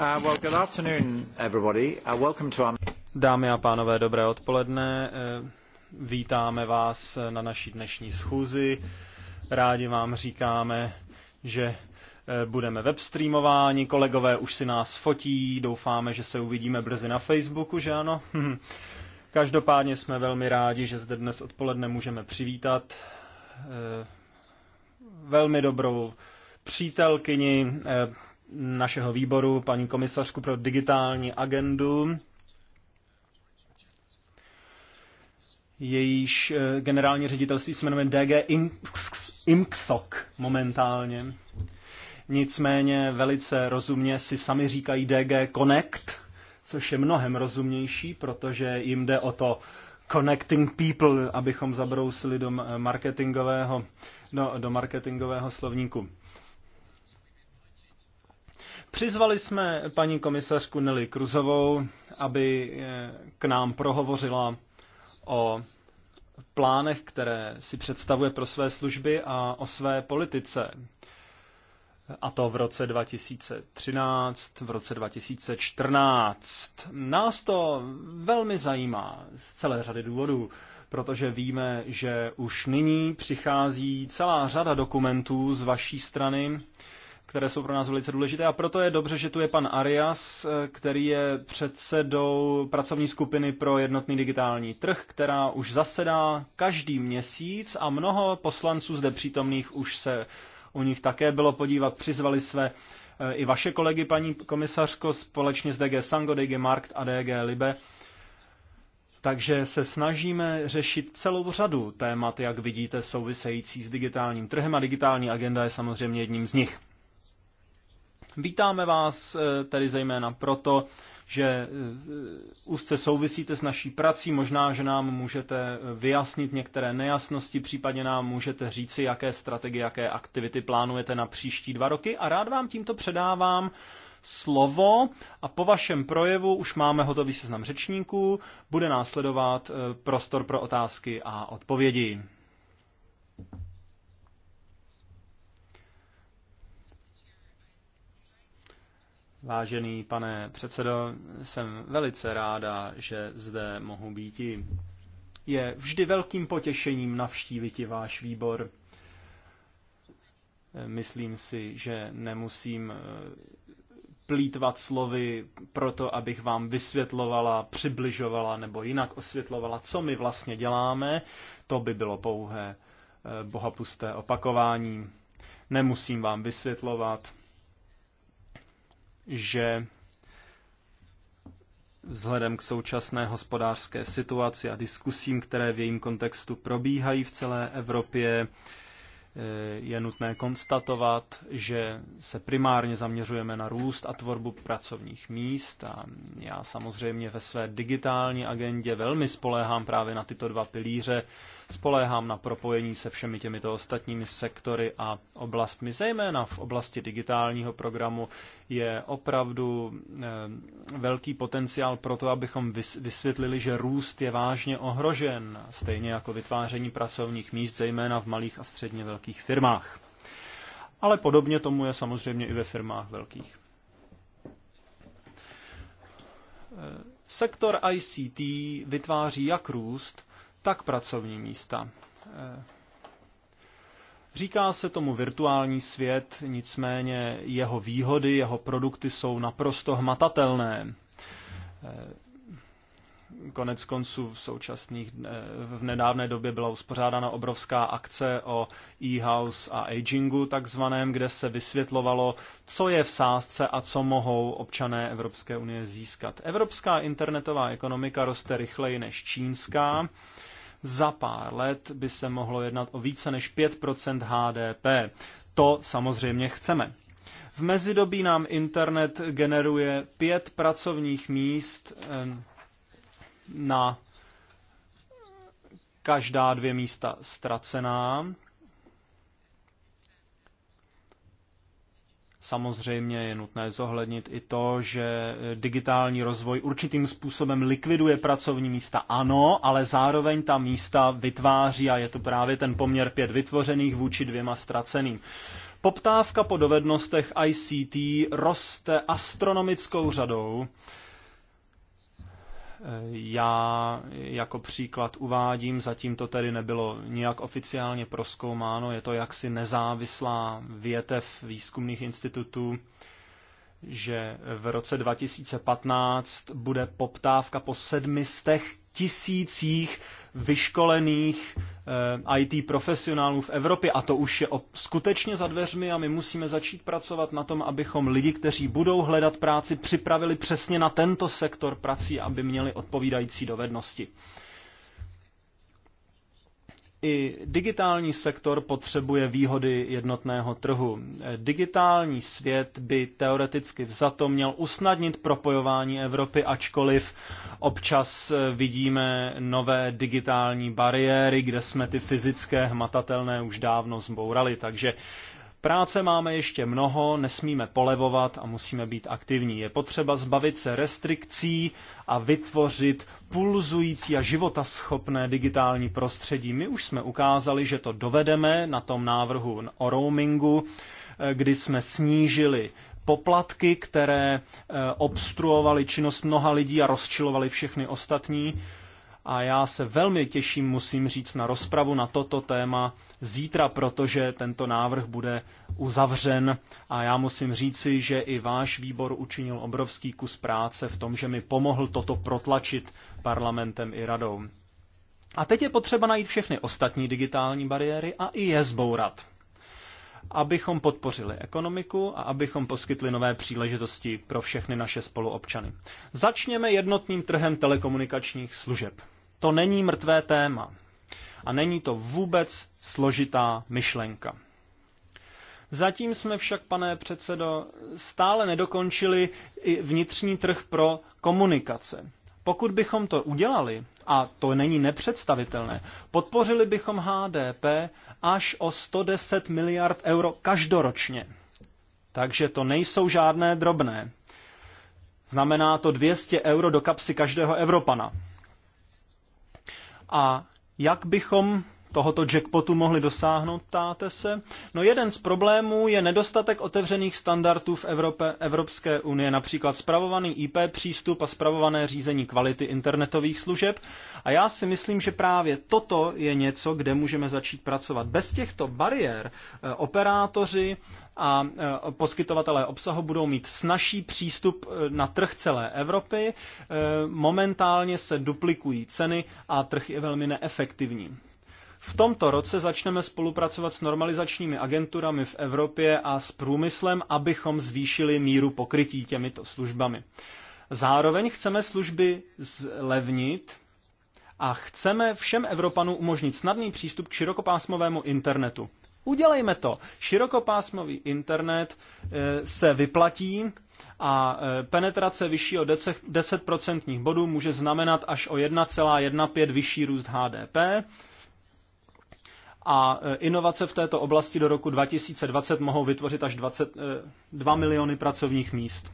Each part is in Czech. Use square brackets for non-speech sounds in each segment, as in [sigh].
Uh, uh, Dámy a pánové, dobré odpoledne. Uh, vítáme vás na naší dnešní schůzi. Rádi vám říkáme, že budeme webstreamováni, kolegové už si nás fotí, doufáme, že se uvidíme brzy na Facebooku, že ano? [laughs] Každopádně jsme velmi rádi, že zde dnes odpoledne můžeme přivítat velmi dobrou přítelkyni našeho výboru, paní komisařku pro digitální agendu, jejíž eh, generální ředitelství se jmenuje DG IMXOK momentálně. Nicméně velice rozumně si sami říkají DG Connect, což je mnohem rozumnější, protože jim jde o to connecting people, abychom zabrousili do marketingového, no, do marketingového slovníku. Přizvali jsme paní komisařku Nelly Kruzovou, aby eh, k nám prohovořila o plánech, které si představuje pro své služby a o své politice. A to v roce 2013, v roce 2014. Nás to velmi zajímá z celé řady důvodů, protože víme, že už nyní přichází celá řada dokumentů z vaší strany, které jsou pro nás velice důležité. A proto je dobře, že tu je pan Arias, eh, který je předsedou pracovní skupiny pro jednotný digitální trh, která už zasedá každý měsíc a mnoho poslanců zde přítomných už se u nich také bylo podívat. Přizvali své eh, i vaše kolegy, paní komisařko, společně s DG Sango, DG Markt a DG Libe. Takže se snažíme řešit celou řadu témat, jak vidíte, související s digitálním trhem a digitální agenda je samozřejmě jedním z nich. Vítáme vás eh, tedy zejména proto, že eh, úzce souvisíte s naší prací, možná, že nám můžete eh, vyjasnit některé nejasnosti, případně nám můžete říci, jaké strategie, jaké aktivity plánujete na příští dva roky a rád vám tímto předávám slovo a po vašem projevu už máme hotový seznam řečníků, bude následovat prostor pro otázky a odpovědi. Vážený pane předsedo, jsem velice ráda, že zde mohu být. Je vždy velkým potěšením navštívit i váš výbor. Myslím si, že nemusím eh, plítvat slovy proto, abych vám vysvětlovala, přibližovala nebo jinak osvětlovala, co my vlastně děláme. To by bylo pouhé eh, bohapusté opakování. Nemusím vám vysvětlovat, že vzhledem k současné hospodářské situaci a diskusím, které v jejím kontextu probíhají v celé Evropě, eh, je nutné konstatovat, že se primárně zaměřujeme na růst a tvorbu pracovních míst a já samozřejmě ve své digitální agendě velmi spoléhám právě na tyto dva pilíře, Spoléhám na propojení se všemi těmito ostatními sektory a oblastmi, zejména v oblasti digitálního programu je opravdu eh, velký potenciál pro to, abychom vysvětlili, že růst je vážně ohrožen, stejně jako vytváření pracovních míst, zejména v malých a středně velkých firmách. Ale podobně tomu je samozřejmě i ve firmách velkých. Eh, sektor ICT vytváří jak růst, tak pracovní místa. Eh, říká se tomu virtuální svět, nicméně jeho výhody, jeho produkty jsou naprosto hmatatelné. Eh, konec konců v současných, eh, v nedávné době byla uspořádána obrovská akce o e-house a agingu takzvaném, kde se vysvětlovalo, co je v sázce a co mohou občané Evropské unie získat. Evropská internetová ekonomika roste rychleji než čínská. Za pár let by se mohlo jednat o více než 5 HDP. To samozřejmě chceme. V mezidobí nám internet generuje pět pracovních míst na každá dvě místa ztracená Samozřejmě je nutné zohlednit i to, že digitální rozvoj určitým způsobem likviduje pracovní místa, ano, ale zároveň ta místa vytváří a je to právě ten poměr pět vytvořených vůči dvěma ztraceným. Poptávka po dovednostech ICT roste astronomickou řadou já jako příklad uvádím, zatím to tedy nebylo nijak oficiálně proskoumáno, je to jaksi nezávislá větev výzkumných institutů, že v roce 2015 bude poptávka po sedmistech tisících vyškolených eh, IT profesionálů v Evropě a to už je skutečně za dveřmi a my musíme začít pracovat na tom, abychom lidi, kteří budou hledat práci, připravili přesně na tento sektor prací, aby měli odpovídající dovednosti. I digitální sektor potřebuje výhody jednotného trhu. Digitální svět by teoreticky vzato měl usnadnit propojování Evropy, ačkoliv občas eh, vidíme nové digitální bariéry, kde jsme ty fyzické hmatatelné už dávno zbourali. Takže Práce máme ještě mnoho, nesmíme polevovat a musíme být aktivní. Je potřeba zbavit se restrikcí a vytvořit pulzující a životaschopné digitální prostředí. My už jsme ukázali, že to dovedeme na tom návrhu o roamingu, eh, kdy jsme snížili poplatky, které eh, obstruovaly činnost mnoha lidí a rozčilovaly všechny ostatní a já se velmi těším, musím říct, na rozpravu na toto téma zítra, protože tento návrh bude uzavřen a já musím říci, že i váš výbor učinil obrovský kus práce v tom, že mi pomohl toto protlačit parlamentem i radou. A teď je potřeba najít všechny ostatní digitální bariéry a i je zbourat. Abychom podpořili ekonomiku a abychom poskytli nové příležitosti pro všechny naše spoluobčany. Začněme jednotným trhem telekomunikačních služeb. To není mrtvé téma. A není to vůbec složitá myšlenka. Zatím jsme však, pane předsedo, stále nedokončili vnitřní trh pro komunikace. Pokud bychom to udělali, a to není nepředstavitelné, podpořili bychom HDP až o 110 miliard euro každoročně. Takže to nejsou žádné drobné. Znamená to 200 euro do kapsy každého Evropana. A jak bychom tohoto jackpotu mohli dosáhnout, ptáte se? No jeden z problémů je nedostatek otevřených standardů v Evropě, Evropské unie, například spravovaný IP přístup a spravované řízení kvality internetových služeb. A já si myslím, že právě toto je něco, kde můžeme začít pracovat. Bez těchto bariér eh, operátoři a e, poskytovatelé obsahu budou mít snažší přístup e, na trh celé Evropy. E, momentálně se duplikují ceny a trh je velmi neefektivní. V tomto roce začneme spolupracovat s normalizačními agenturami v Evropě a s průmyslem, abychom zvýšili míru pokrytí těmito službami. Zároveň chceme služby zlevnit a chceme všem Evropanům umožnit snadný přístup k širokopásmovému internetu. Udělejme to. Širokopásmový internet eh, se vyplatí a eh, penetrace vyššího 10% bodů může znamenat až o 1,15 vyšší růst HDP a eh, inovace v této oblasti do roku 2020 mohou vytvořit až 20, 2 miliony pracovních míst.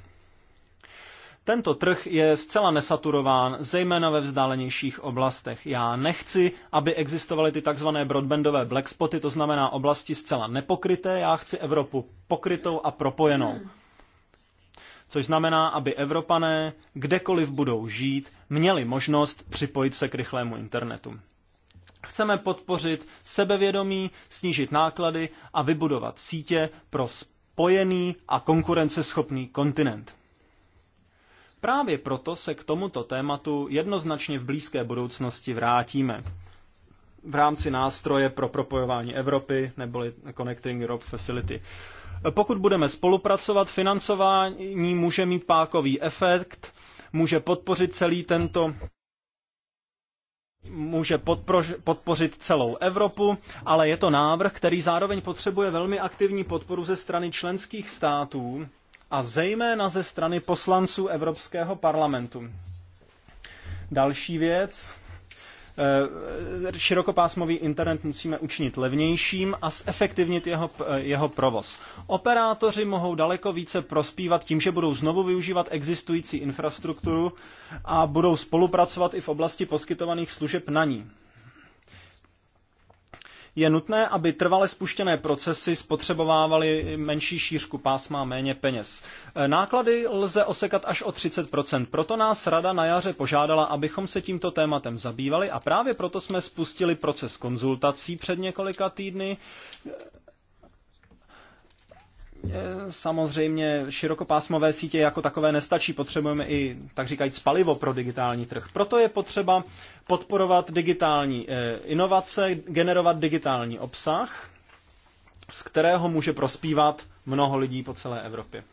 Tento trh je zcela nesaturován, zejména ve vzdálenějších oblastech. Já nechci, aby existovaly ty takzvané broadbandové blackspoty, to znamená oblasti zcela nepokryté, já chci Evropu pokrytou a propojenou. Hmm. Což znamená, aby Evropané, kdekoliv budou žít, měli možnost připojit se k rychlému internetu. Chceme podpořit sebevědomí, snížit náklady a vybudovat sítě pro spojený a konkurenceschopný kontinent. Právě proto se k tomuto tématu jednoznačně v blízké budoucnosti vrátíme v rámci nástroje pro propojování Evropy neboli Connecting Europe Facility. Pokud budeme spolupracovat, financování může mít pákový efekt, může podpořit celý tento může podprož, podpořit celou Evropu, ale je to návrh, který zároveň potřebuje velmi aktivní podporu ze strany členských států, a zejména ze strany poslanců Evropského parlamentu. Další věc. Eh, širokopásmový internet musíme učinit levnějším a zefektivnit jeho, eh, jeho provoz. Operátoři mohou daleko více prospívat tím, že budou znovu využívat existující infrastrukturu a budou spolupracovat i v oblasti poskytovaných služeb na ní. Je nutné, aby trvale spuštěné procesy spotřebovávaly menší šířku pásma méně peněz. E, náklady lze osekat až o 30%, proto nás rada na jaře požádala, abychom se tímto tématem zabývali a právě proto jsme spustili proces konzultací před několika týdny, E, samozřejmě širokopásmové sítě jako takové nestačí, potřebujeme i, tak říkajíc, palivo pro digitální trh. Proto je potřeba podporovat digitální e, inovace, generovat digitální obsah, z kterého může prospívat mnoho lidí po celé Evropě.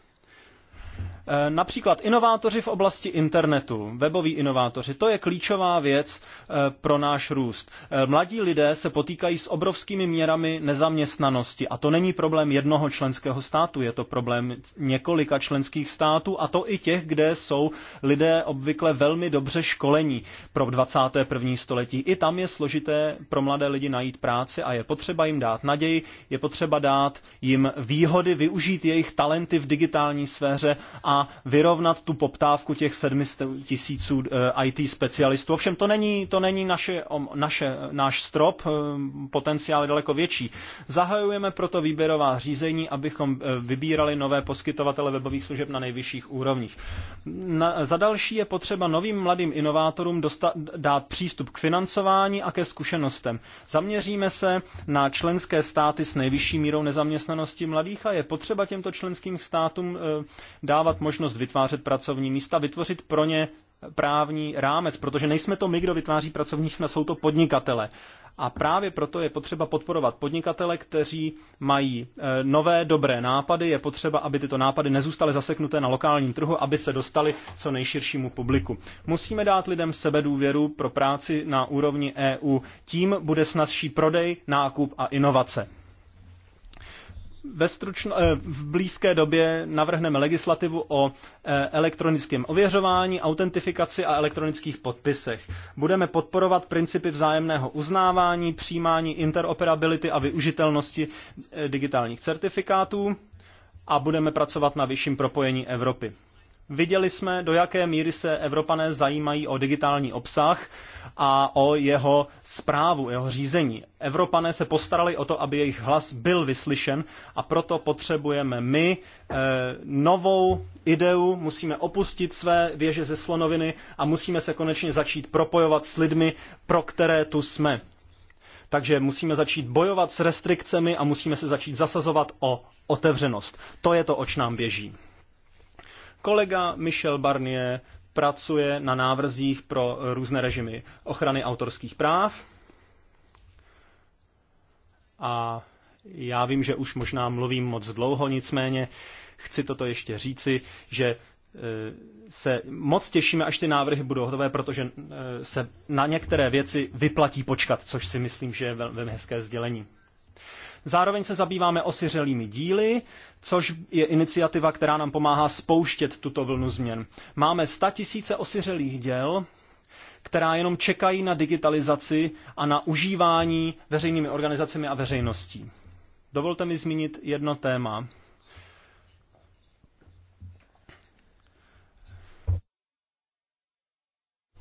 Eh, například inovátoři v oblasti internetu, weboví inovátoři, to je klíčová věc eh, pro náš růst. Eh, mladí lidé se potýkají s obrovskými měrami nezaměstnanosti a to není problém jednoho členského státu, je to problém několika členských států a to i těch, kde jsou lidé obvykle velmi dobře školení pro 21. století. I tam je složité pro mladé lidi najít práci a je potřeba jim dát naději, je potřeba dát jim výhody, využít jejich talenty v digitální sféře a vyrovnat tu poptávku těch 700 tisíců eh, IT specialistů. Ovšem to není, to není naše, naše, náš strop, eh, potenciál je daleko větší. Zahajujeme proto výběrová řízení, abychom eh, vybírali nové poskytovatele webových služeb na nejvyšších úrovních. Na, za další je potřeba novým mladým inovátorům dostat, dát přístup k financování a ke zkušenostem. Zaměříme se na členské státy s nejvyšší mírou nezaměstnanosti mladých a je potřeba těmto členským státům dávat možnost vytvářet pracovní místa, vytvořit pro ně právní rámec, protože nejsme to my, kdo vytváří pracovní místa, jsou to podnikatele. A právě proto je potřeba podporovat podnikatele, kteří mají e, nové dobré nápady. Je potřeba, aby tyto nápady nezůstaly zaseknuté na lokálním trhu, aby se dostaly co nejširšímu publiku. Musíme dát lidem sebedůvěru pro práci na úrovni EU. Tím bude snazší prodej, nákup a inovace. Ve stručno, eh, v blízké době navrhneme legislativu o eh, elektronickém ověřování, autentifikaci a elektronických podpisech. Budeme podporovat principy vzájemného uznávání, přijímání interoperability a využitelnosti eh, digitálních certifikátů a budeme pracovat na vyšším propojení Evropy. Viděli jsme, do jaké míry se Evropané zajímají o digitální obsah a o jeho zprávu, jeho řízení. Evropané se postarali o to, aby jejich hlas byl vyslyšen a proto potřebujeme my eh, novou ideu, musíme opustit své věže ze slonoviny a musíme se konečně začít propojovat s lidmi, pro které tu jsme. Takže musíme začít bojovat s restrikcemi a musíme se začít zasazovat o otevřenost. To je to, oč nám běží. Kolega Michel Barnier pracuje na návrzích pro různé režimy ochrany autorských práv. A já vím, že už možná mluvím moc dlouho, nicméně chci toto ještě říci, že e, se moc těšíme, až ty návrhy budou hotové, protože e, se na některé věci vyplatí počkat, což si myslím, že je velmi hezké sdělení. Zároveň se zabýváme osiřelými díly, což je iniciativa, která nám pomáhá spouštět tuto vlnu změn. Máme 100 tisíce osiřelých děl, která jenom čekají na digitalizaci a na užívání veřejnými organizacemi a veřejností. Dovolte mi zmínit jedno téma.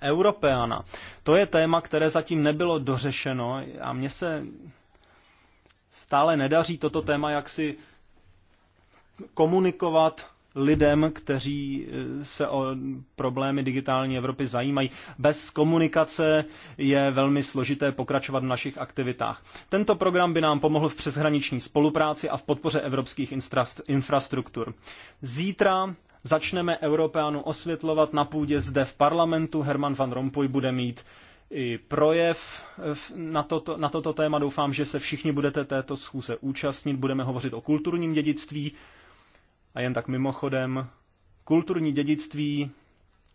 Europeana. To je téma, které zatím nebylo dořešeno a mně se stále nedaří toto téma jaksi komunikovat lidem, kteří eh, se o problémy digitální Evropy zajímají. Bez komunikace je velmi složité pokračovat v našich aktivitách. Tento program by nám pomohl v přeshraniční spolupráci a v podpoře evropských infrastruktur. Zítra začneme Europeanu osvětlovat na půdě zde v parlamentu. Herman van Rompuy bude mít i projev eh, na toto, na toto téma. Doufám, že se všichni budete této schůze účastnit. Budeme hovořit o kulturním dědictví. A jen tak mimochodem, kulturní dědictví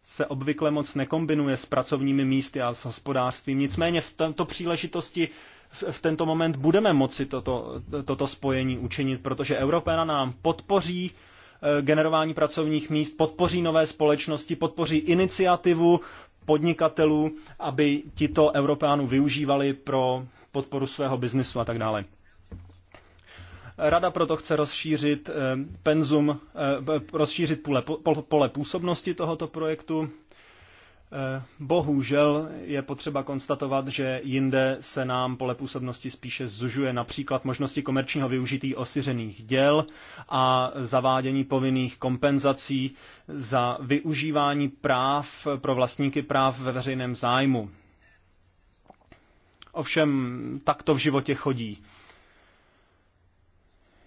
se obvykle moc nekombinuje s pracovními místy a s hospodářstvím. Nicméně v této příležitosti v, v tento moment budeme moci toto, toto spojení učinit, protože Evropena nám podpoří eh, generování pracovních míst, podpoří nové společnosti, podpoří iniciativu podnikatelů, aby tito Evropánů využívali pro podporu svého biznisu a tak dále. Rada proto chce rozšířit eh, penzum, eh, rozšířit pole, pole působnosti tohoto projektu Eh, bohužel je potřeba konstatovat, že jinde se nám pole působnosti spíše zužuje například možnosti komerčního využití osiřených děl a zavádění povinných kompenzací za využívání práv pro vlastníky práv ve veřejném zájmu. Ovšem, tak to v životě chodí.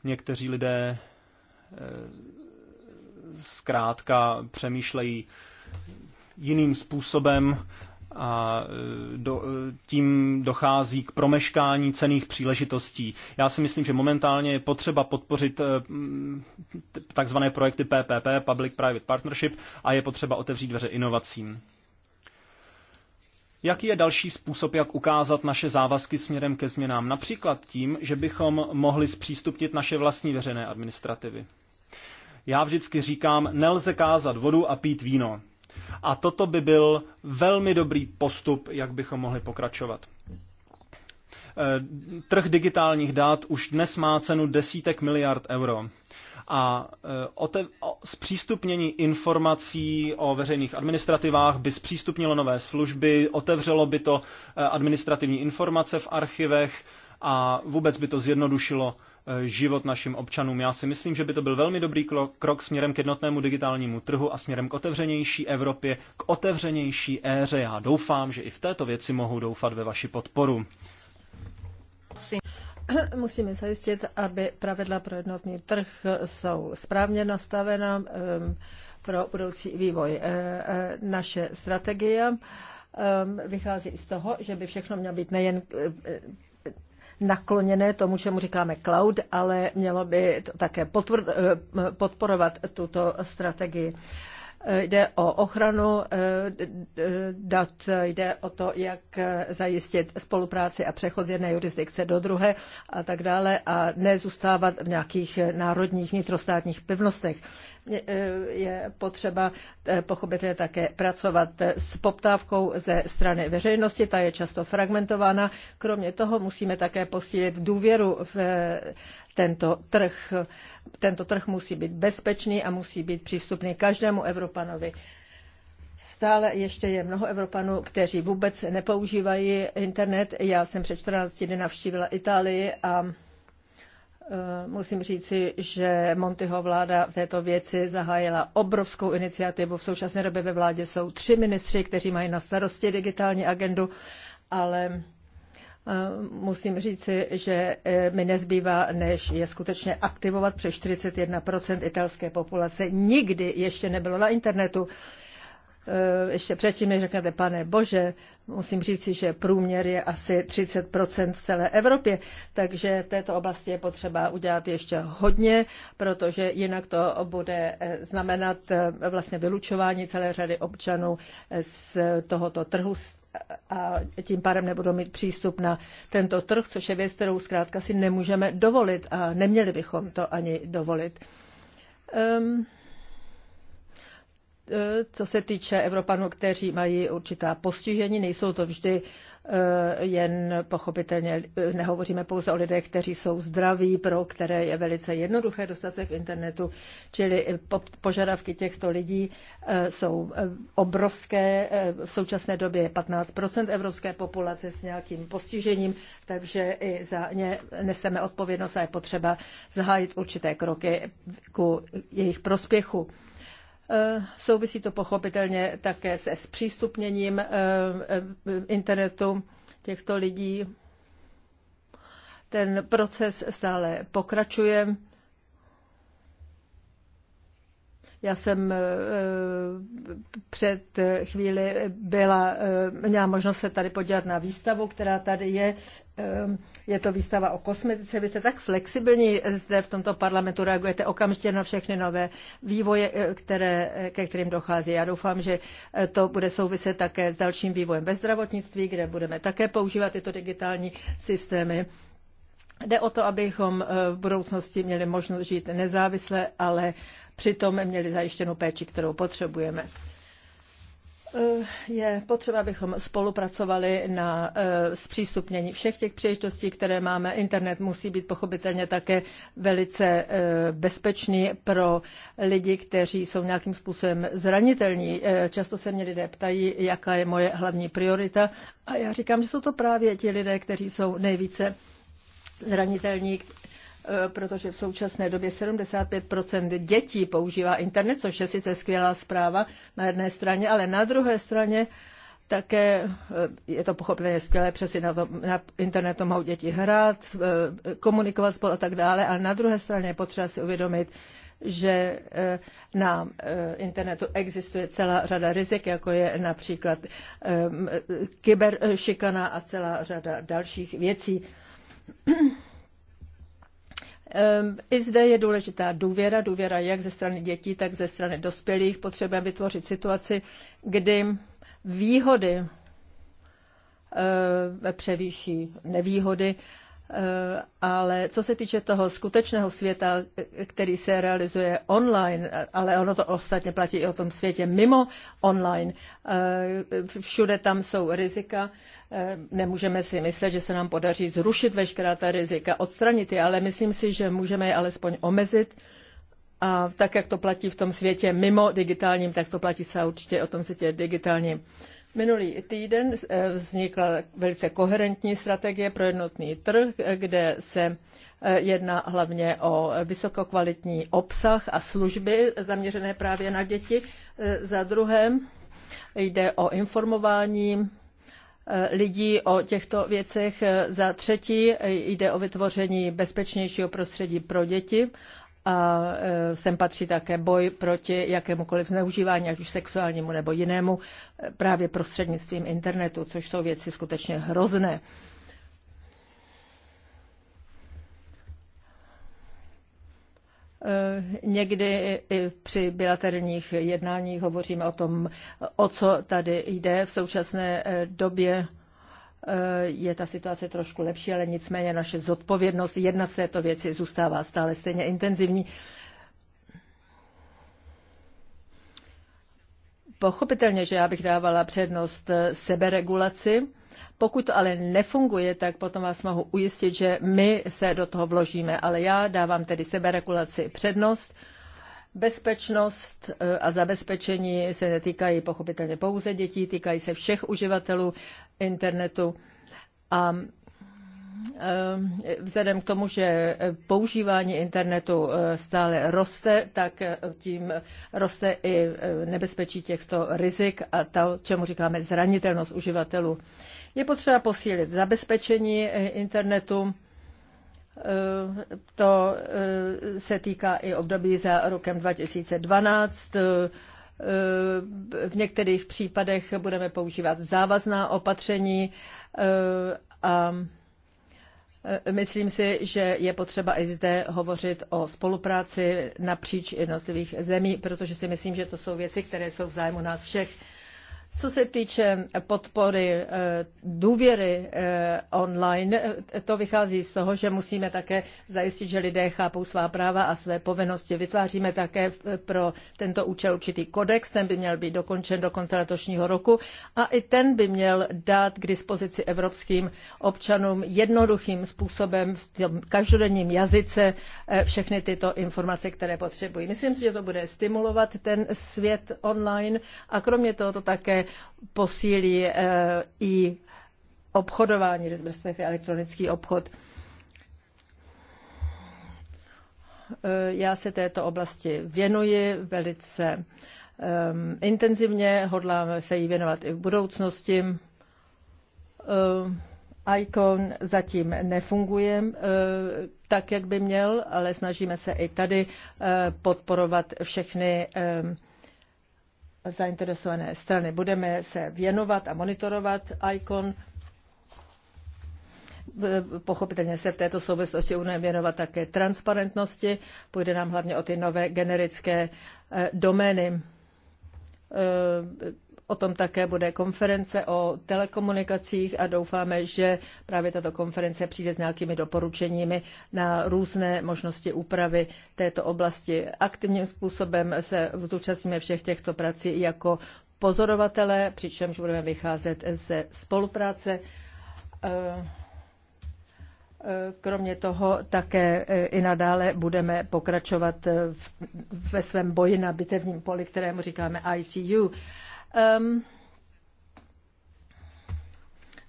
Někteří lidé eh, zkrátka přemýšlejí jiným způsobem a e, do, e, tím dochází k promeškání cených příležitostí. Já si myslím, že momentálně je potřeba podpořit e, takzvané projekty PPP, Public-Private Partnership, a je potřeba otevřít dveře inovacím. Jaký je další způsob, jak ukázat naše závazky směrem ke změnám? Například tím, že bychom mohli zpřístupnit naše vlastní veřejné administrativy. Já vždycky říkám, nelze kázat vodu a pít víno. A toto by byl velmi dobrý postup, jak bychom mohli pokračovat. Eh, trh digitálních dát už dnes má cenu desítek miliard euro a eh, te, o zpřístupnění informací o veřejných administrativách by zpřístupnilo nové služby, otevřelo by to eh, administrativní informace v archivech a vůbec by to zjednodušilo Eh, život našim občanům. Já si myslím, že by to byl velmi dobrý krok směrem k jednotnému digitálnímu trhu a směrem k otevřenější Evropě, k otevřenější éře. Já doufám, že i v této věci mohu doufat ve vaši podporu. [clears throat] Musíme zajistit, aby pravidla pro jednotný trh jsou správně nastavena ehm, pro budoucí vývoj. Eh, eh, naše strategie ehm, vychází z toho, že by všechno mělo být nejen nakloněné tomu, čemu říkáme cloud, ale mělo by to také potvr, eh, podporovat tuto strategii. Eh, jde o ochranu eh, dat, jde o to, jak zajistit spolupráci a přechod z jedné jurisdikce do druhé a tak dále a nezůstávat v nějakých národních vnitrostátních pevnostech. Eh, je potřeba eh, pochopitelně také pracovat eh, s poptávkou ze strany veřejnosti, ta je často fragmentována. Kromě toho musíme také posílit důvěru v tento trh. Tento trh musí být bezpečný a musí být přístupný každému Evropanovi. Stále ještě je mnoho Evropanů, kteří vůbec nepoužívají internet. Já jsem před 14 dny navštívila Itálii a Eh, musím říci, že Montyho vláda v této věci zahájila obrovskou iniciativu. V současné době ve vládě jsou tři ministři, kteří mají na starosti digitální agendu, ale eh, musím říci, že eh, mi nezbývá, než je skutečně aktivovat, přes 41% italské populace nikdy ještě nebylo na internetu. Eh, ještě předtím, než řeknete, pane bože, musím si, že průměr je asi 30% v celé Evropě, takže v této oblasti je potřeba udělat ještě hodně, protože jinak to bude eh, znamenat eh, vlastně vylučování celé řady občanů z tohoto trhu a tím pádem nebudou mít přístup na tento trh, což je věc, kterou zkrátka si nemůžeme dovolit a neměli bychom to ani dovolit. Um, Eh, co se týče Evropanů, kteří mají určitá postižení, nejsou to vždy eh, jen pochopitelně, eh, nehovoříme pouze o lidech, kteří jsou zdraví, pro které je velice jednoduché dostat se k internetu, čili požadavky těchto lidí jsou obrovské. V současné době je 15 evropské populace s nějakým postižením, takže i za ně neseme odpovědnost a je potřeba zahájit určité kroky ku jejich prospěchu. Eh, souvisí to pochopitelně také se zpřístupněním eh, eh, internetu těchto lidí. Ten proces stále pokračuje. Já jsem před chvíli byla, měla možnost se tady podívat na výstavu, která tady je Ehm, je to výstava o kosmetice. Vy jste tak flexibilní zde v tomto parlamentu, reagujete okamžitě na všechny nové vývoje, eh, které, eh, ke kterým dochází. Já doufám, že eh, to bude souviset také s dalším vývojem ve zdravotnictví, kde budeme také používat tyto digitální systémy. Jde o to, abychom v budoucnosti měli možnost žít nezávisle, ale přitom měli zajištěnou péči, kterou potřebujeme. Eh, je potřeba, abychom spolupracovali na eh, zpřístupnění všech těch příležitostí, které máme. Internet musí být pochopitelně také velice eh, bezpečný pro lidi, kteří jsou nějakým způsobem zranitelní. Často se mě lidé ptají, jaká je moje hlavní priorita. A já říkám, že jsou to právě ti lidé, kteří jsou nejvíce zranitelní, Eh, protože v současné době 75 dětí používá internet, což je sice skvělá zpráva na jedné straně, ale na druhé straně také eh, je to pochopitelně skvělé, přesně na, to, na internetu mohou děti hrát, eh, komunikovat spolu a tak dále, ale na druhé straně je potřeba si uvědomit, že na internetu existuje celá řada rizik, jako je například kyberšikana a celá řada dalších věcí. I zde je důležitá důvěra, důvěra jak ze strany dětí, tak ze strany dospělých. Potřebujeme vytvořit situaci, kdy výhody eh, převýší nevýhody Eh, ale co se týče toho skutečného světa, eh, který se realizuje online, eh, ale ono to ostatně platí i o tom světě mimo online, všude tam jsou rizika. Nemůžeme si myslet, že se nám podaří zrušit veškerá ta rizika, odstranit je, ale myslím si, že můžeme je alespoň omezit. A tak, jak to platí v tom světě mimo digitálním, tak to platí se určitě o tom světě digitálním. Minulý týden eh, vznikla velice koherentní strategie pro jednotný trh, kde se eh, jedná hlavně o vysokokvalitní obsah a služby zaměřené právě na děti. Eh, za druhé jde o informování lidí o těchto věcech. Za třetí jde o vytvoření bezpečnějšího prostředí pro děti a e, sem patří také boj proti jakémukoliv zneužívání, ať už sexuálnímu nebo jinému, e, právě prostřednictvím internetu, což jsou věci skutečně hrozné. E, někdy i při bilaterních jednáních hovoříme o tom, o co tady jde v současné době. Eh, je ta situace trošku lepší, ale nicméně naše zodpovědnost jedna z této věci zůstává stále stejně intenzivní. Pochopitelně, že já bych dávala přednost eh, seberegulaci. Pokud to ale nefunguje, tak potom vás mohu ujistit, že my se do toho vložíme, ale já dávám tedy seberegulaci přednost. Bezpečnost e, a zabezpečení se netýkají pochopitelně pouze dětí, týkají se všech uživatelů internetu. A e, vzhledem k tomu, že používání internetu e, stále roste, tak tím roste i nebezpečí těchto rizik a to, čemu říkáme zranitelnost uživatelů. Je potřeba posílit zabezpečení internetu to eh, se týká i období za rokem 2012. Eh, v některých případech budeme používat závazná opatření eh, a Myslím si, že je potřeba i zde hovořit o spolupráci napříč jednotlivých zemí, protože si myslím, že to jsou věci, které jsou v zájmu nás všech. Co se týče podpory eh, důvěry eh, online, eh, to vychází z toho, že musíme také zajistit, že lidé chápou svá práva a své povinnosti. Vytváříme také pro tento účel určitý kodex, ten by měl být dokončen do konce letošního roku a i ten by měl dát k dispozici evropským občanům jednoduchým způsobem v tom každodenním jazyce všechny tyto informace, které potřebují. Myslím si, že to bude stimulovat ten svět online a kromě toho to také posílí eh, i obchodování, respektive elektronický obchod. Eh, já se této oblasti věnuji velice ehm, intenzivně, hodlám se jí věnovat i v budoucnosti. Eh, ICON zatím nefunguje tak, jak by měl, ale snažíme se i tady podporovat všechny ehm, zainteresované strany. Budeme se věnovat a monitorovat ICON. Pochopitelně se v této souvislosti budeme věnovat také transparentnosti. Půjde nám hlavně o ty nové generické eh, domény eh, O tom také bude konference o telekomunikacích a doufáme, že právě tato konference přijde s nějakými doporučeními na různé možnosti úpravy této oblasti. Aktivním způsobem se zúčastníme všech těchto prací jako pozorovatele, přičemž budeme vycházet ze spolupráce. Eh, eh, kromě toho také eh, i nadále budeme pokračovat ve svém boji na bitevním poli, kterému říkáme ITU um,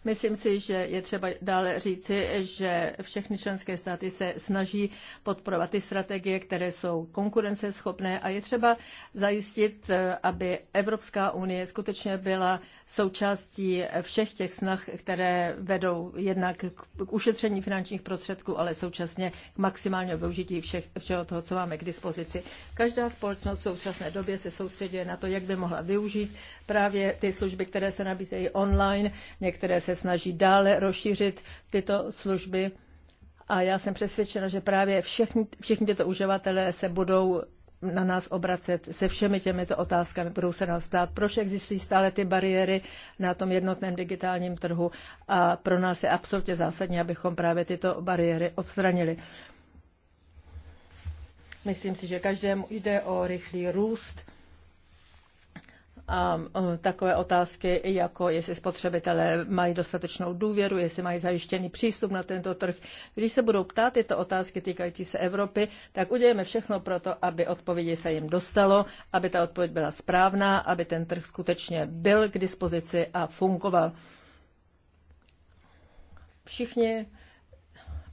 Myslím si, že je třeba dále říci, že všechny členské státy se snaží podporovat ty strategie, které jsou konkurenceschopné a je třeba zajistit, aby Evropská unie skutečně byla součástí všech těch snah, které vedou jednak k ušetření finančních prostředků, ale současně k maximálnímu využití všech, všeho toho, co máme k dispozici. Každá společnost v současné době se soustředuje na to, jak by mohla využít právě ty služby, které se nabízejí online, některé se snaží dále rozšířit tyto služby. A já jsem přesvědčena, že právě všichni, všichni tyto uživatelé se budou na nás obracet se všemi těmito otázkami, budou se nás stát, proč existují stále ty bariéry na tom jednotném digitálním trhu a pro nás je absolutně zásadní, abychom právě tyto bariéry odstranili. Myslím si, že každému jde o rychlý růst a um, takové otázky, jako jestli spotřebitelé mají dostatečnou důvěru, jestli mají zajištěný přístup na tento trh. Když se budou ptát tyto otázky týkající se Evropy, tak udělejme všechno pro to, aby odpovědi se jim dostalo, aby ta odpověď byla správná, aby ten trh skutečně byl k dispozici a fungoval. Všichni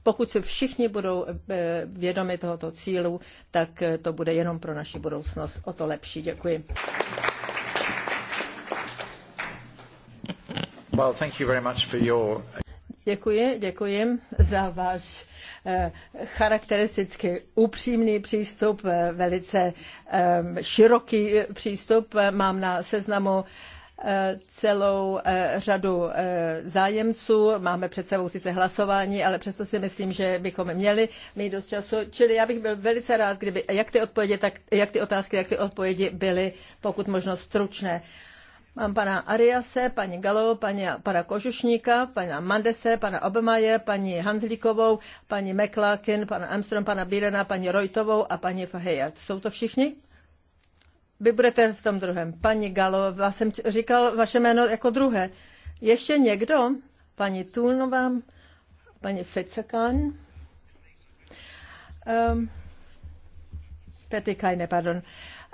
pokud se všichni budou eh, vědomi tohoto cílu, tak eh, to bude jenom pro naši budoucnost o to lepší. Děkuji. Děkuji, děkuji za váš eh, charakteristicky upřímný přístup, eh, velice eh, široký přístup. Mám na seznamu celou řadu zájemců. Máme před sebou sice hlasování, ale přesto si myslím, že bychom měli mít dost času. Čili já bych byl velice rád, kdyby jak ty, odpovědi, tak, jak ty otázky, jak ty odpovědi byly pokud možno stručné. Mám pana Ariase, paní Galo, paní, pana Kožušníka, pana Mandese, pana Obemaje, paní Hanzlíkovou, paní McLaken, pana Armstrong, pana Bírena, paní Rojtovou a paní Faheja. Jsou to všichni? Vy budete v tom druhém. Paní Galo, já jsem říkal vaše jméno jako druhé. Ještě někdo? Paní Tulnová, paní Fitzakan. Um, ehm, Petikajne, pardon. Uh,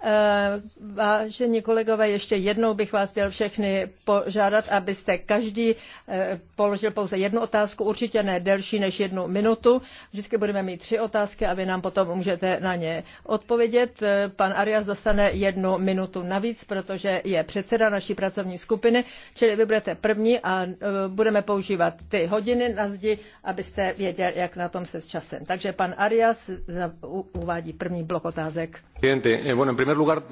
Eh, vážení kolegové, ještě jednou bych vás chtěl všechny požádat, abyste každý eh, položil pouze jednu otázku, určitě ne delší než jednu minutu. Vždycky budeme mít tři otázky a vy nám potom můžete na ně odpovědět. Eh, pan Arias dostane jednu minutu navíc, protože je předseda naší pracovní skupiny, čili vy budete první a budeme používat ty hodiny na zdi, abyste věděl, jak na tom se s časem. Takže pan Arias uvádí první blok otázek. Eh,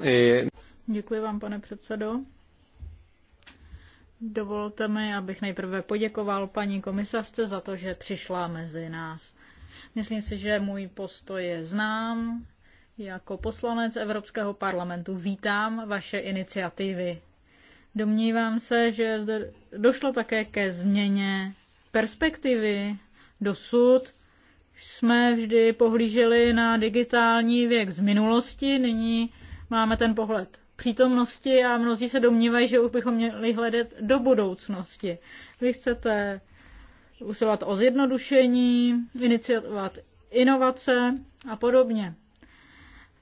eh, Děkuji vám, pane předsedo. Dovolte mi, abych nejprve poděkoval paní komisařce za to, že přišla mezi nás. Myslím si, že můj postoj je znám. Jako poslanec Evropského parlamentu vítám vaše iniciativy. Domnívám se, že zde došlo také ke změně perspektivy. Dosud jsme vždy pohlíželi na digitální věk z minulosti, nyní máme ten pohled přítomnosti a mnozí se domnívají, že už bychom měli hledat do budoucnosti. Vy chcete usilovat o zjednodušení, iniciovat inovace a podobně.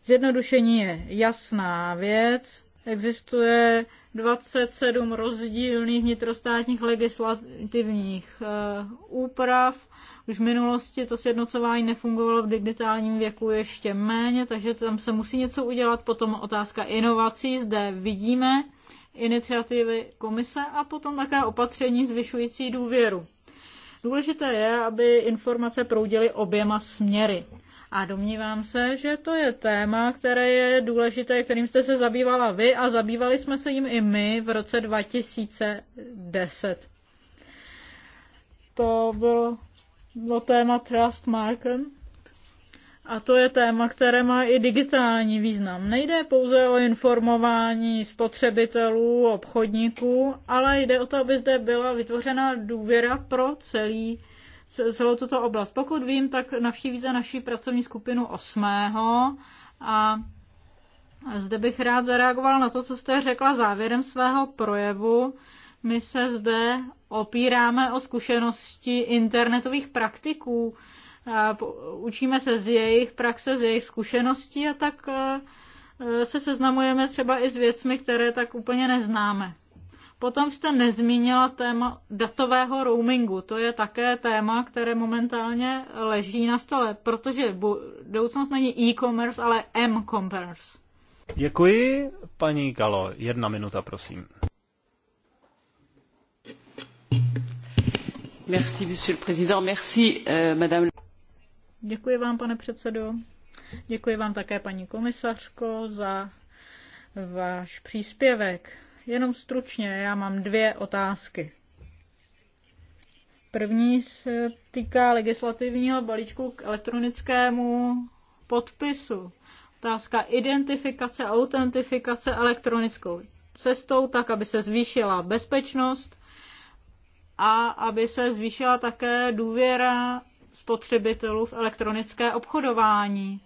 Zjednodušení je jasná věc, existuje 27 rozdílných vnitrostátních legislativních eh, úprav už v minulosti to sjednocování nefungovalo v digitálním věku ještě méně, takže tam se musí něco udělat. Potom otázka inovací, zde vidíme iniciativy komise a potom také opatření zvyšující důvěru. Důležité je, aby informace proudily oběma směry. A domnívám se, že to je téma, které je důležité, kterým jste se zabývala vy a zabývali jsme se jim i my v roce 2010. To bylo o téma Trust Marken. A to je téma, které má i digitální význam. Nejde pouze o informování spotřebitelů, obchodníků, ale jde o to, aby zde byla vytvořena důvěra pro celý, celou tuto oblast. Pokud vím, tak navštívíte naší pracovní skupinu 8. a zde bych rád zareagoval na to, co jste řekla závěrem svého projevu, my se zde opíráme o zkušenosti internetových praktiků, učíme se z jejich praxe, z jejich zkušeností a tak e, e, se seznamujeme třeba i s věcmi, které tak úplně neznáme. Potom jste nezmínila téma datového roamingu. To je také téma, které momentálně leží na stole, protože budoucnost není e-commerce, ale m-commerce. Děkuji, paní Galo. Jedna minuta, prosím. Euh, Děkuji vám, pane předsedo. Děkuji vám také, paní komisařko, za váš příspěvek. Jenom stručně, já mám dvě otázky. První se týká legislativního balíčku k elektronickému podpisu. Otázka identifikace a autentifikace elektronickou cestou, tak aby se zvýšila bezpečnost a aby se zvýšila také důvěra spotřebitelů v elektronické obchodování.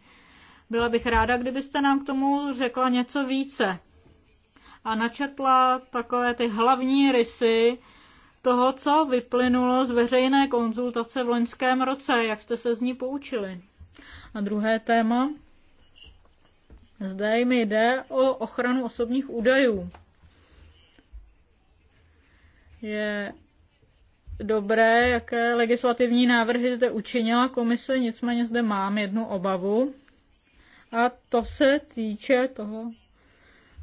Byla bych ráda, kdybyste nám k tomu řekla něco více a načetla takové ty hlavní rysy toho, co vyplynulo z veřejné konzultace v loňském roce, jak jste se z ní poučili. A druhé téma. Zde mi jde o ochranu osobních údajů. Je dobré, jaké legislativní návrhy zde učinila komise, nicméně zde mám jednu obavu. A to se týče toho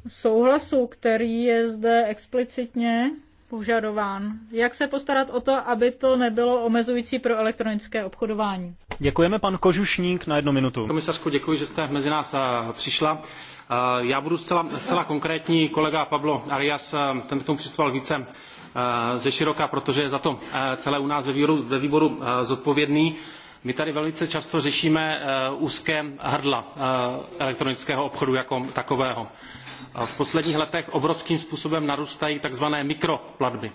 souhlasu, který je zde explicitně požadován. Jak se postarat o to, aby to nebylo omezující pro elektronické obchodování? Děkujeme pan Kožušník na jednu minutu. Komisařku, děkuji, že jste mezi nás eh, přišla. Eh, já budu zcela, zcela konkrétní. Kolega Pablo Arias, eh, ten k tomu přistupoval více Eh, ze široka, protože je za to eh, celé u nás ve výboru, ve výboru eh, zodpovědný. My tady velice často řešíme úzké hrdla elektronického obchodu jako takového. V posledních letech obrovským způsobem narůstají tzv. mikroplatby.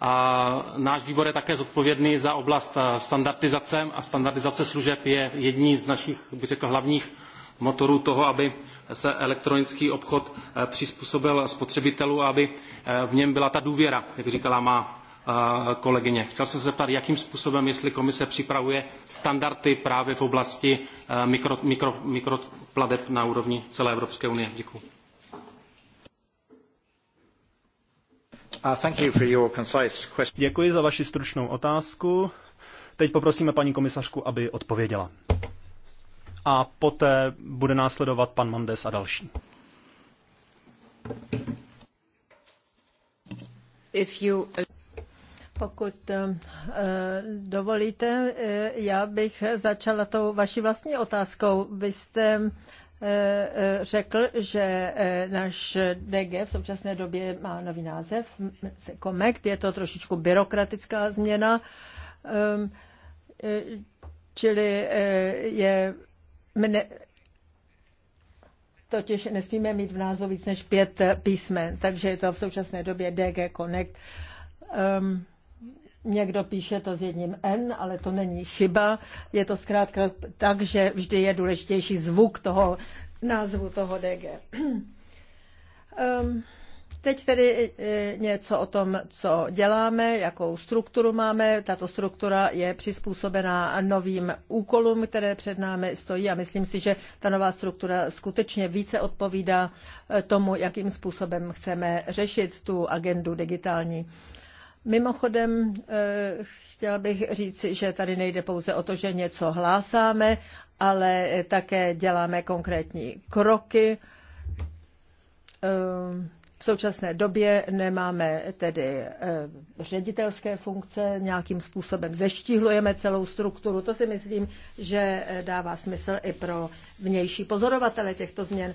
A náš výbor je také zodpovědný za oblast standardizace a standardizace služeb je jedním z našich, bych řekl, hlavních motorů toho, aby se elektronický obchod eh, přizpůsobil spotřebitelů, aby eh, v něm byla ta důvěra, jak říkala má eh, kolegyně. Chtěl jsem se zeptat, jakým způsobem, jestli komise připravuje standardy právě v oblasti mikro, mikro, mikroplateb na úrovni celé Evropské unie. Děkuji. Uh, Děkuji za vaši stručnou otázku. Teď poprosíme paní komisařku, aby odpověděla a poté bude následovat pan Mandes a další. If you... Pokud eh, dovolíte, eh, já bych začala tou vaší vlastní otázkou. Vy jste eh, řekl, že náš DG v současné době má nový název, COMECT, je to trošičku byrokratická změna, ehm, čili je Mne, totiž nesmíme mít v názvu víc než pět písmen, takže je to v současné době DG Connect. Um, někdo píše to s jedním N, ale to není chyba. Je to zkrátka tak, že vždy je důležitější zvuk toho názvu toho DG. Um, [clears throat] ehm, Teď tedy e, něco o tom, co děláme, jakou strukturu máme. Tato struktura je přizpůsobená novým úkolům, které před námi stojí a myslím si, že ta nová struktura skutečně více odpovídá e, tomu, jakým způsobem chceme řešit tu agendu digitální. Mimochodem, e, chtěla bych říci, že tady nejde pouze o to, že něco hlásáme, ale také děláme konkrétní kroky. V současné době nemáme tedy eh, ředitelské funkce, nějakým způsobem zeštíhlujeme celou strukturu. To si myslím, že eh, dává smysl i pro vnější pozorovatele těchto změn.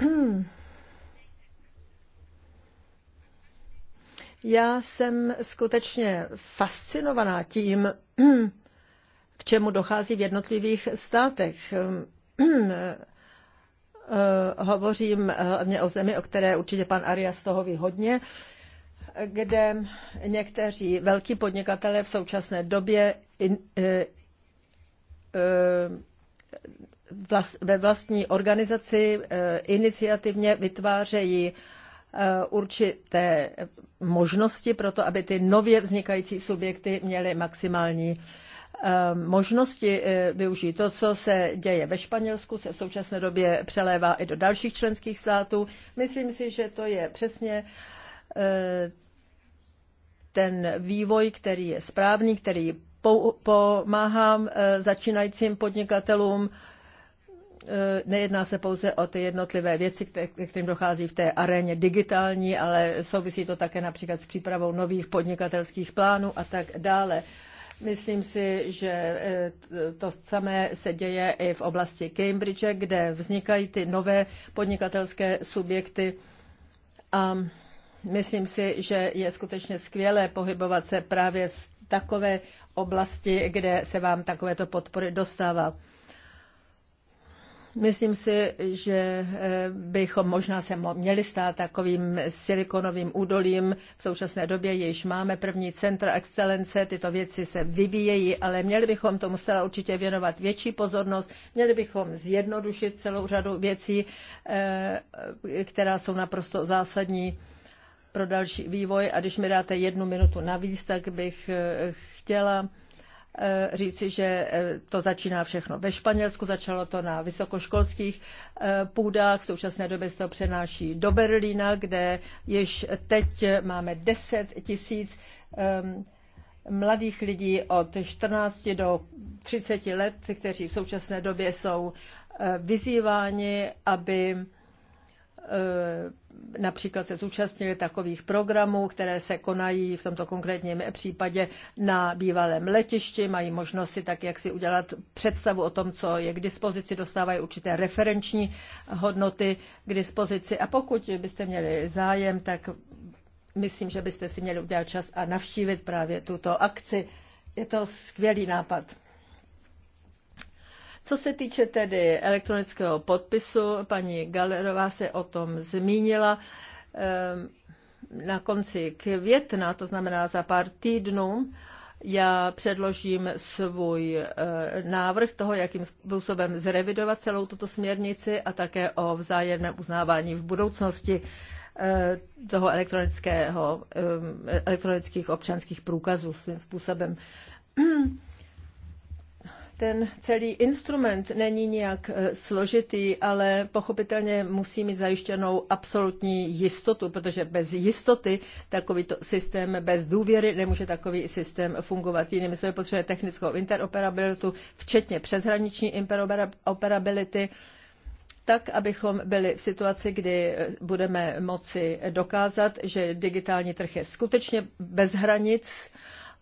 [clears throat] Já jsem skutečně fascinovaná tím, [clears throat] k čemu dochází v jednotlivých státech. [clears throat] Eh, Eh, hovořím eh, hlavně o zemi, o které určitě pan Arias toho ví hodně, kde někteří velký podnikatelé v současné době in, uh, uh, vlast, ve vlastní organizaci iniciativně vytvářejí určité možnosti pro to, aby ty nově vznikající subjekty měly maximální Eh, možnosti eh, využít to, co se děje ve Španělsku, se v současné době přelévá i do dalších členských států. Myslím si, že to je přesně eh, ten vývoj, který je správný, který pomáhám začínajícím podnikatelům. Nejedná se pouze o ty jednotlivé věci, kterým dochází v té aréně digitální, ale souvisí to také například s přípravou nových podnikatelských plánů a tak dále. Myslím si, že eh, to samé se děje i v oblasti Cambridge, kde vznikají ty nové podnikatelské subjekty. A myslím si, že je skutečně skvělé pohybovat se právě v takové oblasti, kde se vám takovéto podpory dostává. Myslím si, že eh, bychom možná se měli stát takovým silikonovým údolím. V současné době již máme první centra excelence, tyto věci se vyvíjejí, ale měli bychom tomu stále určitě věnovat větší pozornost, měli bychom zjednodušit celou řadu věcí, eh, která jsou naprosto zásadní pro další vývoj. A když mi dáte jednu minutu navíc, tak bych eh, chtěla Eh, říci, že eh, to začíná všechno ve Španělsku, začalo to na vysokoškolských eh, půdách, v současné době se to přenáší do Berlína, kde již teď máme 10 tisíc ehm, mladých lidí od 14 do 30 let, kteří v současné době jsou vyzýváni, aby Eh, například se zúčastnili takových programů, které se konají v tomto konkrétním případě na bývalém letišti, mají možnost si tak, jak si udělat představu o tom, co je k dispozici, dostávají určité referenční hodnoty k dispozici a pokud byste měli zájem, tak myslím, že byste si měli udělat čas a navštívit právě tuto akci. Je to skvělý nápad. Co se týče tedy elektronického podpisu, paní Galerová se o tom zmínila ehm, na konci května, to znamená za pár týdnů, já předložím svůj eh, návrh toho, jakým způsobem zrevidovat celou tuto směrnici a také o vzájemném uznávání v budoucnosti eh, toho elektronického, ehm, elektronických občanských průkazů svým způsobem ten celý instrument není nijak e, složitý, ale pochopitelně musí mít zajištěnou absolutní jistotu, protože bez jistoty takovýto systém, bez důvěry nemůže takový systém fungovat. Jinými slovy potřebuje technickou interoperabilitu, včetně přeshraniční interoperability, tak, abychom byli v situaci, kdy e, budeme moci dokázat, že digitální trh je skutečně bez hranic,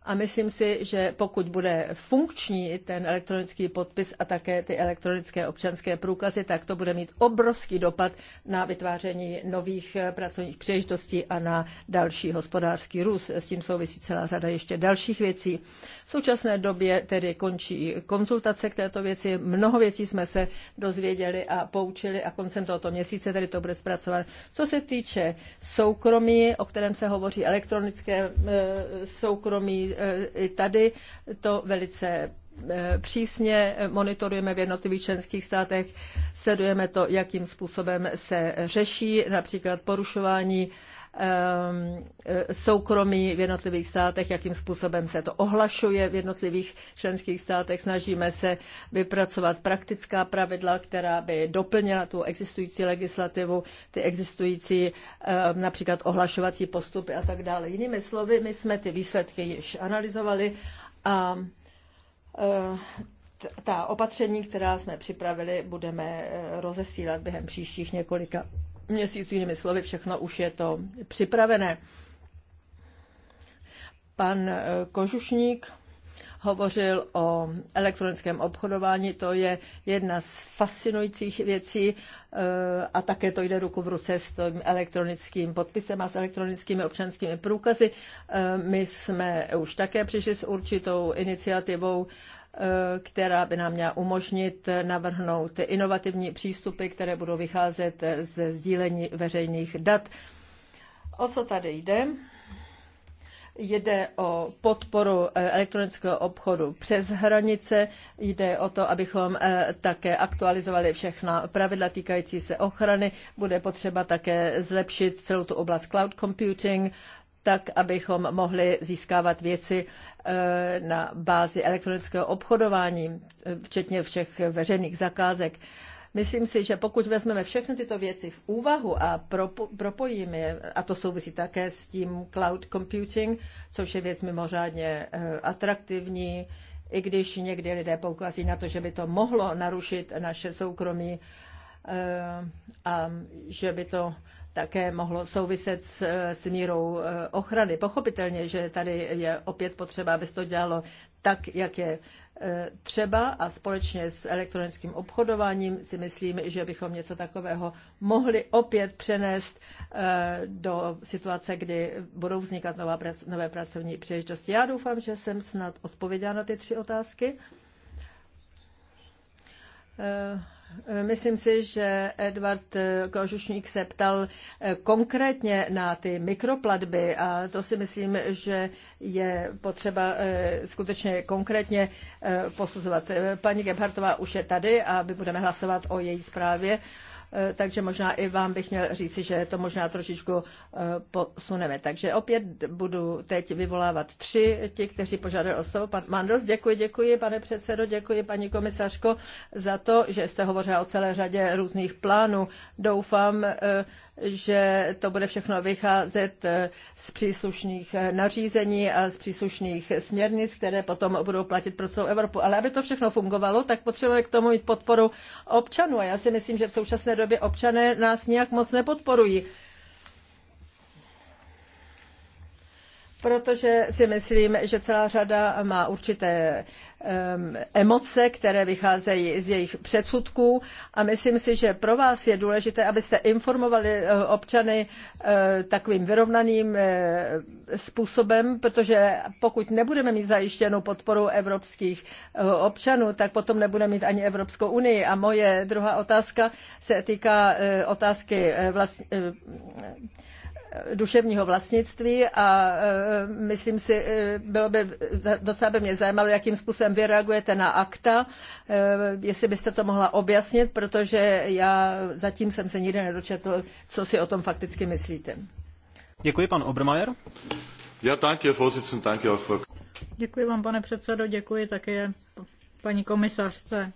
a myslím si, že pokud bude funkční ten elektronický podpis a také ty elektronické občanské průkazy, tak to bude mít obrovský dopad na vytváření nových eh, pracovních příležitostí a na další hospodářský růst. S tím souvisí celá řada ještě dalších věcí. V současné době tedy končí konzultace k této věci. Mnoho věcí jsme se dozvěděli a poučili a koncem tohoto měsíce tedy to bude zpracovat. Co se týče soukromí, o kterém se hovoří elektronické eh, soukromí, Eh, i tady to velice eh, přísně monitorujeme v jednotlivých členských státech, sledujeme to, jakým způsobem se řeší například porušování Ehm, e, soukromí v jednotlivých státech, jakým způsobem se to ohlašuje v jednotlivých členských státech. Snažíme se vypracovat praktická pravidla, která by doplnila tu existující legislativu, ty existující ehm, například ohlašovací postupy a tak dále. Jinými slovy, my jsme ty výsledky již analyzovali a e, ta opatření, která jsme připravili, budeme e, rozesílat během příštích několika měsíců, jinými slovy, všechno už je to připravené. Pan eh, Kožušník hovořil o elektronickém obchodování, to je jedna z fascinujících věcí eh, a také to jde ruku v ruce s tím elektronickým podpisem a s elektronickými občanskými průkazy. Eh, my jsme už také přišli s určitou iniciativou Eh, která by nám měla umožnit navrhnout inovativní přístupy, které budou vycházet ze sdílení veřejných dat. O co tady jde? Jde o podporu eh, elektronického obchodu přes hranice, jde o to, abychom eh, také aktualizovali všechna pravidla týkající se ochrany. Bude potřeba také zlepšit celou tu oblast cloud computing, tak abychom mohli získávat věci eh, na bázi elektronického obchodování, eh, včetně všech veřejných zakázek. Myslím si, že pokud vezmeme všechny tyto věci v úvahu a propojíme je, a to souvisí také s tím cloud computing, což je věc mimořádně eh, atraktivní, i když někdy lidé poukazí na to, že by to mohlo narušit naše soukromí a že by to také mohlo souviset s, s mírou eh, ochrany. Pochopitelně, že tady je opět potřeba, aby se to dělalo tak, jak je eh, třeba a společně s elektronickým obchodováním si myslím, že bychom něco takového mohli opět přenést eh, do situace, kdy budou vznikat nová, nové pracovní příležitosti. Já doufám, že jsem snad odpověděla na ty tři otázky. Eh, myslím si, že Edward eh, Kožušník se ptal eh, konkrétně na ty mikroplatby a to si myslím, že je potřeba skutečně konkrétně posuzovat. Paní Gebhartová už je tady a my budeme hlasovat o její zprávě Eh, takže možná i vám bych měl říci, že to možná trošičku eh, posuneme. Takže opět budu teď vyvolávat tři, ti, kteří požádali o slovo. Pan Mandos, děkuji, děkuji, pane předsedo, děkuji, paní komisařko, za to, že jste hovořila o celé řadě různých plánů. Doufám, eh, že to bude všechno vycházet eh, z příslušných eh, nařízení a z příslušných směrnic, které potom budou platit pro celou Evropu. Ale aby to všechno fungovalo, tak potřebujeme k tomu mít podporu občanů. A já si myslím, že v současné době občané nás nějak moc nepodporují. protože si myslím, že celá řada má určité um, emoce, které vycházejí z jejich předsudků a myslím si, že pro vás je důležité, abyste informovali eh, občany uh, takovým vyrovnaným uh, způsobem, protože pokud nebudeme mít zajištěnou podporu evropských uh, občanů, tak potom nebudeme mít ani Evropskou unii. A moje druhá otázka se týká uh, otázky uh, vlastně. Uh, duševního vlastnictví a e, myslím si, e, bylo by, docela by mě zajímalo, jakým způsobem vy reagujete na akta, e, jestli byste to mohla objasnit, protože já zatím jsem se nikdy nedočetl, co si o tom fakticky myslíte. Děkuji, pan Obermajer. Ja, danke, Vorsitzend, danke auch, Frau... Děkuji vám, pane předsedo, děkuji také paní komisařce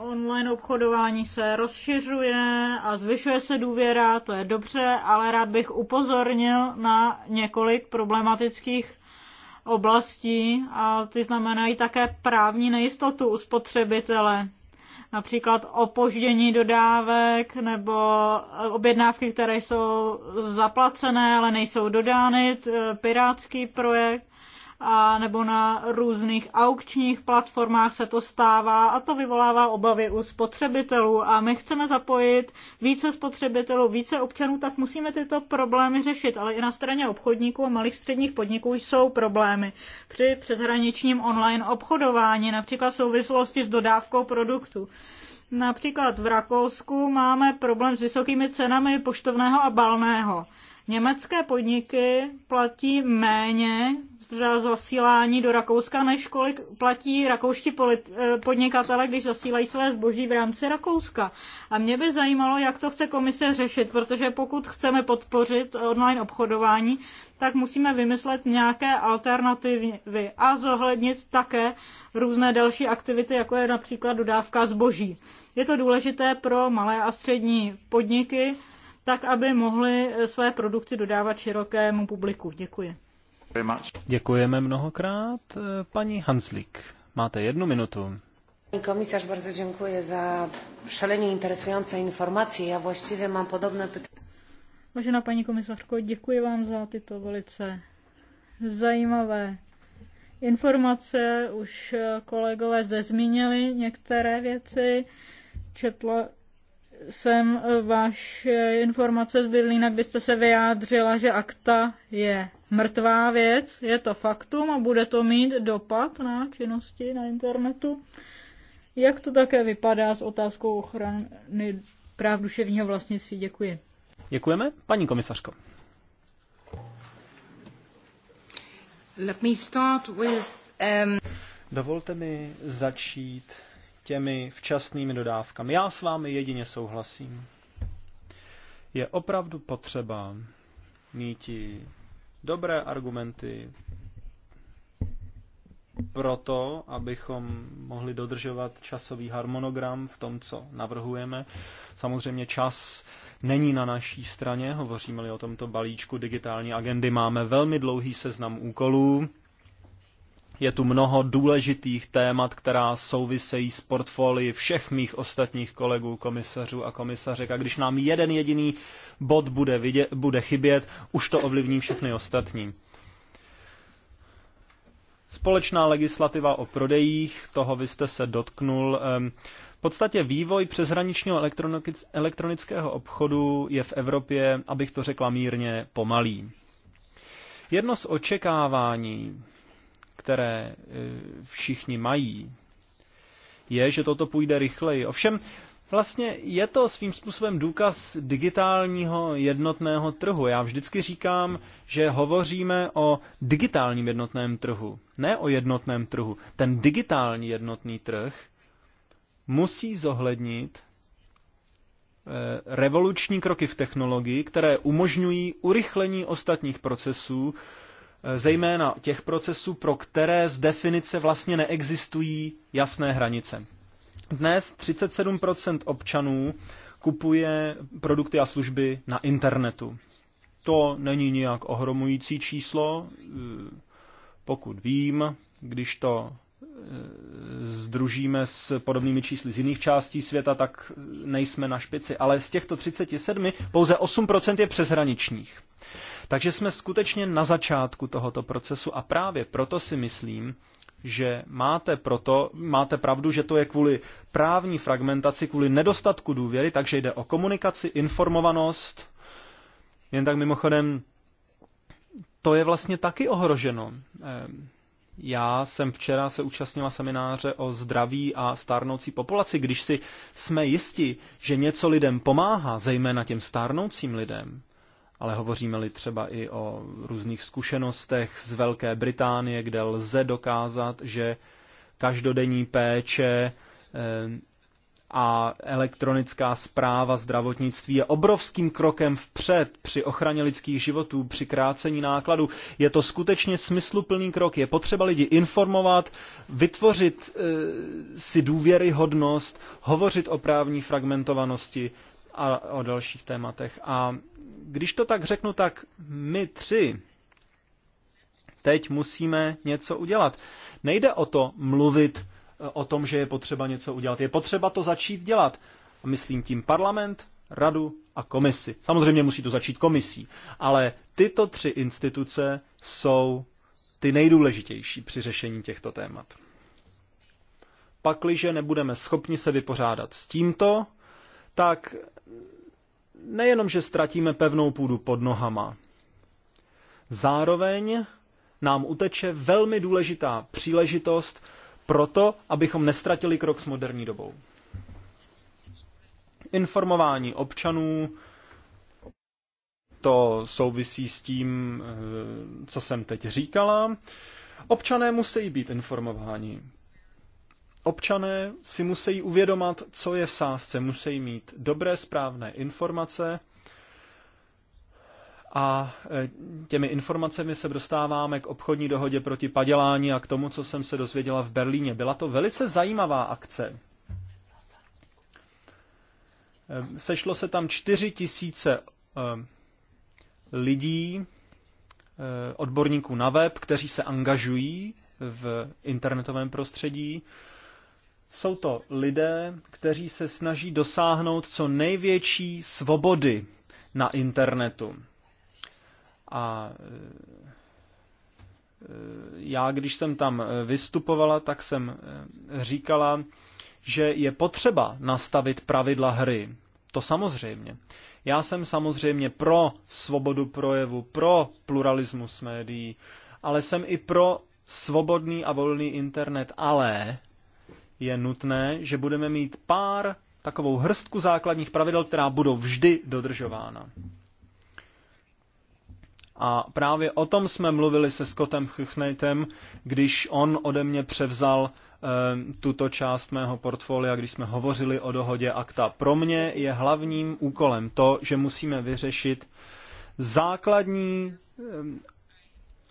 online obchodování se rozšiřuje a zvyšuje se důvěra, to je dobře, ale rád bych upozornil na několik problematických oblastí a ty znamenají také právní nejistotu u spotřebitele. Například opoždění dodávek nebo objednávky, které jsou zaplacené, ale nejsou dodány, eh, pirátský projekt a nebo na různých aukčních platformách se to stává a to vyvolává obavy u spotřebitelů a my chceme zapojit více spotřebitelů, více občanů, tak musíme tyto problémy řešit, ale i na straně obchodníků a malých středních podniků jsou problémy při přeshraničním online obchodování, například v souvislosti s dodávkou produktu. Například v Rakousku máme problém s vysokými cenami poštovného a balného. Německé podniky platí méně za zasílání do Rakouska, než kolik platí rakouští eh, podnikatele, když zasílají své zboží v rámci Rakouska. A mě by zajímalo, jak to chce komise řešit, protože pokud chceme podpořit online obchodování, tak musíme vymyslet nějaké alternativy a zohlednit také různé další aktivity, jako je například dodávka zboží. Je to důležité pro malé a střední podniky, tak aby mohly své produkty dodávat širokému publiku. Děkuji. Děkujeme mnohokrát. Eh, paní Hanslík, máte jednu minutu. Pani komisarz, bardzo dziękuję za szalenie interesujące informacje. Ja właściwie mam podobne pytanie. Vážená paní komisařko, děkuji vám za tyto velice zajímavé informace. Už eh, kolegové zde zmínili některé věci. Četla jsem eh, vaše informace z Berlína, kde jste se vyjádřila, že akta je mrtvá věc, je to faktum a bude to mít dopad na činnosti na internetu. Jak to také vypadá s otázkou ochrany práv duševního vlastnictví? Děkuji. Děkujeme. Paní komisařko. Let me start with, um... Dovolte mi začít těmi včasnými dodávkami. Já s vámi jedině souhlasím. Je opravdu potřeba mít dobré argumenty pro to, abychom mohli dodržovat časový harmonogram v tom, co navrhujeme. Samozřejmě čas není na naší straně, hovoříme-li o tomto balíčku digitální agendy, máme velmi dlouhý seznam úkolů, je tu mnoho důležitých témat, která souvisejí s portfolií všech mých ostatních kolegů, komisařů a komisařek. A když nám jeden jediný bod bude, vidět, bude chybět, už to ovlivní všechny ostatní. Společná legislativa o prodejích, toho vy jste se dotknul. V podstatě vývoj přeshraničního elektronického obchodu je v Evropě, abych to řekla mírně, pomalý. Jedno z očekávání které e, všichni mají, je, že toto půjde rychleji. Ovšem, Vlastně je to svým způsobem důkaz digitálního jednotného trhu. Já vždycky říkám, že hovoříme o digitálním jednotném trhu, ne o jednotném trhu. Ten digitální jednotný trh musí zohlednit e, revoluční kroky v technologii, které umožňují urychlení ostatních procesů, Eh, zejména těch procesů, pro které z definice vlastně neexistují jasné hranice. Dnes 37% občanů kupuje produkty a služby na internetu. To není nijak ohromující číslo, eh, pokud vím, když to eh, združíme s podobnými čísly z jiných částí světa, tak nejsme na špici. Ale z těchto 37 pouze 8% je přeshraničních. Takže jsme skutečně na začátku tohoto procesu a právě proto si myslím, že máte, proto, máte pravdu, že to je kvůli právní fragmentaci, kvůli nedostatku důvěry, takže jde o komunikaci, informovanost. Jen tak mimochodem, to je vlastně taky ohroženo. Ehm, já jsem včera se účastnila semináře o zdraví a stárnoucí populaci. Když si jsme jisti, že něco lidem pomáhá, zejména těm stárnoucím lidem, ale hovoříme-li třeba i o různých zkušenostech z Velké Británie, kde lze dokázat, že každodenní péče eh, a elektronická zpráva zdravotnictví je obrovským krokem vpřed při ochraně lidských životů, při krácení nákladů. Je to skutečně smysluplný krok. Je potřeba lidi informovat, vytvořit e, si důvěryhodnost, hovořit o právní fragmentovanosti, a o dalších tématech. A když to tak řeknu, tak my tři teď musíme něco udělat. Nejde o to mluvit eh, o tom, že je potřeba něco udělat. Je potřeba to začít dělat. A myslím tím parlament, radu a komisi. Samozřejmě musí to začít komisí, ale tyto tři instituce jsou ty nejdůležitější při řešení těchto témat. Pakliže nebudeme schopni se vypořádat s tímto, tak nejenom, že ztratíme pevnou půdu pod nohama, zároveň nám uteče velmi důležitá příležitost pro to, abychom nestratili krok s moderní dobou. Informování občanů, to souvisí s tím, eh, co jsem teď říkala. Občané musí být informováni občané si musí uvědomat, co je v sázce. Musí mít dobré, správné informace a e, těmi informacemi se dostáváme k obchodní dohodě proti padělání a k tomu, co jsem se dozvěděla v Berlíně. Byla to velice zajímavá akce. E, sešlo se tam čtyři tisíce e, lidí, odborníků na web, kteří se angažují v internetovém prostředí. Jsou to lidé, kteří se snaží dosáhnout co největší svobody na internetu. A e, e, já, když jsem tam e, vystupovala, tak jsem říkala, že je potřeba nastavit pravidla hry. To samozřejmě. Já jsem samozřejmě pro svobodu projevu, pro pluralismus médií, ale jsem i pro svobodný a volný internet, ale je nutné, že budeme mít pár takovou hrstku základních pravidel, která budou vždy dodržována. A právě o tom jsme mluvili se Scottem Chuchnejtem, když on ode mě převzal eh, tuto část mého portfolia, když jsme hovořili o dohodě akta. Pro mě je hlavním úkolem to, že musíme vyřešit základní, eh,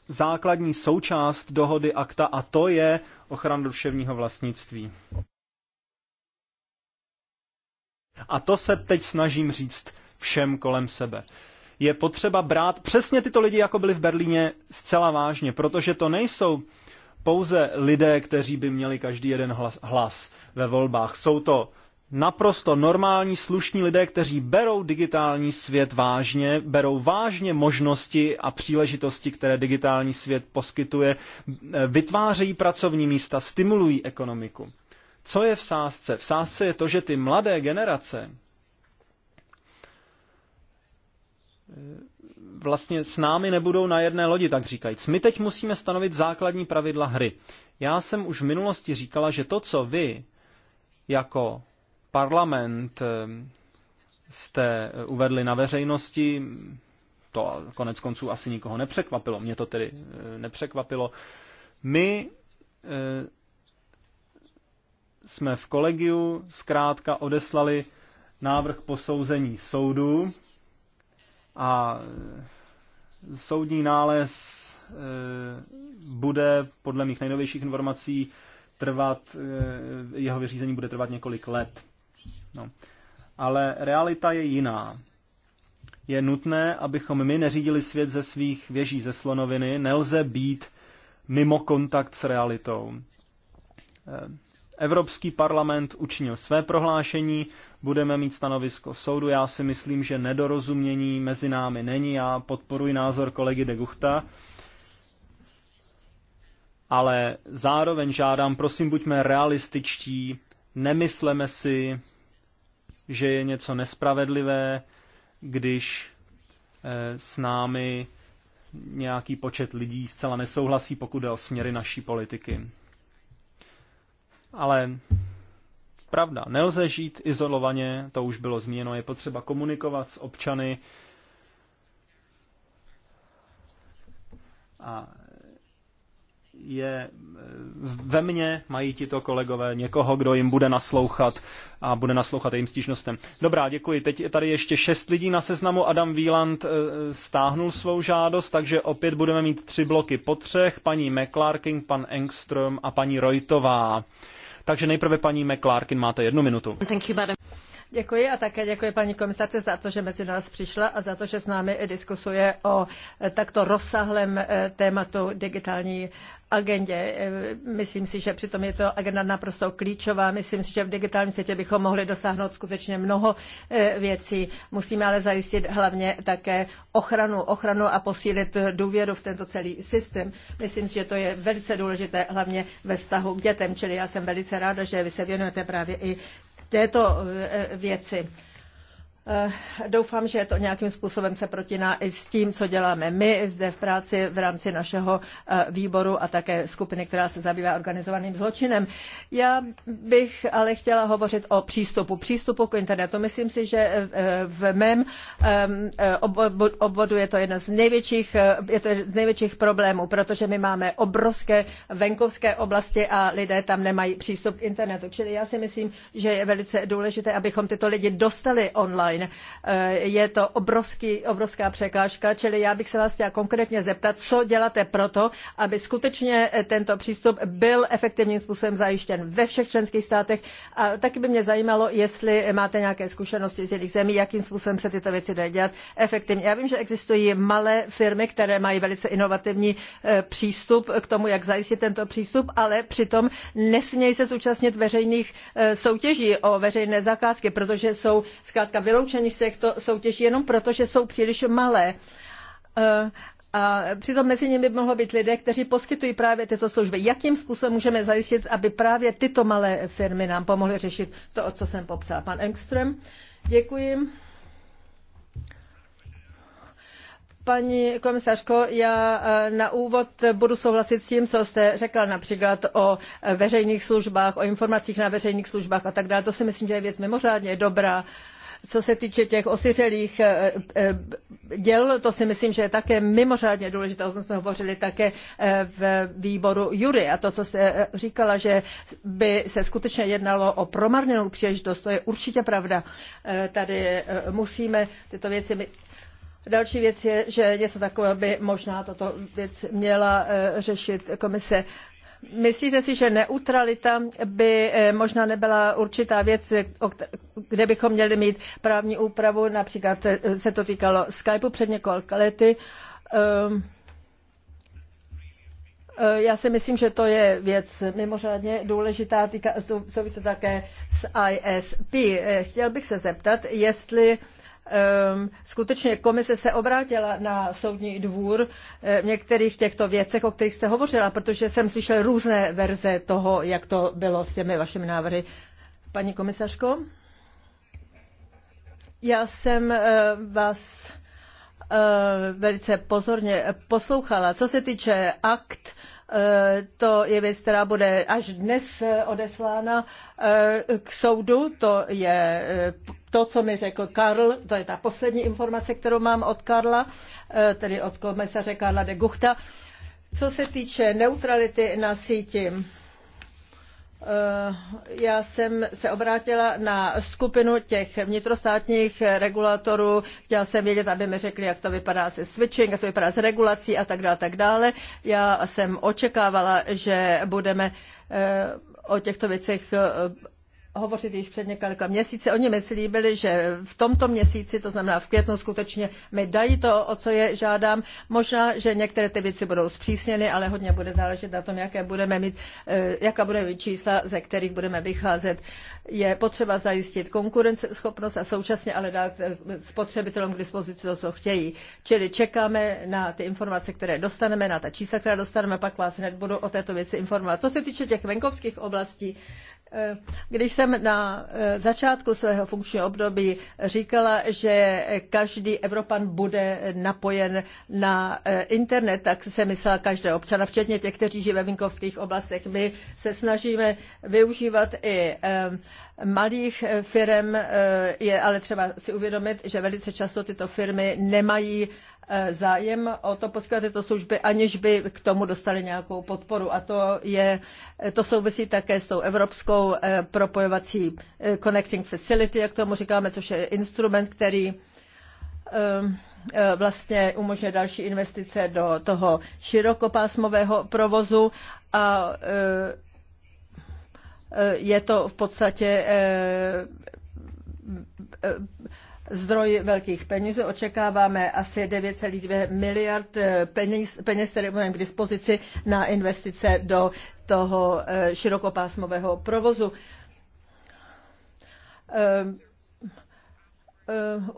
základní součást dohody akta a to je ochranu duševního vlastnictví. A to se teď snažím říct všem kolem sebe. Je potřeba brát přesně tyto lidi, jako byli v Berlíně, zcela vážně, protože to nejsou pouze lidé, kteří by měli každý jeden hlas, hlas ve volbách. Jsou to naprosto normální, slušní lidé, kteří berou digitální svět vážně, berou vážně možnosti a příležitosti, které digitální svět poskytuje, vytvářejí pracovní místa, stimulují ekonomiku. Co je v sázce? V sázce je to, že ty mladé generace vlastně s námi nebudou na jedné lodi, tak říkajíc. My teď musíme stanovit základní pravidla hry. Já jsem už v minulosti říkala, že to, co vy jako parlament eh, jste eh, uvedli na veřejnosti, to konec konců asi nikoho nepřekvapilo, mě to tedy eh, nepřekvapilo. My jsme v kolegiu zkrátka odeslali návrh posouzení soudu a soudní nález bude podle mých nejnovějších informací trvat, jeho vyřízení bude trvat několik let. No. Ale realita je jiná. Je nutné, abychom my neřídili svět ze svých věží ze slonoviny. Nelze být mimo kontakt s realitou. Eh, Evropský parlament učinil své prohlášení, budeme mít stanovisko soudu. Já si myslím, že nedorozumění mezi námi není. Já podporuji názor kolegy de Guchta, ale zároveň žádám, prosím, buďme realističtí Nemysleme si, že je něco nespravedlivé, když eh, s námi nějaký počet lidí zcela nesouhlasí, pokud jde o směry naší politiky. Ale pravda, nelze žít izolovaně, to už bylo zmíněno, je potřeba komunikovat s občany a je eh, ve mně, mají ti to kolegové někoho, kdo jim bude naslouchat a bude naslouchat jejím stížnostem. Dobrá, děkuji. Teď je tady ještě šest lidí na seznamu. Adam Wieland eh, stáhnul svou žádost, takže opět budeme mít tři bloky po třech. Paní McClarkin, pan Engström a paní Rojtová. Takže nejprve paní McClarkin, máte jednu minutu. Thank you, Děkuji a také děkuji paní komisarce za to, že mezi nás přišla a za to, že s námi diskusuje o eh, takto rozsáhlém eh, tématu digitální agendě. Eh, myslím si, že přitom je to agenda naprosto klíčová. Myslím si, že v digitálním světě bychom mohli dosáhnout skutečně mnoho věcí. Musíme ale zajistit hlavně také ochranu, ochranu a posílit důvěru v tento celý systém. Myslím si, že to je velice důležité, hlavně ve vztahu k dětem, čili já jsem velice ráda, že vy se věnujete právě i této eh, eh, věci. Eh, doufám, že to nějakým způsobem se protiná i s tím, co děláme my zde v práci v rámci našeho eh, výboru a také skupiny, která se zabývá organizovaným zločinem. Já bych ale chtěla hovořit o přístupu, přístupu k internetu. Myslím si, že eh, v mém ehm, obvodu je to jeden z největších, je to jeden z největších problémů, protože my máme obrovské venkovské oblasti a lidé tam nemají přístup k internetu. Čili já si myslím, že je velice důležité, abychom tyto lidi dostali online online. Eh, je to obrovský, obrovská překážka, čili já bych se vás chtěla konkrétně zeptat, co děláte proto, aby skutečně eh, tento přístup byl efektivním způsobem zajištěn ve všech členských státech. A taky by mě zajímalo, jestli máte nějaké zkušenosti z jiných zemí, jakým způsobem se tyto věci dají dělat efektivně. Já vím, že existují malé firmy, které mají velice inovativní eh, přístup k tomu, jak zajistit tento přístup, ale přitom nesmějí se zúčastnit veřejných soutěží o veřejné zakázky, protože jsou zkrátka vyloučeny vyloučeny z těchto soutěží jenom proto, že jsou příliš malé. Eh, a přitom mezi nimi by mohlo být lidé, kteří poskytují právě tyto služby. Jakým způsobem můžeme zajistit, aby právě tyto malé firmy nám pomohly řešit to, o co jsem popsal? Pan Engström, děkuji. Paní komisařko, já eh, na úvod budu souhlasit s tím, co jste řekla například o eh, veřejných službách, o informacích na veřejných službách a tak dále. To si myslím, že je věc mimořádně dobrá. Uh, co se týče těch osiřelých eh, eh, děl, to si myslím, že je také mimořádně důležité, o tom jsme hovořili také eh, v výboru Jury. A to, co jste říkala, že by se skutečně jednalo o promarněnou příležitost, to je určitě pravda. Tady musíme tyto věci my... Další věc je, že něco takového by možná tato věc měla řešit komise. Myslíte si, že neutralita by eh, možná nebyla určitá věc, kde bychom měli mít právní úpravu, například eh, se to týkalo Skypeu před několika lety. Ehm, eh, já si myslím, že to je věc mimořádně důležitá, týká, souvisí to také s ISP. Chtěl bych se zeptat, jestli Ehm, skutečně komise se obrátila na soudní dvůr eh, v některých těchto věcech, o kterých jste hovořila, protože jsem slyšela různé verze toho, jak to bylo s těmi vašimi návrhy. Paní komisařko, já jsem eh, vás eh, velice pozorně poslouchala. Co se týče akt, Eh, to je věc, která bude až dnes eh, odeslána eh, k soudu. To je to, co mi řekl Karl, to je ta poslední informace, kterou mám od Karla, tedy od komisaře Karla de Guchta. Co se týče neutrality na síti, Eh, já jsem se obrátila na skupinu těch vnitrostátních regulatorů, chtěla jsem vědět, aby mi řekli, jak to vypadá se switching, jak to vypadá s regulací a tak dále, tak dále. Já jsem očekávala, že budeme eh, o těchto věcech eh, hovořit již před několika měsíci. Oni mi slíbili, že v tomto měsíci, to znamená v květnu, skutečně mi dají to, o co je žádám. Možná, že některé ty věci budou zpřísněny, ale hodně bude záležet na tom, jaké budeme mít, eh, jaká bude mít čísla, ze kterých budeme vycházet. Je potřeba zajistit konkurenceschopnost a současně ale dát eh, spotřebitelům k dispozici to, co chtějí. Čili čekáme na ty informace, které dostaneme, na ta čísla, která dostaneme, pak vás hned budu o této věci informovat. Co se týče těch venkovských oblastí, Eh, když jsem na eh, začátku svého funkčního období říkala, že každý Evropan bude napojen na eh, internet, tak se myslela každé občana, včetně těch, kteří žijí ve vinkovských oblastech. My se snažíme využívat i malých firm, je ale třeba si uvědomit, že velice často tyto firmy nemají Eh, zájem o to poskytovat tyto služby, aniž by k tomu dostali nějakou podporu. A to, je, to souvisí také s tou evropskou eh, propojovací eh, Connecting Facility, jak tomu říkáme, což je instrument, který vlastně umožňuje další investice do toho širokopásmového provozu a je to v podstatě zdroj velkých peněz. Očekáváme asi 9,2 miliard eh, peněz, peněz, které budeme k dispozici na investice do toho eh, širokopásmového provozu. Eh,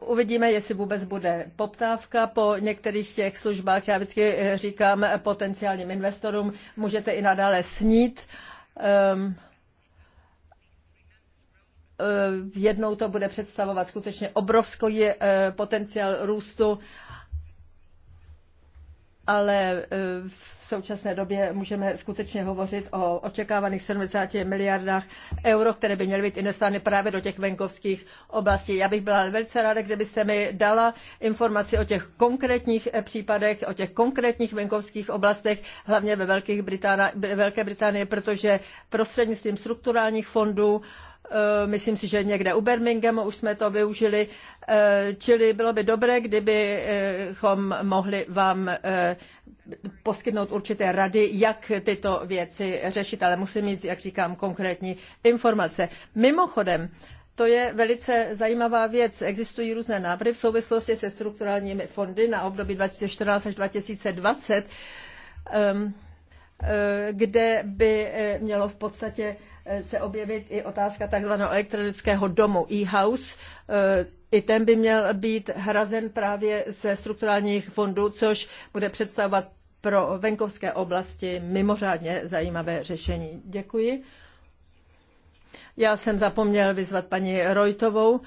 uvidíme, jestli vůbec bude poptávka po některých těch službách. Já vždycky říkám potenciálním investorům, můžete i nadále snít. Um, Eh, jednou to bude představovat skutečně obrovský eh, potenciál růstu, ale eh, v současné době můžeme skutečně hovořit o očekávaných 70 miliardách euro, které by měly být investovány právě do těch venkovských oblastí. Já bych byla velice ráda, kdybyste mi dala informaci o těch konkrétních případech, o těch konkrétních venkovských oblastech, hlavně ve Velké Británii, protože prostřednictvím strukturálních fondů Eh, myslím si, že někde u Birminghamu už jsme to využili, eh, čili bylo by dobré, kdybychom mohli vám eh, poskytnout určité rady, jak tyto věci řešit, ale musím mít, jak říkám, konkrétní informace. Mimochodem, to je velice zajímavá věc. Existují různé návrhy v souvislosti se strukturálními fondy na období 2014 až 2020, ehm, kde by mělo v podstatě se objevit i otázka takzvaného elektronického domu e-house. E, I ten by měl být hrazen právě ze strukturálních fondů, což bude představovat pro venkovské oblasti mimořádně zajímavé řešení. Děkuji. Já jsem zapomněl vyzvat paní Rojtovou,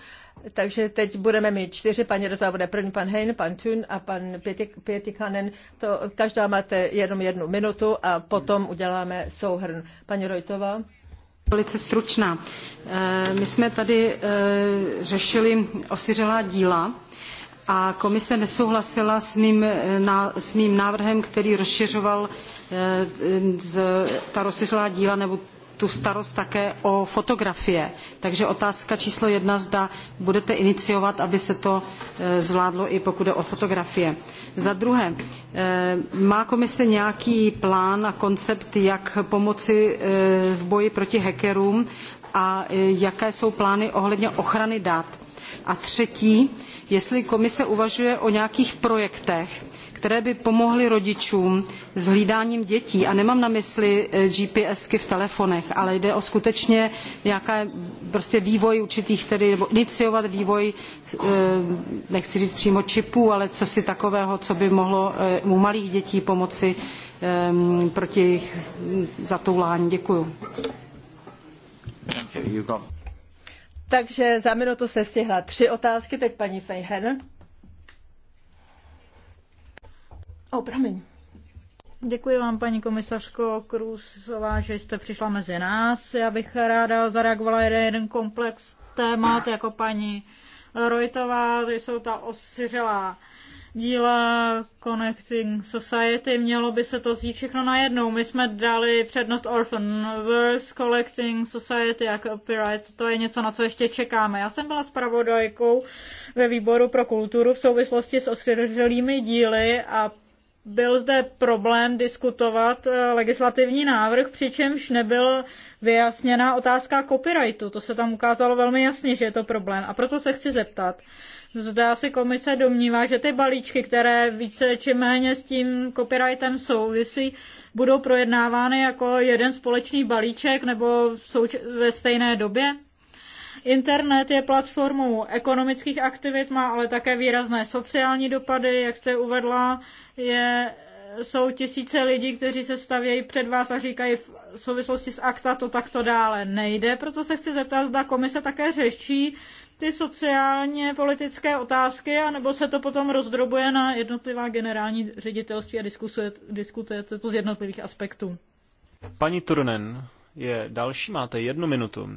takže teď budeme mít čtyři. Paní Rojtová bude první, pan Hein, pan Thun a pan Pětikanen. To, každá máte jenom jednu minutu a potom uděláme souhrn. Paní Rojtová. Velice stručná. Eh, my jsme tady eh, řešili osiřelá díla a komise nesouhlasila s mým, eh, s mým návrhem, který rozšiřoval ta rozšiřelá díla nebo tu starost také o fotografie. Takže otázka číslo jedna, zda budete iniciovat, aby se to zvládlo i pokud je o fotografie. Za druhé, eh, má komise nějaký plán a koncept, jak pomoci eh, v boji proti hackerům a eh, jaké jsou plány ohledně ochrany dat? A třetí, jestli komise uvažuje o nějakých projektech, které by pomohly rodičům s hlídáním dětí. A nemám na mysli eh, GPSky v telefonech, ale jde o skutečně nějaké prostě vývoj určitých, tedy, nebo iniciovat vývoj, eh, nechci říct přímo čipů, ale co si takového, co by mohlo eh, u malých dětí pomoci ehm, proti jejich zatoulání. Děkuju. Takže za minutu jste stihla tři otázky, teď paní Fejhen. O, oh, promiň. Děkuji vám, paní komisařko Krusová, že jste přišla mezi nás. Já bych ráda zareagovala jeden komplex témat, jako paní Rojtová, to jsou ta osiřelá díla Connecting Society, mělo by se to zjít všechno najednou. My jsme dali přednost Orphan Verse, Collecting Society a Copyright, to je něco, na co ještě čekáme. Já jsem byla zpravodajkou ve výboru pro kulturu v souvislosti s osvědčenými díly a byl zde problém diskutovat eh, legislativní návrh, přičemž nebyl vyjasněná otázka copyrightu. To se tam ukázalo velmi jasně, že je to problém. A proto se chci zeptat. Zda asi komise domnívá, že ty balíčky, které více či méně s tím copyrightem souvisí, budou projednávány jako jeden společný balíček nebo ve stejné době? Internet je platformou ekonomických aktivit, má ale také výrazné sociální dopady, jak jste uvedla je, jsou tisíce lidí, kteří se stavějí před vás a říkají v souvislosti s akta to takto dále nejde. Proto se chci zeptat, zda komise také řeší ty sociálně politické otázky, anebo se to potom rozdrobuje na jednotlivá generální ředitelství a diskutujete to z jednotlivých aspektů. Paní Turnen je další, máte jednu minutu.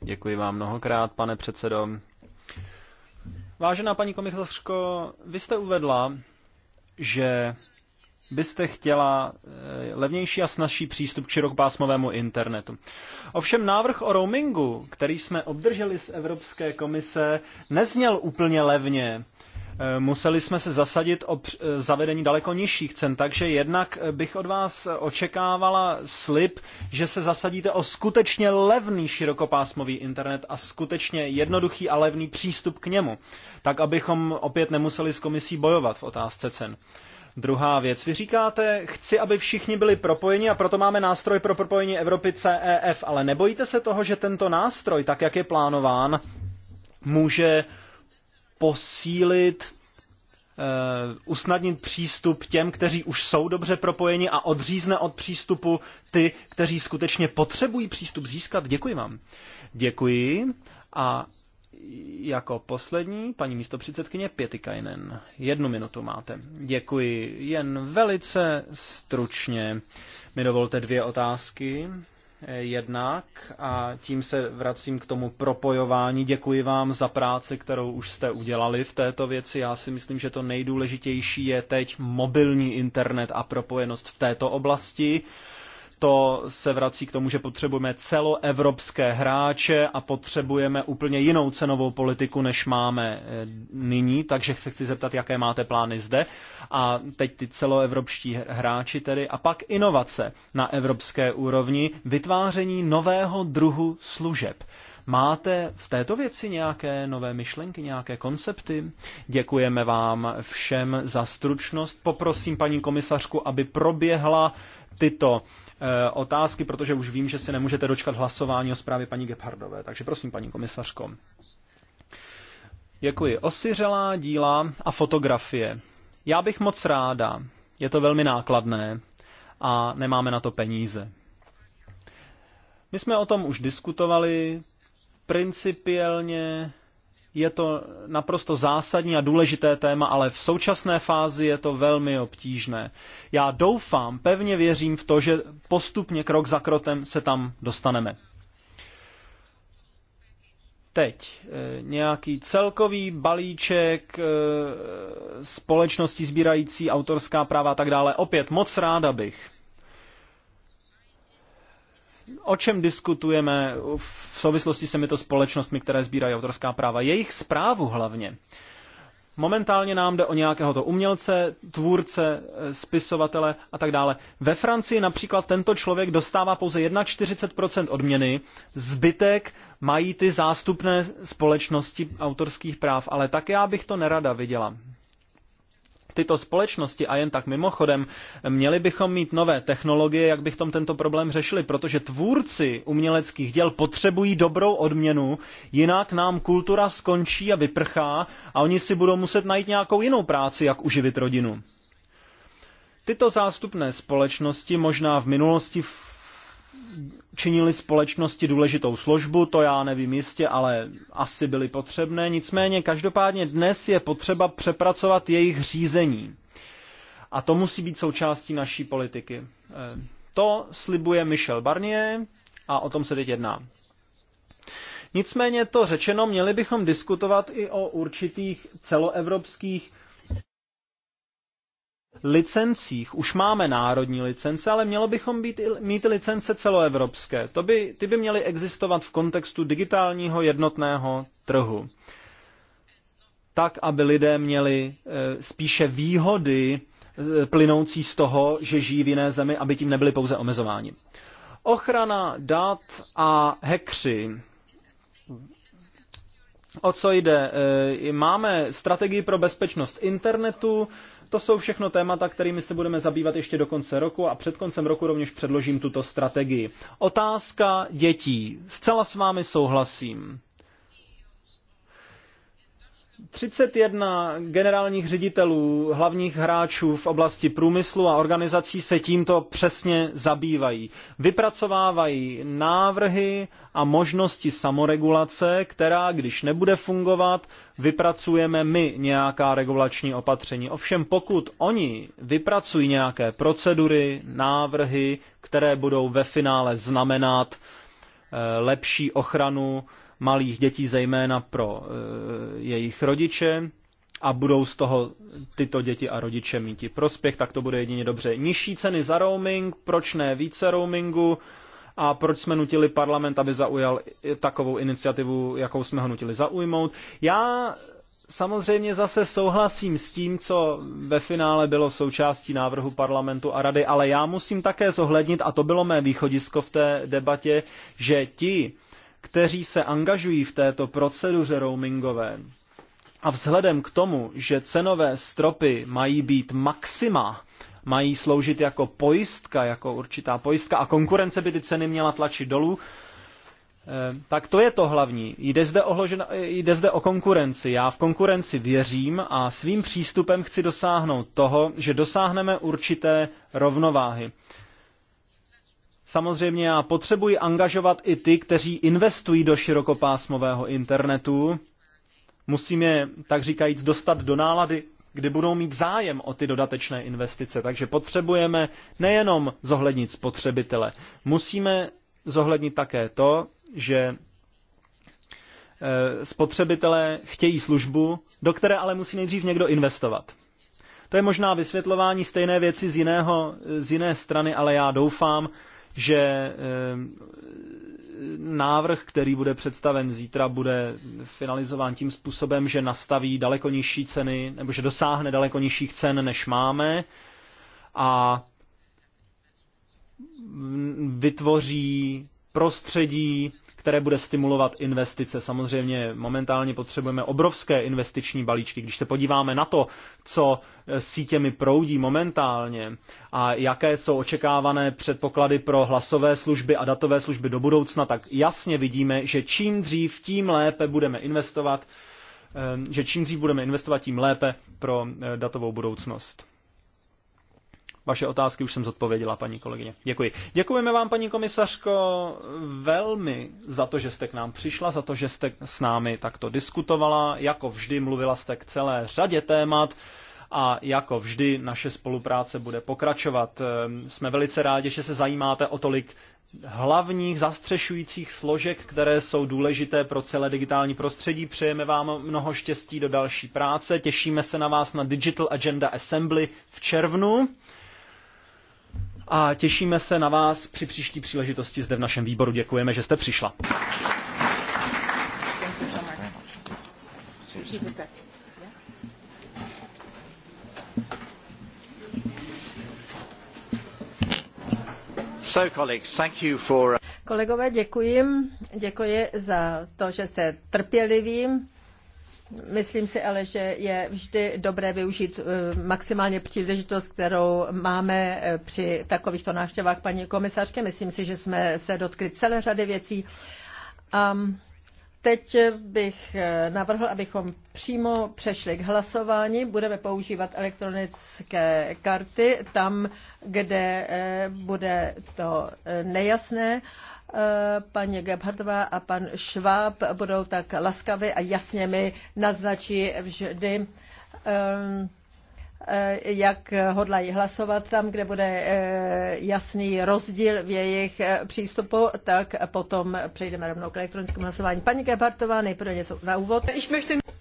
Děkuji vám mnohokrát, pane předsedo. Vážená paní komisařko, vy jste uvedla, že byste chtěla eh, levnější a snažší přístup k širokopásmovému internetu. Ovšem návrh o roamingu, který jsme obdrželi z Evropské komise, nezněl úplně levně. Eh, museli jsme se zasadit o eh, zavedení daleko nižších cen, takže jednak eh, bych od vás očekávala slib, že se zasadíte o skutečně levný širokopásmový internet a skutečně jednoduchý a levný přístup k němu, tak abychom opět nemuseli s komisí bojovat v otázce cen. Druhá věc. Vy říkáte, chci, aby všichni byli propojeni a proto máme nástroj pro propojení Evropy CEF, ale nebojíte se toho, že tento nástroj, tak jak je plánován, může posílit, eh, usnadnit přístup těm, kteří už jsou dobře propojeni a odřízne od přístupu ty, kteří skutečně potřebují přístup získat. Děkuji vám. Děkuji. A jako poslední paní místopředsedkyně Pětikajnen. Jednu minutu máte. Děkuji. Jen velice stručně mi dovolte dvě otázky jednak a tím se vracím k tomu propojování. Děkuji vám za práci, kterou už jste udělali v této věci. Já si myslím, že to nejdůležitější je teď mobilní internet a propojenost v této oblasti to se vrací k tomu, že potřebujeme celoevropské hráče a potřebujeme úplně jinou cenovou politiku, než máme eh, nyní, takže se chci zeptat, jaké máte plány zde. A teď ty celoevropští hráči tedy. A pak inovace na evropské úrovni, vytváření nového druhu služeb. Máte v této věci nějaké nové myšlenky, nějaké koncepty? Děkujeme vám všem za stručnost. Poprosím paní komisařku, aby proběhla tyto Eh, otázky, protože už vím, že se nemůžete dočkat hlasování o zprávě paní Gebhardové. Takže prosím, paní komisařko. Děkuji. Osiřelá díla a fotografie. Já bych moc ráda. Je to velmi nákladné a nemáme na to peníze. My jsme o tom už diskutovali. Principiálně je to naprosto zásadní a důležité téma, ale v současné fázi je to velmi obtížné. Já doufám, pevně věřím v to, že postupně krok za krotem se tam dostaneme. Teď eh, nějaký celkový balíček eh, společnosti sbírající autorská práva a tak dále. Opět moc ráda bych o čem diskutujeme v souvislosti mi to společnostmi, které sbírají autorská práva? Jejich zprávu hlavně. Momentálně nám jde o nějakého to umělce, tvůrce, eh, spisovatele a tak dále. Ve Francii například tento člověk dostává pouze 41% odměny, zbytek mají ty zástupné společnosti autorských práv, ale tak já bych to nerada viděla tyto společnosti a jen tak mimochodem, měli bychom mít nové technologie, jak bychom tento problém řešili, protože tvůrci uměleckých děl potřebují dobrou odměnu, jinak nám kultura skončí a vyprchá a oni si budou muset najít nějakou jinou práci, jak uživit rodinu. Tyto zástupné společnosti možná v minulosti činili společnosti důležitou službu, to já nevím jistě, ale asi byly potřebné. Nicméně každopádně dnes je potřeba přepracovat jejich řízení. A to musí být součástí naší politiky. Eh, to slibuje Michel Barnier a o tom se teď jedná. Nicméně to řečeno, měli bychom diskutovat i o určitých celoevropských licencích. Už máme národní licence, ale mělo bychom být, mít licence celoevropské. To by, ty by měly existovat v kontextu digitálního jednotného trhu. Tak, aby lidé měli e, spíše výhody e, plynoucí z toho, že žijí v jiné zemi, aby tím nebyli pouze omezováni. Ochrana dat a hekři. O co jde? E, máme strategii pro bezpečnost internetu, to jsou všechno témata, kterými se budeme zabývat ještě do konce roku a před koncem roku rovněž předložím tuto strategii. Otázka dětí. Zcela s vámi souhlasím. 31 generálních ředitelů, hlavních hráčů v oblasti průmyslu a organizací se tímto přesně zabývají. Vypracovávají návrhy a možnosti samoregulace, která, když nebude fungovat, vypracujeme my nějaká regulační opatření. Ovšem pokud oni vypracují nějaké procedury, návrhy, které budou ve finále znamenat eh, lepší ochranu malých dětí, zejména pro e, jejich rodiče, a budou z toho tyto děti a rodiče mít i prospěch, tak to bude jedině dobře. Nižší ceny za roaming, proč ne více roamingu a proč jsme nutili parlament, aby zaujal takovou iniciativu, jakou jsme ho nutili zaujmout. Já samozřejmě zase souhlasím s tím, co ve finále bylo součástí návrhu parlamentu a rady, ale já musím také zohlednit, a to bylo mé východisko v té debatě, že ti, kteří se angažují v této proceduře roamingové. A vzhledem k tomu, že cenové stropy mají být maxima, mají sloužit jako pojistka, jako určitá pojistka a konkurence by ty ceny měla tlačit dolů, eh, tak to je to hlavní. Jde zde, ohložen, eh, jde zde o konkurenci. Já v konkurenci věřím a svým přístupem chci dosáhnout toho, že dosáhneme určité rovnováhy. Samozřejmě já potřebuji angažovat i ty, kteří investují do širokopásmového internetu. Musím je, tak říkajíc, dostat do nálady, kdy budou mít zájem o ty dodatečné investice. Takže potřebujeme nejenom zohlednit spotřebitele, musíme zohlednit také to, že e, spotřebitelé chtějí službu, do které ale musí nejdřív někdo investovat. To je možná vysvětlování stejné věci z, jiného, z jiné strany, ale já doufám, že ehm, návrh, který bude představen zítra, bude finalizován tím způsobem, že nastaví daleko nižší ceny, nebo že dosáhne daleko nižších cen, než máme a vytvoří prostředí, které bude stimulovat investice. Samozřejmě momentálně potřebujeme obrovské investiční balíčky. Když se podíváme na to, co eh, sítěmi proudí momentálně a jaké jsou očekávané předpoklady pro hlasové služby a datové služby do budoucna, tak jasně vidíme, že čím dřív, tím lépe budeme investovat, eh, že čím dřív budeme investovat, tím lépe pro eh, datovou budoucnost. Vaše otázky už jsem zodpověděla, paní kolegyně. Děkuji. Děkujeme vám, paní komisařko, velmi za to, že jste k nám přišla, za to, že jste s námi takto diskutovala. Jako vždy mluvila jste k celé řadě témat a jako vždy naše spolupráce bude pokračovat. Ehm, jsme velice rádi, že se zajímáte o tolik hlavních zastřešujících složek, které jsou důležité pro celé digitální prostředí. Přejeme vám mnoho štěstí do další práce. Těšíme se na vás na Digital Agenda Assembly v červnu a těšíme se na vás při příští příležitosti zde v našem výboru. Děkujeme, že jste přišla. So, colleagues, thank you for... Uh, Kolegové, děkuji. Děkuji za to, že jste trpěliví. Myslím si ale, že je vždy dobré využít eh, maximálně příležitost, kterou máme eh, při takovýchto návštěvách paní komisařky. Myslím si, že jsme se dotkli celé řady věcí. A teď bych eh, navrhl, abychom přímo přešli k hlasování. Budeme používat elektronické karty tam, kde bude to nejasné. Eh, paní Gebhardová a pan Schwab budou tak laskavi a jasně mi naznačí vždy, eh, eh, jak hodlají hlasovat tam, kde bude jasný rozdíl v jejich přístupu, tak potom přejdeme rovnou k elektronickému hlasování. Paní Gebhardová, nejprve něco na úvod.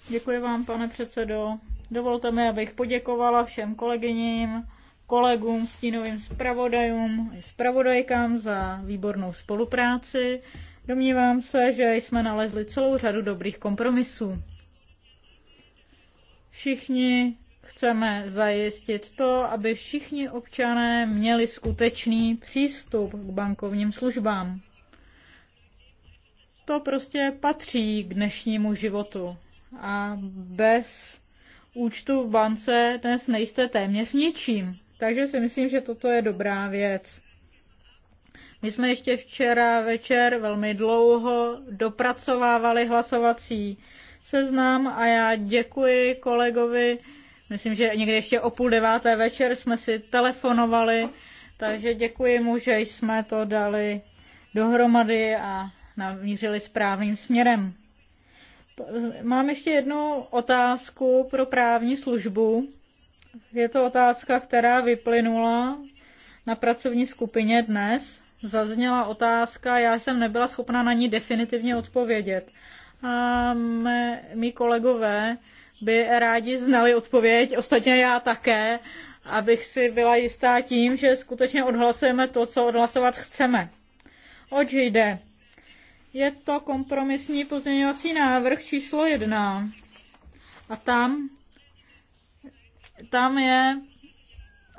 Děkuji vám, pane předsedo. Dovolte mi, abych poděkovala všem kolegyním kolegům, stínovým zpravodajům i zpravodajkám za výbornou spolupráci. Domnívám se, že jsme nalezli celou řadu dobrých kompromisů. Všichni chceme zajistit to, aby všichni občané měli skutečný přístup k bankovním službám. To prostě patří k dnešnímu životu. A bez účtu v bance dnes nejste téměř ničím. Takže si myslím, že toto je dobrá věc. My jsme ještě včera večer velmi dlouho dopracovávali hlasovací seznam a já děkuji kolegovi. Myslím, že někdy ještě o půl deváté večer jsme si telefonovali, takže děkuji mu, že jsme to dali dohromady a namířili správným směrem. Mám ještě jednu otázku pro právní službu. Je to otázka, která vyplynula na pracovní skupině dnes. Zazněla otázka, já jsem nebyla schopna na ní definitivně odpovědět. A mé, mý kolegové by rádi znali odpověď, ostatně já také, abych si byla jistá tím, že skutečně odhlasujeme to, co odhlasovat chceme. Oč jde? Je to kompromisní pozměňovací návrh číslo jedna. A tam tam je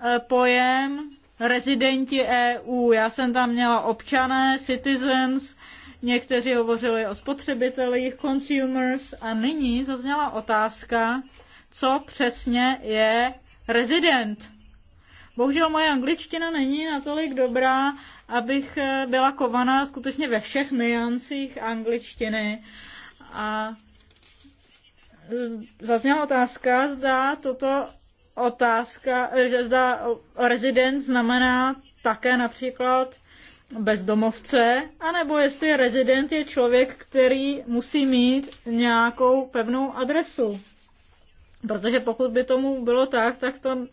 eh, pojem rezidenti EU. Já jsem tam měla občané, citizens, někteří hovořili o spotřebitelích, consumers a nyní zazněla otázka, co přesně je rezident. Bohužel moje angličtina není natolik dobrá, abych eh, byla kovaná skutečně ve všech niancích angličtiny. A eh, zazněla otázka, zda toto otázka, eh, že zda rezident znamená také například bezdomovce, anebo jestli rezident je člověk, který musí mít nějakou pevnou adresu. Protože pokud by tomu bylo tak, tak to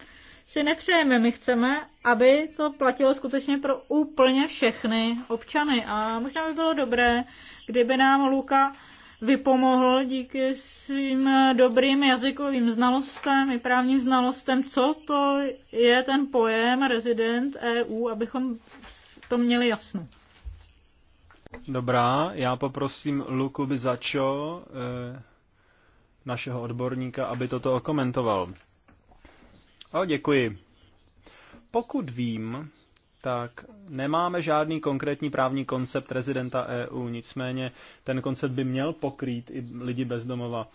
si nepřejeme. My chceme, aby to platilo skutečně pro úplně všechny občany. A možná by bylo dobré, kdyby nám Luka vypomohl díky svým dobrým jazykovým znalostem i právním znalostem, co to je ten pojem rezident EU, abychom to měli jasno. Dobrá, já poprosím Luku Bizačo, eh, našeho odborníka, aby toto okomentoval. O, děkuji. Pokud vím, tak nemáme žádný konkrétní právní koncept rezidenta EU, nicméně ten koncept by měl pokrýt i lidi bez domova.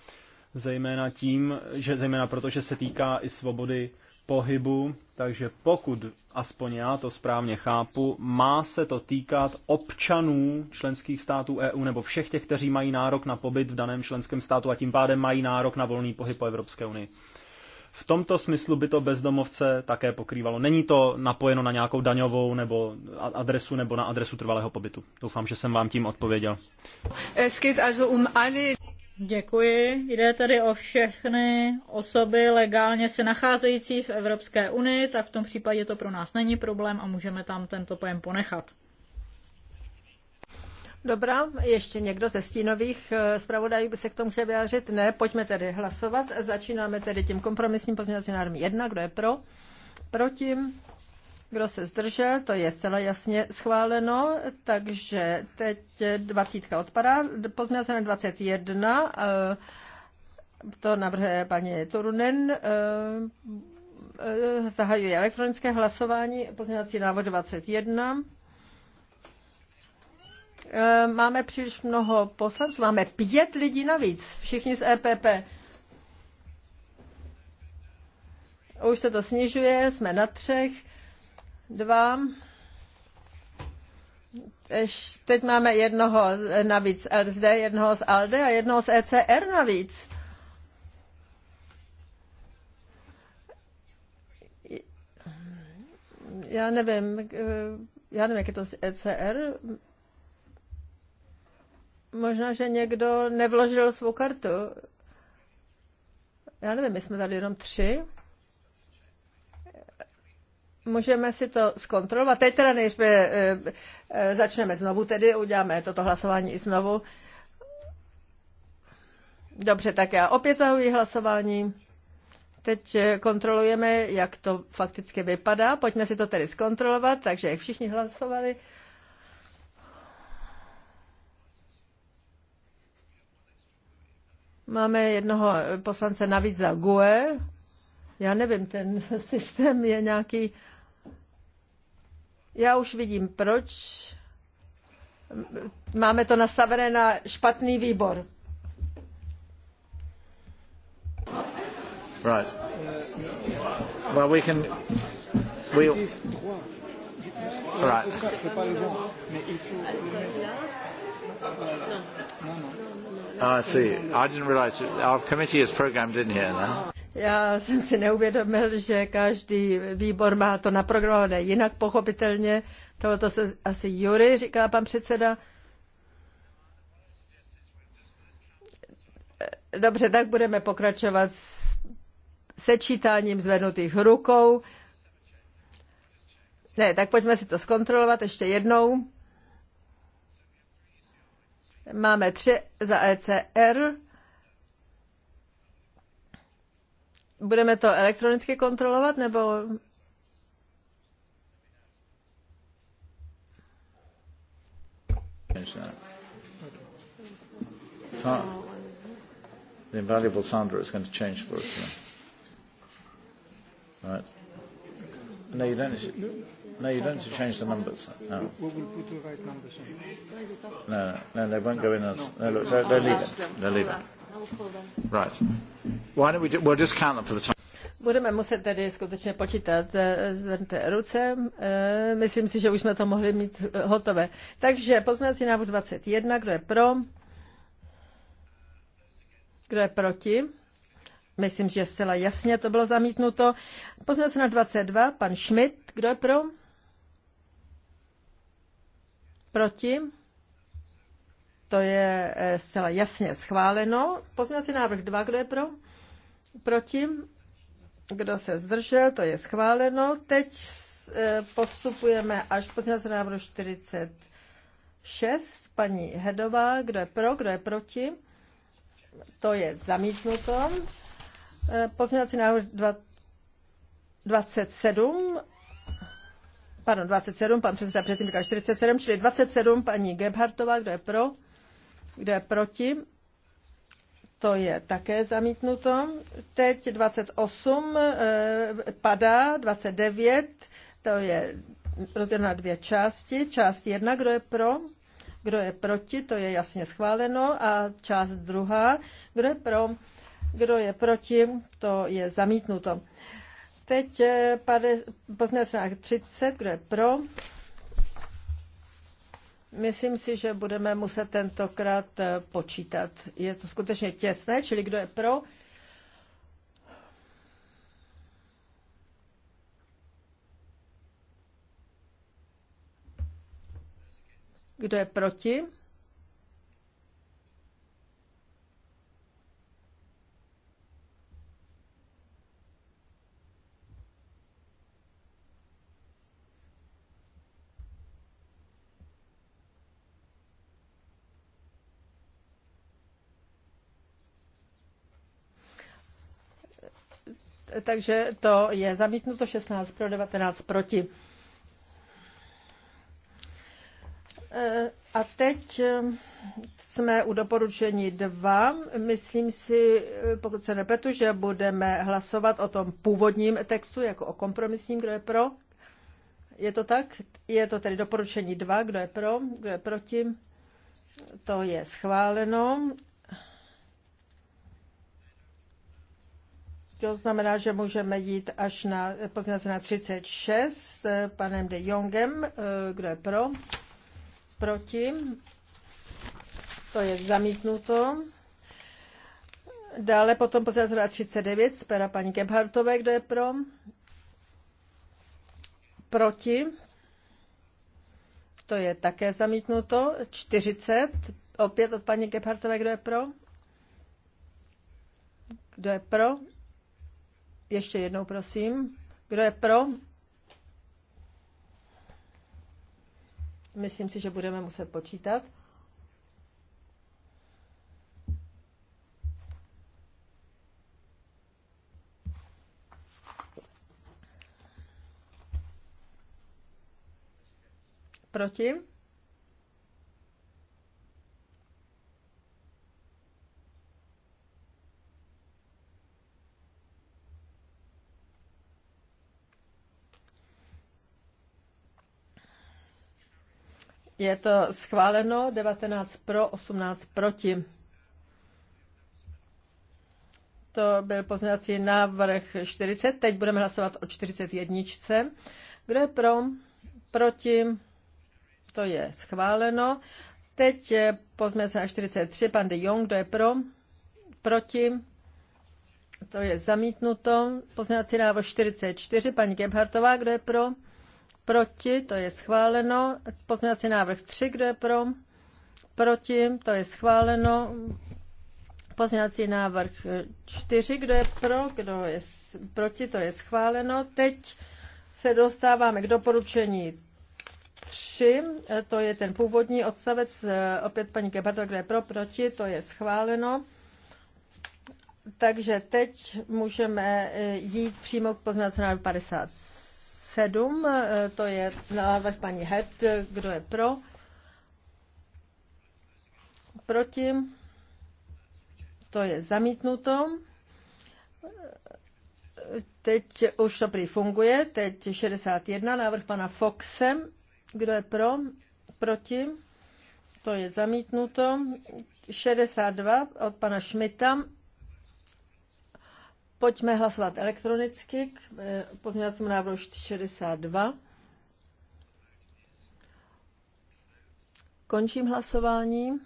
Zejména tím, že zejména protože se týká i svobody pohybu, takže pokud, aspoň já to správně chápu, má se to týkat občanů členských států EU nebo všech těch, kteří mají nárok na pobyt v daném členském státu a tím pádem mají nárok na volný pohyb po Evropské unii. V tomto smyslu by to bezdomovce také pokrývalo. Není to napojeno na nějakou daňovou nebo adresu nebo na adresu trvalého pobytu. Doufám, že jsem vám tím odpověděl. Um Děkuji. Jde tedy o všechny osoby legálně se nacházející v Evropské unii, tak v tom případě to pro nás není problém a můžeme tam tento pojem ponechat. Dobrá, ještě někdo ze stínových eh, zpravodajů by se k tomu chtěl vyjádřit? Ne, pojďme tedy hlasovat. Začínáme tedy tím kompromisním pozměňovacím návrhem 1. Kdo je pro? Proti? Kdo se zdržel? To je zcela jasně schváleno. Takže teď 20 odpadá. Pozměňovací návrh 21. Eh, to navrhuje paní Turunen. Eh, zahajuje elektronické hlasování. Pozměňovací návrh 21. Eh, máme příliš mnoho poslanců. Máme pět lidí navíc, všichni z EPP. Už se to snižuje, jsme na třech, dva. Teď máme jednoho navíc LSD, jednoho z ALDE a jednoho z ECR navíc. Já nevím, eh, já nevím, jak je to z ECR. Možná, že někdo nevložil svou kartu. Já nevím, my jsme tady jenom tři. Můžeme si to zkontrolovat. Teď teda, než by, e, e, začneme znovu, tedy uděláme toto hlasování i znovu. Dobře, tak já opět zahuji hlasování. Teď eh, kontrolujeme, jak to fakticky vypadá. Pojďme si to tedy zkontrolovat, takže jak všichni hlasovali. Máme jednoho poslance navíc za GUE. Já nevím, ten [laughs] systém je nějaký... Já už vidím, proč. Máme to nastavené na špatný výbor. Right. Well, we can... We... Right. No, no. Ah, I see. I didn't realize our committee is programmed in here now. Já jsem si neuvědomil, že každý výbor má to naprogramované jinak, pochopitelně. Tohoto se asi Jury, říká pan předseda. Dobře, tak budeme pokračovat s sečítáním zvednutých rukou. Ne, tak pojďme si to zkontrolovat ještě jednou. Máme tři za ECR. Budeme to elektronicky kontrolovat, nebo So, the invaluable Sandra is going to change for us. Right. No, you don't. No, you don't have to change the numbers. No. We will put the right numbers in. No, no, no they won't no, go in. As, no. no, look, they'll, they'll leave it. They'll leave it. Right. Why don't we? Do, we'll just count them for the time. Budeme muset tedy skutečně počítat. Eh, zvednete ruce. Eh, myslím si, že už jsme to mohli mít eh, hotové. Takže pozměňovací návrh 21. Kdo je pro? Kdo je proti? Myslím, že zcela jasně to bylo zamítnuto. Pozměňovací na 22. Pan Schmidt. Kdo je pro? Proti? To je eh, zcela jasně schváleno. Pozměňovací návrh 2, kdo je pro? Proti? Kdo se zdržel, to je schváleno. Teď eh, postupujeme až pozměňovací návrh 46. Paní Hedová, kdo je pro, kdo je proti? To je zamítnuto. Eh, pozměňovací návrh 27 pardon, 27, pan předseda předtím říkal 47, čili 27, paní Gebhartová, kdo je pro, kdo je proti, to je také zamítnuto. Teď 28 eh, padá, 29, to je rozděleno na dvě části. Část jedna, kdo je pro, kdo je proti, to je jasně schváleno. A část druhá, kdo je pro, kdo je proti, to je zamítnuto. Teď eh, pozměnací návrh 30, kdo je pro? Myslím si, že budeme muset tentokrát eh, počítat. Je to skutečně těsné, čili kdo je pro? Kdo je proti? takže to je zamítnuto 16 pro 19 proti. Eh, a teď eh, jsme u doporučení dva. Myslím si, eh, pokud se nepletu, že budeme hlasovat o tom původním textu jako o kompromisním, kdo je pro. Je to tak? Je to tedy doporučení dva, kdo je pro, kdo je proti. To je schváleno. To znamená, že můžeme jít až na pozměnace na 36 s panem de Jongem. Eh, kdo je pro? Proti? To je zamítnuto. Dále potom pozměnace na 39 z pera paní Gebhartové. Kdo je pro? Proti? To je také zamítnuto. 40. Opět od paní Gebhartové. Kdo je pro? Kdo je pro? Ještě jednou, prosím. Kdo je pro? Myslím si, že budeme muset počítat. Proti? Je to schváleno 19 pro, 18 proti. To byl pozměňovací návrh 40. Teď budeme hlasovat o 41. Kdo je pro? Proti? To je schváleno. Teď je pozměňovací návrh 43. Pan de Jong, kdo je pro? Proti? To je zamítnuto. Pozměňovací návrh 44. Paní Gebhartová, kdo je pro? proti, to je schváleno. Pozměňovací návrh 3, kdo je pro, proti, to je schváleno. Pozměňovací návrh 4, kdo je pro, kdo je proti, to je schváleno. Teď se dostáváme k doporučení 3, to je ten původní odstavec, eh, opět paní Gebardo, kdo je pro, proti, to je schváleno. Takže teď můžeme eh, jít přímo k pozměňovacímu návrhu 50. 7, eh, to je návrh paní Het, kdo je pro, proti, to je zamítnuto. Teď už to prý funguje, teď 61, návrh pana Foxe, kdo je pro, proti, to je zamítnuto. 62 od pana Šmita, Pojďme hlasovat elektronicky k eh, pozměňovacímu návrhu 62. Končím hlasování.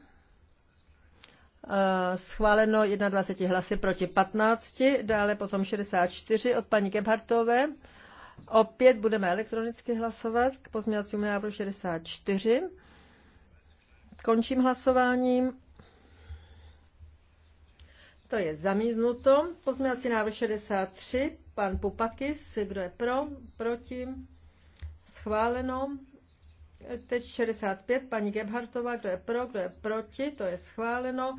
Eh, schváleno 21 hlasy proti 15, dále potom 64 od paní Gebhartové. Opět budeme elektronicky hlasovat k pozměňovacímu návrhu 64. Končím hlasováním. To je zamítnuto. Pozměňovací návrh 63, pan Pupakis, kdo je pro, proti, schváleno. Teď 65, paní Gebhartová, kdo je pro, kdo je proti, to je schváleno.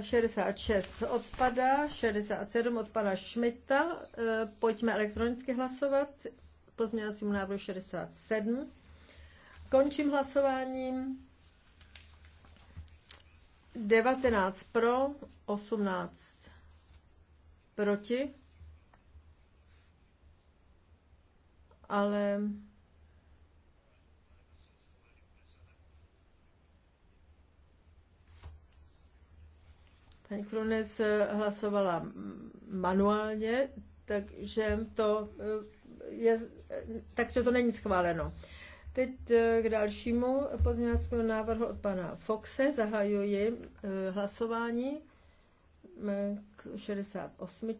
66 eh, odpadá, 67 od pana Šmita. Eh, pojďme elektronicky hlasovat. Pozměňovacím návrhu 67. Končím hlasováním. 19 pro, 18 proti, ale paní Krones hlasovala manuálně, takže to, eh, je, takže to není schváleno. Teď eh, k dalšímu pozměňovacímu návrhu od pana Foxe zahajuji eh, hlasování k 68.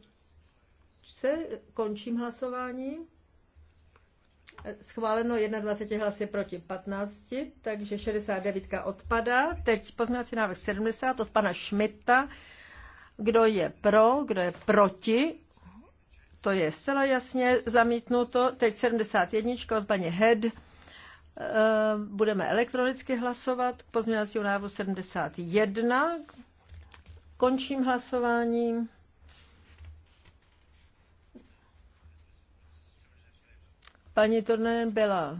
Končím hlasování. Schváleno 21 hlasy proti 15, takže 69 odpadá. Teď pozměňovací návrh 70 od pana Šmita. Kdo je pro, kdo je proti? To je zcela jasně zamítnuto. Teď 71 od paní Head. Eh, budeme elektronicky hlasovat k pozměňovacímu návrhu 71. Končím hlasování. Paní Turunen byla.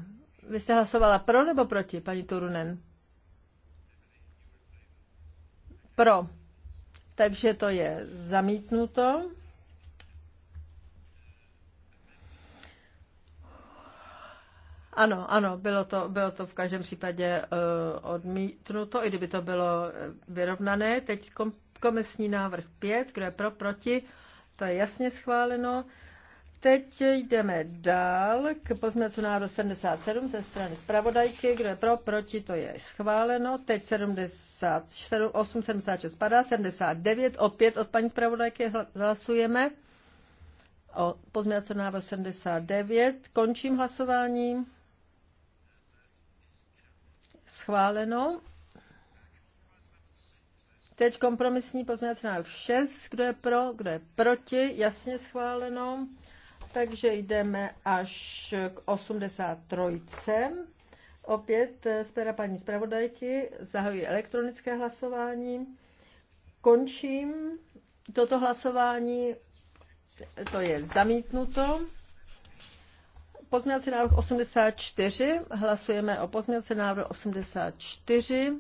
Vy jste hlasovala pro nebo proti, paní Turunen? Pro. Takže to je zamítnuto. Ano, ano, bylo to, bylo to v každém případě uh, odmítnuto, i kdyby to bylo eh, vyrovnané. Teď kom, Komisní návrh 5, kdo je pro, proti, to je jasně schváleno. Teď jdeme dál k pozměcu návrhu 77 ze strany zpravodajky, kdo je pro, proti, to je schváleno. Teď 78, 76 padá, 79, opět od paní zpravodajky hlasujeme o pozměňovacím návrhu 79. Končím hlasování. Schváleno. Teď kompromisní pozměňovací návrh 6. Kdo je pro, kdo je proti? Jasně schváleno. Takže jdeme až k 83. Opět eh, z pera paní zpravodajky zahajuji elektronické hlasování. Končím toto hlasování. To je zamítnuto. Pozměňovací návrh 84. Hlasujeme o pozměňovací návrh 84.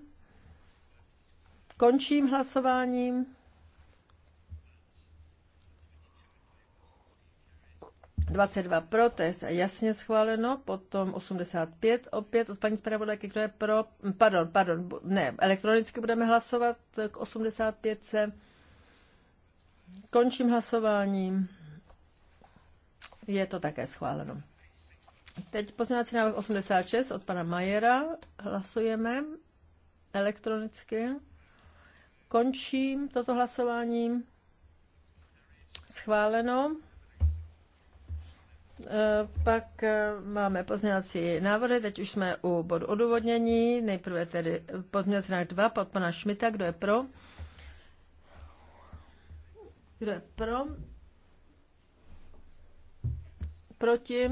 Končím hlasováním. Dvacet dva pro, to je jasně schváleno, potom 85 opět od paní zpravodajky, kdo je pro, pardon, pardon, ne, elektronicky budeme hlasovat k 85. Končím hlasováním. Je to také schváleno. Teď poznávací návrh 86 od pana Majera. Hlasujeme elektronicky. Končím toto hlasování. Schváleno. E, pak e, máme pozměňovací návrhy, teď už jsme u bodu odůvodnění. Nejprve tedy pozměňovací návrh 2 pod pana Šmita, kdo je pro? Kdo je pro? Proti?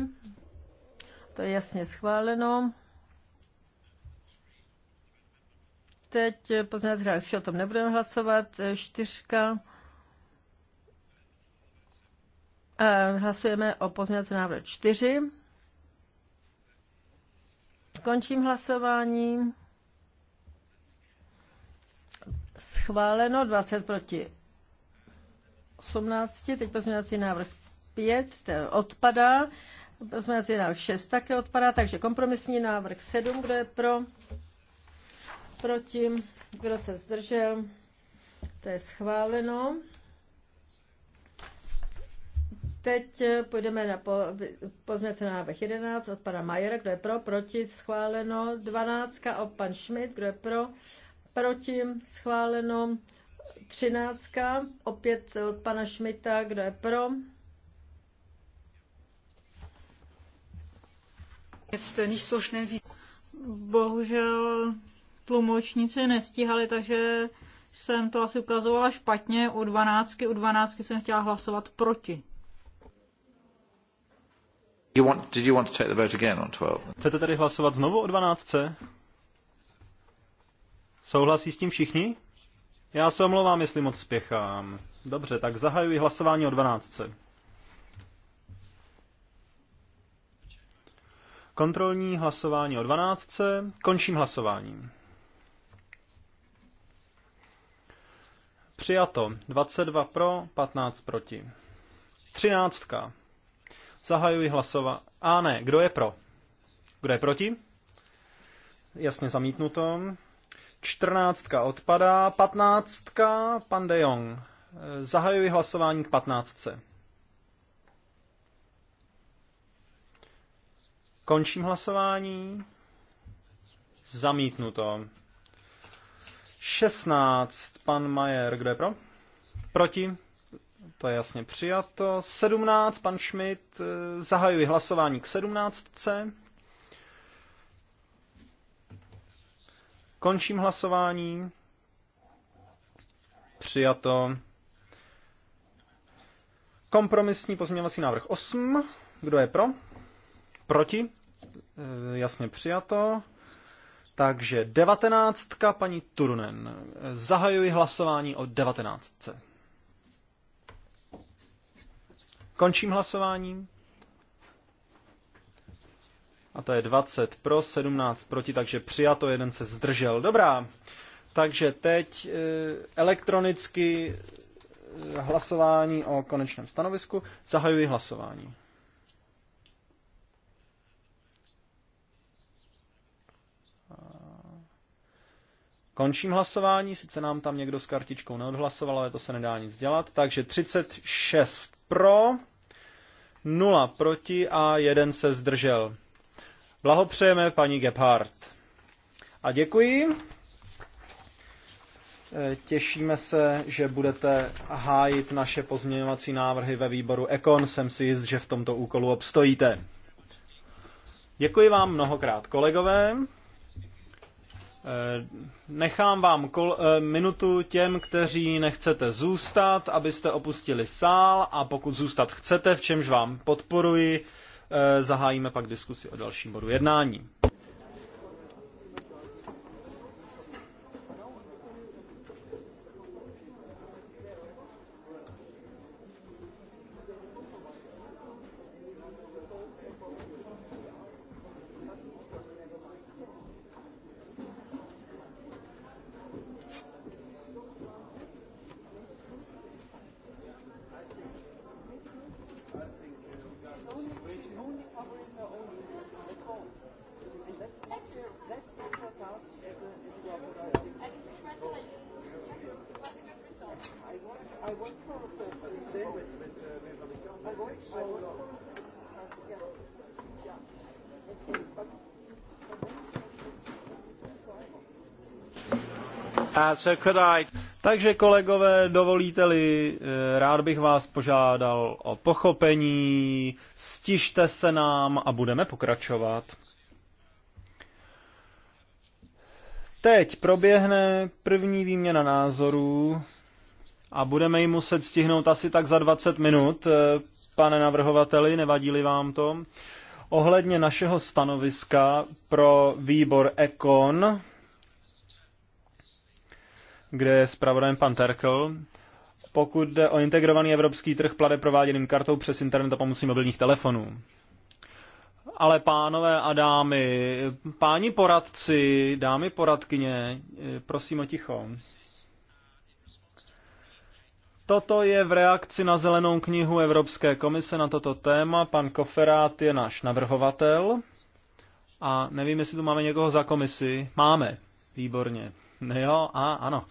To je jasně schváleno. Teď poznáte návrh o tom nebudeme hlasovat. E, čtyřka. E, hlasujeme o pozměňovacím návrhu 4. Končím hlasování. Schváleno 20 proti 18. Teď pozměňovací návrh 5 odpadá. Pozměňovací návrh 6 také odpadá, takže kompromisní návrh 7, kdo je pro? proti, kdo se zdržel, to je schváleno. Teď půjdeme na po, pozměnce návrh 11 od pana Majera, kdo je pro, proti, schváleno. 12 od pan Schmidt, kdo je pro, proti, schváleno. 13 opět od pana Schmidta, kdo je pro. Bohužel tlumočníci nestíhali, takže jsem to asi ukazovala špatně. O 12, O 12 jsem chtěla hlasovat proti. You want, did you want to take the vote again on 12? Chcete tedy hlasovat znovu o 12? Souhlasí s tím všichni? Já se omlouvám, jestli moc spěchám. Dobře, tak zahajuji hlasování o 12. Kontrolní hlasování o 12. Končím hlasování. Přijato. 22 pro, 15 proti. 13. Zahajuji hlasovat. A ne, kdo je pro? Kdo je proti? Jasně zamítnuto. 14 odpadá. 15. Pan De Jong. Zahajuji hlasování k patnáctce. Končím hlasování. Zamítnuto. 16, pan Majer, kdo je pro? Proti? To je jasně přijato. 17, pan Schmidt, eh, zahajuji hlasování k 17. Končím hlasování. Přijato. Kompromisní pozměňovací návrh 8. Kdo je pro? Proti? E, Jasně přijato. Takže devatenáctka paní Turunen. Zahajuji hlasování o devatenáctce. Končím hlasováním. A to je 20 pro, 17 proti, takže přijato, jeden se zdržel. Dobrá, takže teď eh, elektronicky eh, hlasování o konečném stanovisku. Zahajuji hlasování. Končím hlasování, sice nám tam někdo s kartičkou neodhlasoval, ale to se nedá nic dělat. Takže 36 pro, 0 proti a 1 se zdržel. Blahopřejeme paní Gebhardt. A děkuji. Eh, těšíme se, že budete hájit naše pozměňovací návrhy ve výboru Ekon. Jsem si jist, že v tomto úkolu obstojíte. Děkuji vám mnohokrát, kolegové. Eh, nechám vám kol- eh, minutu těm, kteří nechcete zůstat, abyste opustili sál a pokud zůstat chcete, v čemž vám podporuji, eh, zahájíme pak diskusi o dalším bodu jednání. Takže kolegové, dovolíte-li, eh, rád bych vás požádal o pochopení, stište se nám a budeme pokračovat. Teď proběhne první výměna názorů a budeme ji muset stihnout asi tak za 20 minut, eh, pane navrhovateli, nevadí-li vám to, ohledně našeho stanoviska pro výbor Ekon kde je zpravodajem pan Terkel. Pokud jde o integrovaný evropský trh plade prováděným kartou přes internet a pomocí mobilních telefonů. Ale pánové a dámy, páni poradci, dámy poradkyně, prosím o ticho. Toto je v reakci na zelenou knihu Evropské komise na toto téma. Pan Koferát je náš navrhovatel. A nevím, jestli tu máme někoho za komisi. Máme. Výborně. No jo, a ano.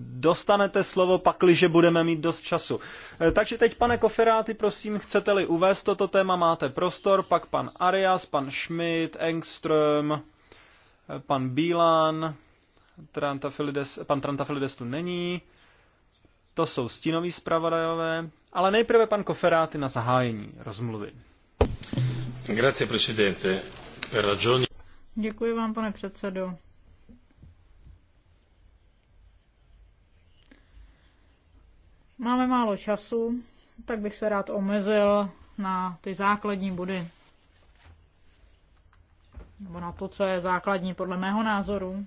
Dostanete slovo pakliže budeme mít dost času. Eh, takže teď, pane Koferáty, prosím, chcete-li uvést toto téma, máte prostor, pak pan Arias, pan Schmidt, Engström, eh, pan Bílan, Trantafilides, pan Trantafilides tu není to jsou stínoví zpravodajové, ale nejprve pan Koferáty na zahájení rozmluvy. Grazie, presidente. Per ragioni... Děkuji vám, pane předsedo. Máme málo času, tak bych se rád omezil na ty základní body. Nebo na to, co je základní podle mého názoru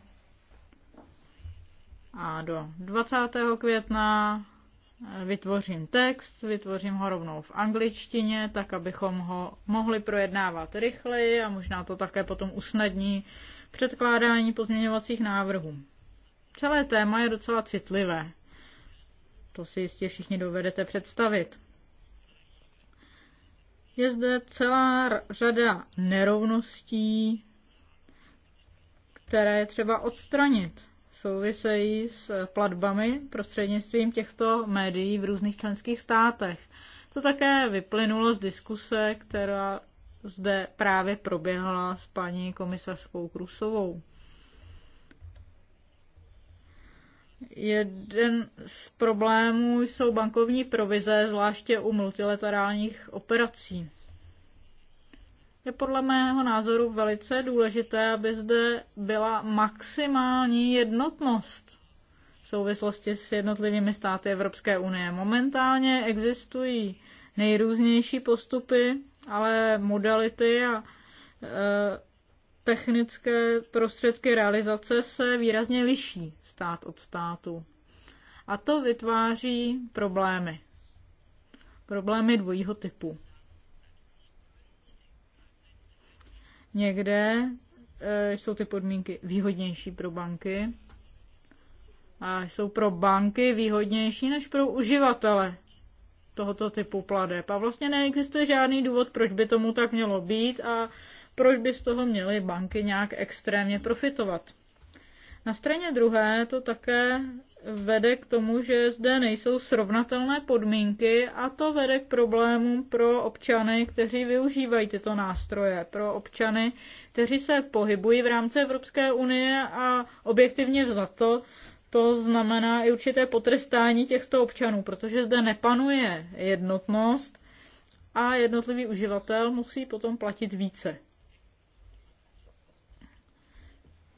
a do 20. května vytvořím text, vytvořím ho rovnou v angličtině, tak abychom ho mohli projednávat rychleji a možná to také potom usnadní předkládání pozměňovacích návrhů. Celé téma je docela citlivé. To si jistě všichni dovedete představit. Je zde celá řada nerovností, které je třeba odstranit souvisejí s platbami prostřednictvím těchto médií v různých členských státech. To také vyplynulo z diskuse, která zde právě proběhla s paní komisařkou Krusovou. Jeden z problémů jsou bankovní provize, zvláště u multilaterálních operací je podle mého názoru velice důležité, aby zde byla maximální jednotnost v souvislosti s jednotlivými státy Evropské unie. Momentálně existují nejrůznější postupy, ale modality a e, technické prostředky realizace se výrazně liší stát od státu. A to vytváří problémy. Problémy dvojího typu. Někde e, jsou ty podmínky výhodnější pro banky a jsou pro banky výhodnější než pro uživatele tohoto typu pladeb. A vlastně neexistuje žádný důvod, proč by tomu tak mělo být a proč by z toho měly banky nějak extrémně profitovat. Na straně druhé to také vede k tomu, že zde nejsou srovnatelné podmínky a to vede k problémům pro občany, kteří využívají tyto nástroje, pro občany, kteří se pohybují v rámci Evropské unie a objektivně vzato to znamená i určité potrestání těchto občanů, protože zde nepanuje jednotnost a jednotlivý uživatel musí potom platit více.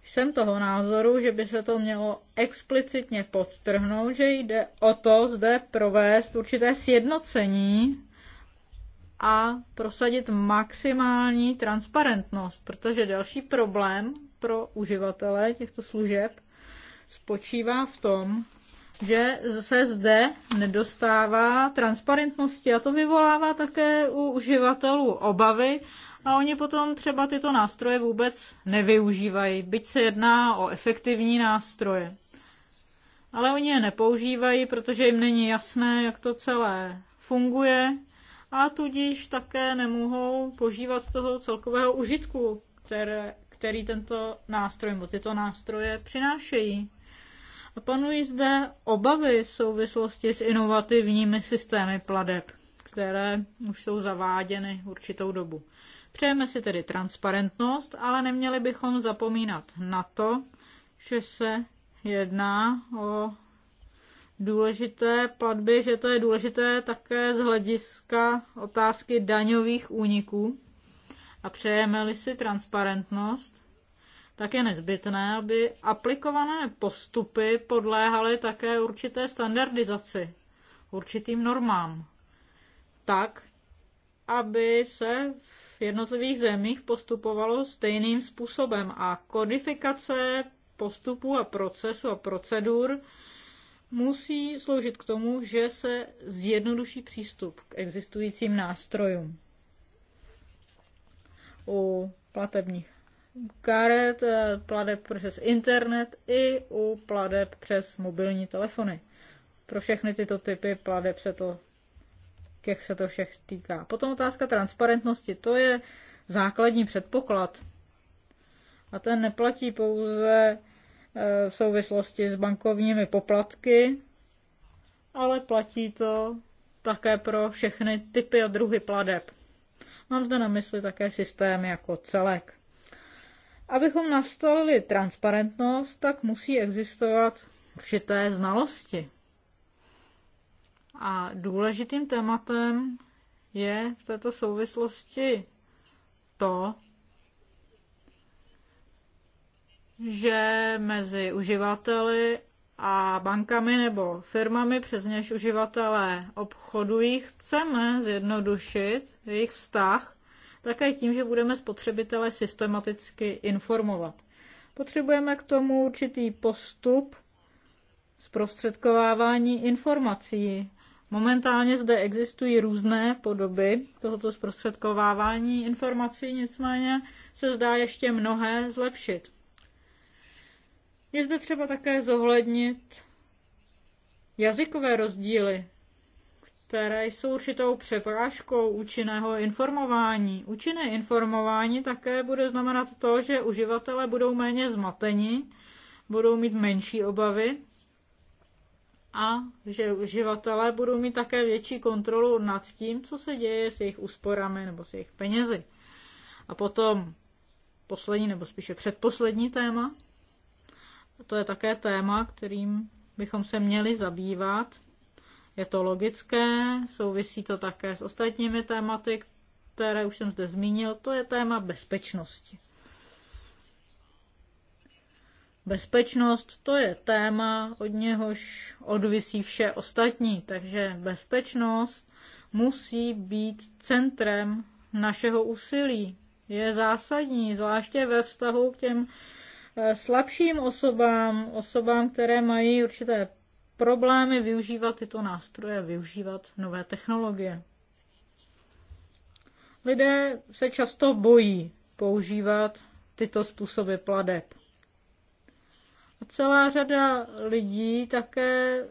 Jsem toho názoru, že by se to mělo explicitně podtrhnout, že jde o to zde provést určité sjednocení a prosadit maximální transparentnost, protože další problém pro uživatele těchto služeb spočívá v tom, že se zde nedostává transparentnosti a to vyvolává také u uživatelů obavy a oni potom třeba tyto nástroje vůbec nevyužívají, byť se jedná o efektivní nástroje. Ale oni je nepoužívají, protože jim není jasné, jak to celé funguje a tudíž také nemohou požívat toho celkového užitku, které, který tento nástroj nebo tyto nástroje přinášejí. A panují zde obavy v souvislosti s inovativními systémy pladeb, které už jsou zaváděny určitou dobu. Přejeme si tedy transparentnost, ale neměli bychom zapomínat na to, že se jedná o důležité platby, že to je důležité také z hlediska otázky daňových úniků. A přejeme-li si transparentnost, tak je nezbytné, aby aplikované postupy podléhaly také určité standardizaci, určitým normám. Tak, aby se v v jednotlivých zemích postupovalo stejným způsobem a kodifikace postupů a procesu a procedur musí sloužit k tomu, že se zjednoduší přístup k existujícím nástrojům. U platebních karet, eh, pladeb přes internet i u pladeb přes mobilní telefony. Pro všechny tyto typy pladeb se to těch se to všech týká. Potom otázka transparentnosti, to je základní předpoklad. A ten neplatí pouze e, v souvislosti s bankovními poplatky, ale platí to také pro všechny typy a druhy pladeb. Mám zde na mysli také systém jako celek. Abychom nastolili transparentnost, tak musí existovat určité znalosti. A důležitým tématem je v této souvislosti to, že mezi uživateli a bankami nebo firmami, přes něž uživatelé obchodují, chceme zjednodušit jejich vztah také tím, že budeme spotřebitele systematicky informovat. Potřebujeme k tomu určitý postup zprostředkovávání informací Momentálně zde existují různé podoby tohoto zprostředkovávání informací, nicméně se zdá ještě mnohé zlepšit. Je zde třeba také zohlednit jazykové rozdíly, které jsou určitou překážkou účinného informování. Účinné informování také bude znamenat to, že uživatelé budou méně zmateni, budou mít menší obavy a že uživatelé budou mít také větší kontrolu nad tím, co se děje s jejich úsporami nebo s jejich penězi. A potom poslední nebo spíše předposlední téma. To je také téma, kterým bychom se měli zabývat. Je to logické, souvisí to také s ostatními tématy, které už jsem zde zmínil. To je téma bezpečnosti. Bezpečnost to je téma, od něhož odvisí vše ostatní, takže bezpečnost musí být centrem našeho úsilí. Je zásadní, zvláště ve vztahu k těm eh, slabším osobám, osobám, které mají určité problémy využívat tyto nástroje, využívat nové technologie. Lidé se často bojí používat tyto způsoby pladeb. A celá řada lidí také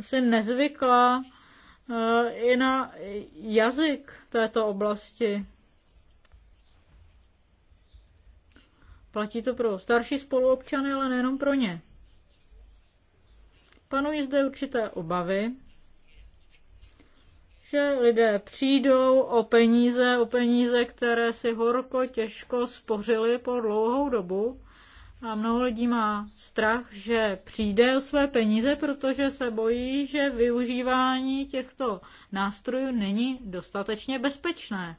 si nezvykla eh, i na jazyk této oblasti. Platí to pro starší spoluobčany, ale nejenom pro ně. Panují zde určité obavy, že lidé přijdou o peníze, o peníze, které si horko těžko spořili po dlouhou dobu a mnoho lidí má strach, že přijde o své peníze, protože se bojí, že využívání těchto nástrojů není dostatečně bezpečné.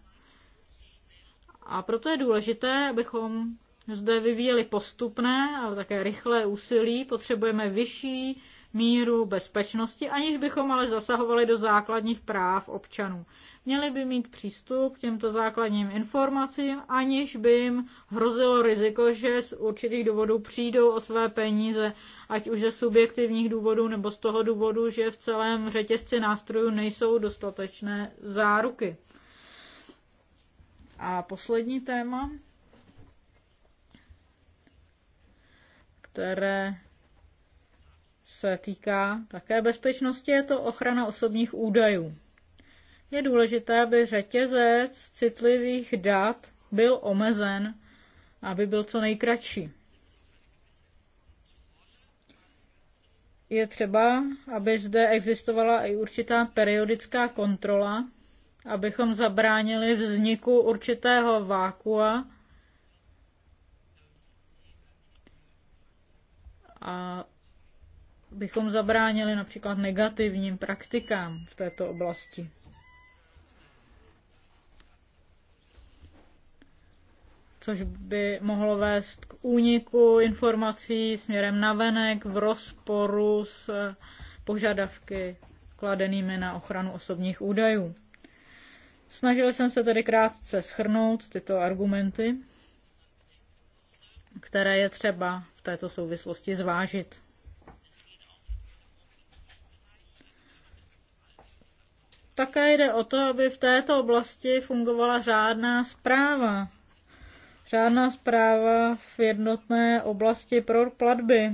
A proto je důležité, abychom zde vyvíjeli postupné, ale také rychlé úsilí. Potřebujeme vyšší míru bezpečnosti, aniž bychom ale zasahovali do základních práv občanů. Měli by mít přístup k těmto základním informacím, aniž by jim hrozilo riziko, že z určitých důvodů přijdou o své peníze, ať už ze subjektivních důvodů nebo z toho důvodu, že v celém řetězci nástrojů nejsou dostatečné záruky. A poslední téma, které se týká také bezpečnosti, je to ochrana osobních údajů. Je důležité, aby řetězec citlivých dat byl omezen, aby byl co nejkratší. Je třeba, aby zde existovala i určitá periodická kontrola, abychom zabránili vzniku určitého vákua, a bychom zabránili například negativním praktikám v této oblasti. což by mohlo vést k úniku informací směrem navenek v rozporu s eh, požadavky kladenými na ochranu osobních údajů. Snažil jsem se tedy krátce schrnout tyto argumenty, které je třeba v této souvislosti zvážit. Také jde o to, aby v této oblasti fungovala řádná zpráva. Řádná zpráva v jednotné oblasti pro platby.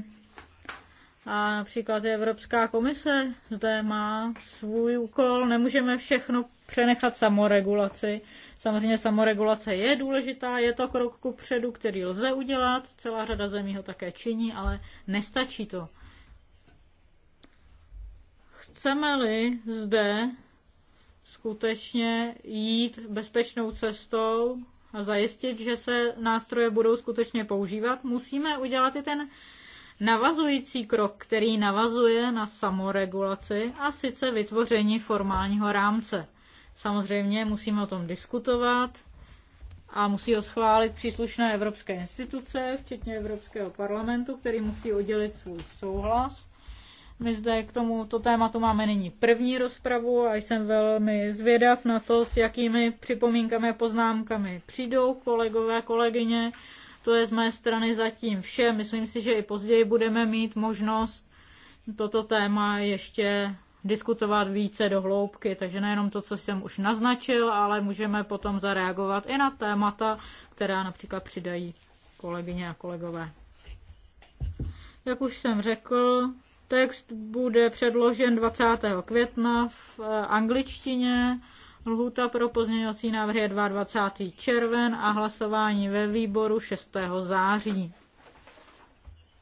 A například Evropská komise zde má svůj úkol, nemůžeme všechno přenechat samoregulaci. Samozřejmě samoregulace je důležitá, je to krok ku předu, který lze udělat, celá řada zemí ho také činí, ale nestačí to. Chceme-li zde skutečně jít bezpečnou cestou a zajistit, že se nástroje budou skutečně používat, musíme udělat i ten navazující krok, který navazuje na samoregulaci a sice vytvoření formálního rámce. Samozřejmě musíme o tom diskutovat a musí ho schválit příslušné evropské instituce, včetně Evropského parlamentu, který musí udělit svůj souhlas. My zde k tomuto tématu máme nyní první rozpravu a jsem velmi zvědav na to, s jakými připomínkami a poznámkami přijdou kolegové, kolegyně. To je z mé strany zatím vše. Myslím si, že i později budeme mít možnost toto téma ještě diskutovat více do hloubky, takže nejenom to, co jsem už naznačil, ale můžeme potom zareagovat i na témata, která například přidají kolegyně a kolegové. Jak už jsem řekl, Text bude předložen 20. května v eh, angličtině. Lhuta pro pozměňovací návrh je 22. červen a hlasování ve výboru 6. září.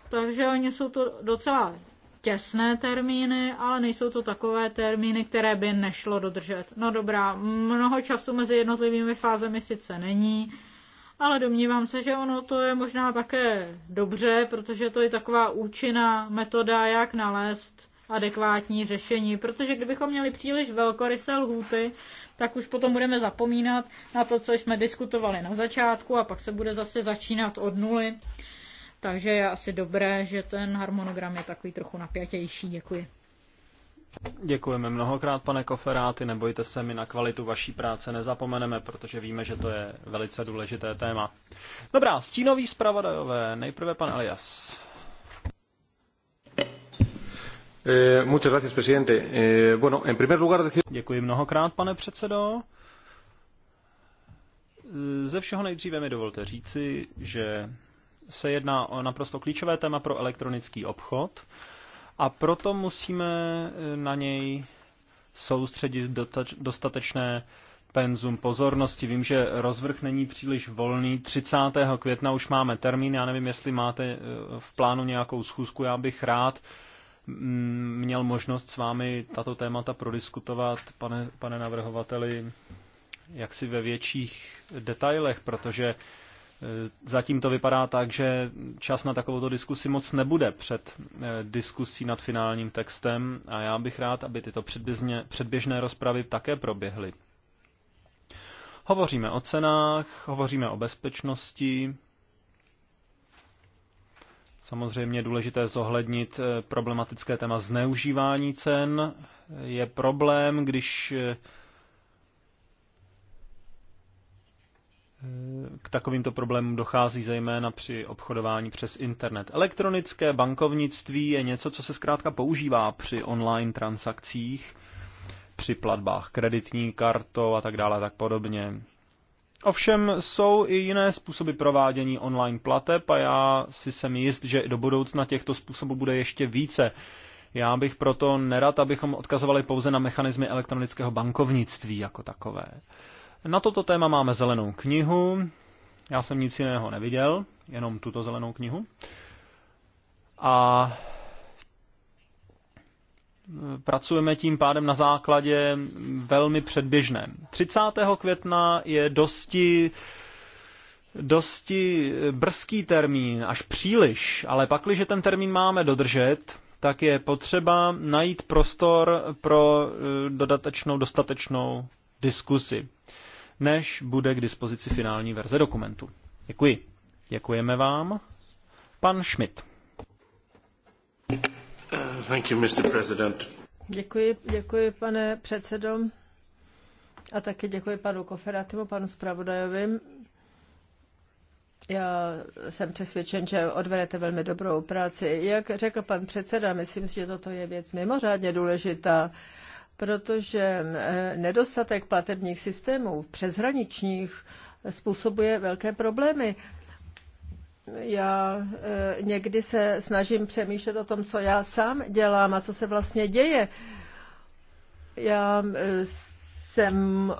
Takže oni jsou to docela těsné termíny, ale nejsou to takové termíny, které by nešlo dodržet. No dobrá, mnoho času mezi jednotlivými fázemi sice není, ale domnívám se, že ono to je možná také dobře, protože to je taková účinná metoda, jak nalézt adekvátní řešení, protože kdybychom měli příliš velkorysé lhůty, tak už potom budeme zapomínat na to, co jsme diskutovali na začátku a pak se bude zase začínat od nuly. Takže je asi dobré, že ten harmonogram je takový trochu napjatější. Děkuji. Děkujeme mnohokrát, pane Koferáty, nebojte se, my na kvalitu vaší práce nezapomeneme, protože víme, že to je velice důležité téma. Dobrá, stínový zpravodajové, nejprve pan Elias. Eh, eh, Děkuji mnohokrát, pane předsedo. Ze všeho nejdříve mi dovolte říci, že se jedná o naprosto klíčové téma pro elektronický obchod a proto musíme eh, na něj soustředit dostatečné penzum pozornosti. Vím, že rozvrh není příliš volný. 30. května už máme termín. Já nevím, jestli máte eh, v plánu nějakou schůzku. Já bych rád mm, měl možnost s vámi tato témata prodiskutovat, pane, pane navrhovateli, jaksi ve větších detailech, protože E, zatím to vypadá tak, že čas na takovouto diskusi moc nebude před e, diskusí nad finálním textem a já bych rád, aby tyto předběžné, předběžné rozpravy také proběhly. Hovoříme o cenách, hovoříme o bezpečnosti. Samozřejmě je důležité zohlednit e, problematické téma zneužívání cen. Je problém, když K takovýmto problémům dochází zejména při obchodování přes internet. Elektronické bankovnictví je něco, co se zkrátka používá při online transakcích, při platbách kreditní kartou a tak dále a tak podobně. Ovšem jsou i jiné způsoby provádění online plateb a já si jsem jist, že do budoucna těchto způsobů bude ještě více. Já bych proto nerad, abychom odkazovali pouze na mechanismy elektronického bankovnictví jako takové. Na toto téma máme zelenou knihu. Já jsem nic jiného neviděl, jenom tuto zelenou knihu. A pracujeme tím pádem na základě velmi předběžném. 30. května je dosti dosti brzký termín, až příliš, ale pakliže ten termín máme dodržet, tak je potřeba najít prostor pro eh, dodatečnou, dostatečnou diskusi než bude k dispozici finální verze dokumentu. Děkuji. Děkujeme vám. Pan Schmidt. Thank you, Mr. President. Děkuji, děkuji, pane předsedo. A taky děkuji panu Koferatimu, panu zpravodajovi. Já jsem přesvědčen, že odvedete velmi dobrou práci. Jak řekl pan předseda, myslím si, že toto je věc mimořádně důležitá protože e, nedostatek platebních systémů přeshraničních způsobuje velké problémy. Já e, někdy se snažím přemýšlet o tom, co já sám dělám a co se vlastně děje. Já e, jsem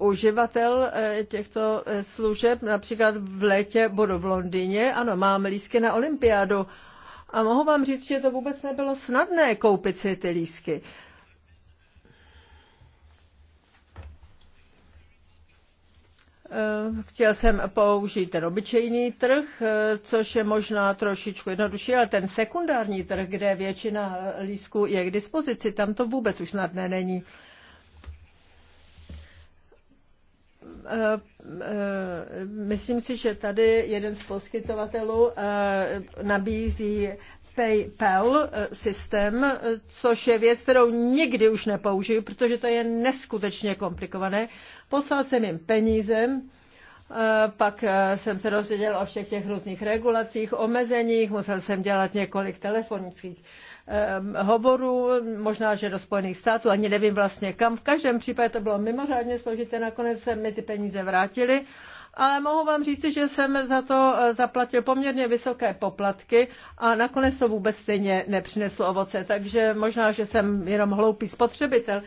uživatel těchto služeb. Například v létě budu v Londýně, ano, mám lísky na olympiádu. A mohu vám říct, že to vůbec nebylo snadné koupit si ty lísky. Eh, chtěl jsem použít ten obyčejný trh, eh, což je možná trošičku jednodušší, ale ten sekundární trh, kde většina lísků je k dispozici, tam to vůbec už snadné není. Eh, myslím si, že tady jeden z poskytovatelů nabízí PayPal eh, systém, eh, což je věc, kterou nikdy už nepoužiju, protože to je neskutečně komplikované. Poslal jsem jim peníze, eh, pak jsem se dozvěděl o všech těch různých regulacích, omezeních, musel jsem dělat několik telefonických hovorů, možná, že do Spojených států, ani nevím vlastně kam. V každém případě to bylo mimořádně složité, nakonec se mi ty peníze vrátili ale mohu vám říct, že jsem za to eh, zaplatil poměrně vysoké poplatky a nakonec to vůbec stejně nepřineslo ovoce, takže možná, že jsem jenom hloupý spotřebitel,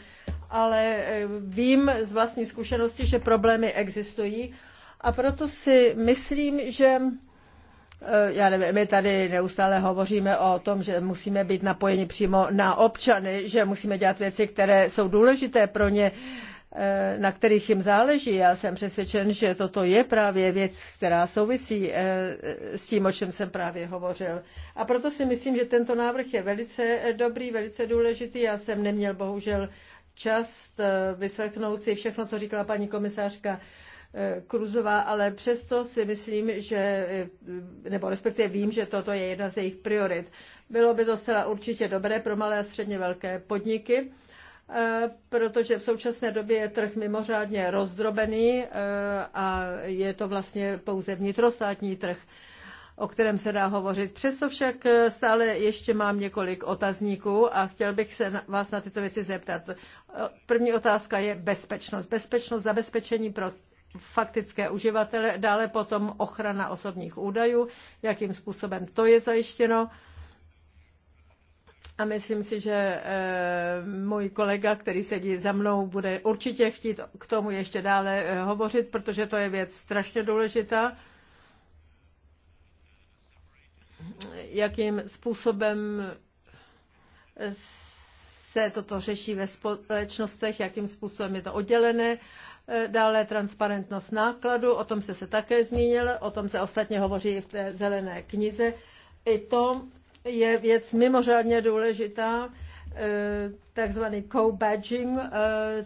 ale eh, vím z vlastní zkušenosti, že problémy existují a proto si myslím, že eh, já nevím, my tady neustále hovoříme o tom, že musíme být napojeni přímo na občany, že musíme dělat věci, které jsou důležité pro ně. Uh, na kterých jim záleží. Já jsem přesvědčen, že toto je právě věc, která souvisí eh, s tím, o čem jsem právě hovořil. A proto si myslím, že tento návrh je velice eh, dobrý, velice důležitý. Já jsem neměl bohužel čas eh, vyslechnout si všechno, co říkala paní komisářka Kruzová, ale přesto si myslím, že, nebo respektive vím, že toto je jedna z jejich priorit. Bylo by to zcela určitě dobré pro malé a středně velké podniky Eh, protože v současné době je trh mimořádně rozdrobený eh, a je to vlastně pouze vnitrostátní trh, o kterém se dá hovořit. Přesto však eh, stále ještě mám několik otazníků a chtěl bych se vás na tyto věci zeptat. První otázka je bezpečnost. Bezpečnost zabezpečení pro faktické uživatele, dále potom ochrana osobních údajů, jakým způsobem to je zajištěno. A myslím si, že eh, můj kolega, který sedí za mnou, bude určitě chtít k tomu ještě dále eh, hovořit, protože to je věc strašně důležitá. Jakým způsobem eh, se toto řeší ve společnostech, jakým způsobem je to oddělené. Dále transparentnost nákladu, o tom jste se také zmínil, o tom se ostatně hovoří i v té zelené knize. I to je věc mimořádně důležitá, eh, takzvaný co-badging, eh,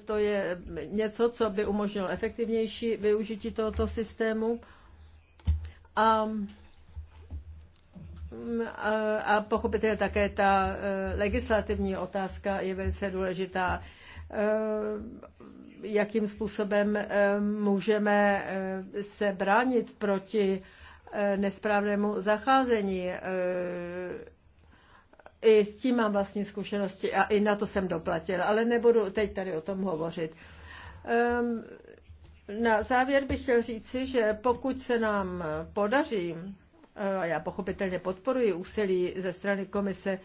to je něco, co by umožnilo efektivnější využití tohoto systému. A mm, a pochopitelně také ta eh, legislativní otázka je velice důležitá. Jakým způsobem můžeme se bránit proti Eh, nesprávnému zacházení. Eh, I s tím mám vlastní zkušenosti a i na to jsem doplatila, ale nebudu teď tady o tom hovořit. Ehm, na závěr bych chtěl říci, že pokud se nám podaří, eh, a já pochopitelně podporuji úsilí ze strany komise,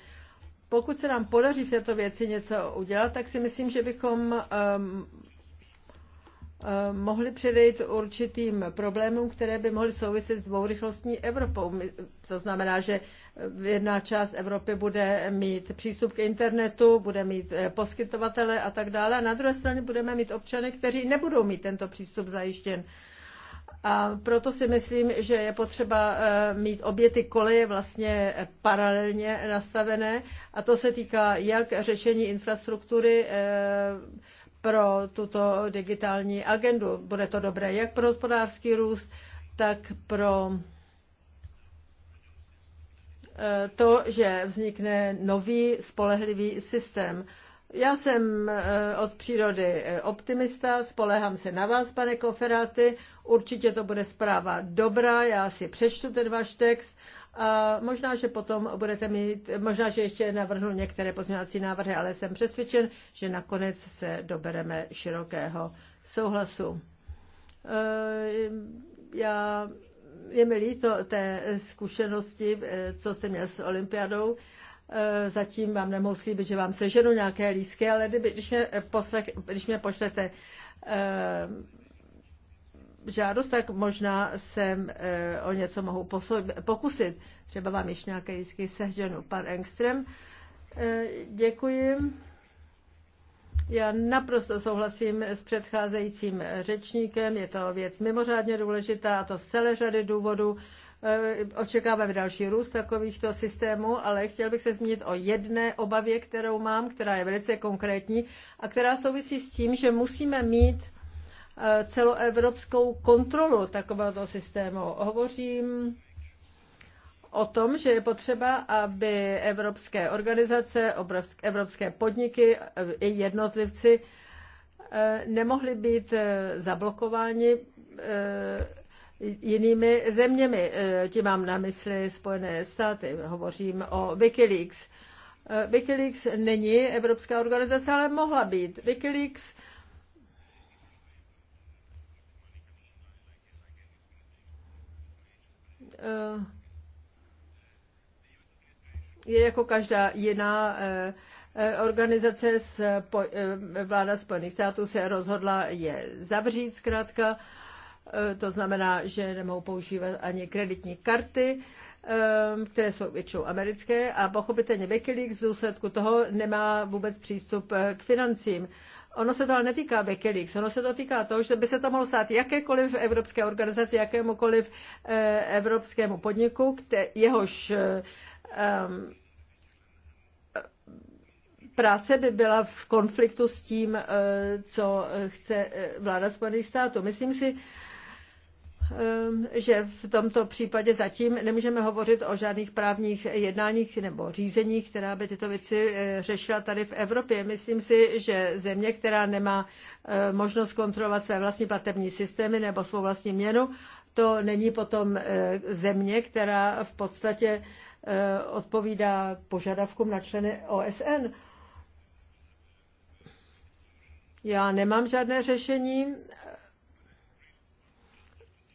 pokud se nám podaří v této věci něco udělat, tak si myslím, že bychom ehm, Eh, mohli předejít určitým problémům, které by mohly souviset s dvourychlostní Evropou. To znamená, že jedna část Evropy bude mít přístup k internetu, bude mít eh, poskytovatele a tak dále. A na druhé straně budeme mít občany, kteří nebudou mít tento přístup zajištěn. A proto si myslím, že je potřeba eh, mít obě ty koleje vlastně paralelně nastavené. A to se týká jak řešení infrastruktury, pro tuto digitální agendu. Bude to dobré jak pro hospodářský růst, tak pro eh, to, že vznikne nový spolehlivý systém. Já jsem eh, od přírody eh, optimista, spolehám se na vás, pane Koferáty. Určitě to bude zpráva dobrá, já si přečtu ten váš text a možná, že potom budete mít, možná, že ještě navrhnu některé pozměňovací návrhy, ale jsem přesvědčen, že nakonec se dobereme širokého souhlasu. E, já, je mi líto té zkušenosti, e, co jste měl s olympiádou. E, zatím vám nemohu slíbit, že vám seženu nějaké lísky, ale kdyby, když, mě poslech, když mě pošlete žádost, tak možná jsem eh, o něco mohu pokusit. Třeba vám ještě nějaké jistky seženu. Pan Engström, eh, děkuji. Já naprosto souhlasím s předcházejícím řečníkem. Je to věc mimořádně důležitá a to z celé řady důvodů. Eh, očekáváme další růst takovýchto systémů, ale chtěl bych se zmínit o jedné obavě, kterou mám, která je velice konkrétní a která souvisí s tím, že musíme mít celoevropskou kontrolu takového systému. Hovořím o tom, že je potřeba, aby evropské organizace, evropské podniky i jednotlivci eh, nemohli být eh, zablokováni eh, jinými zeměmi. Tím mám na mysli Spojené státy. Hovořím o Wikileaks. Wikileaks není evropská organizace, ale mohla být. Wikileaks Eh, je jako každá jiná eh, eh, organizace, vláda Spojených států se rozhodla je zavřít zkrátka. To znamená, že nemohou používat ani kreditní karty. Ehm, které jsou většinou americké a pochopitelně Wikileaks v důsledku toho nemá vůbec přístup eh, k financím. Ono se to ale netýká Wikileaks, ono se to týká toho, že by se to mohlo stát jakékoliv evropské organizaci, jakémukoliv eh, evropskému podniku, jehož ehm, práce by byla v konfliktu s tím, eh, co chce vláda Spojených států. Myslím si, Um, že v tomto případě zatím nemůžeme hovořit o žádných právních jednáních nebo řízeních, která by tyto věci eh, řešila tady v Evropě. Myslím si, že země, která nemá eh, možnost kontrolovat své vlastní platební systémy nebo svou vlastní měnu, to není potom eh, země, která v podstatě odpovídá požadavkům na členy OSN. Já nemám žádné řešení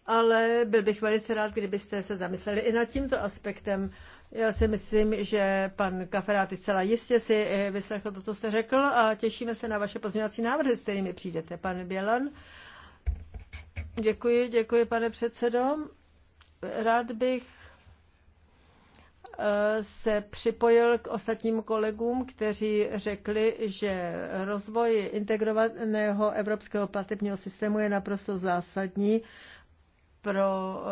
ale byl bych velice rád, kdybyste se zamysleli i nad tímto aspektem. Já si myslím, že pan Kaferáty zcela jistě si eh, vyslechl to, co jste řekl a těšíme se na vaše pozměňovací návrhy, s kterými přijdete. Pan Bělan. Děkuji, děkuji, pane předsedo. Rád bych eh, se připojil k ostatním kolegům, kteří řekli, že rozvoj integrovaného evropského platebního systému je naprosto zásadní pro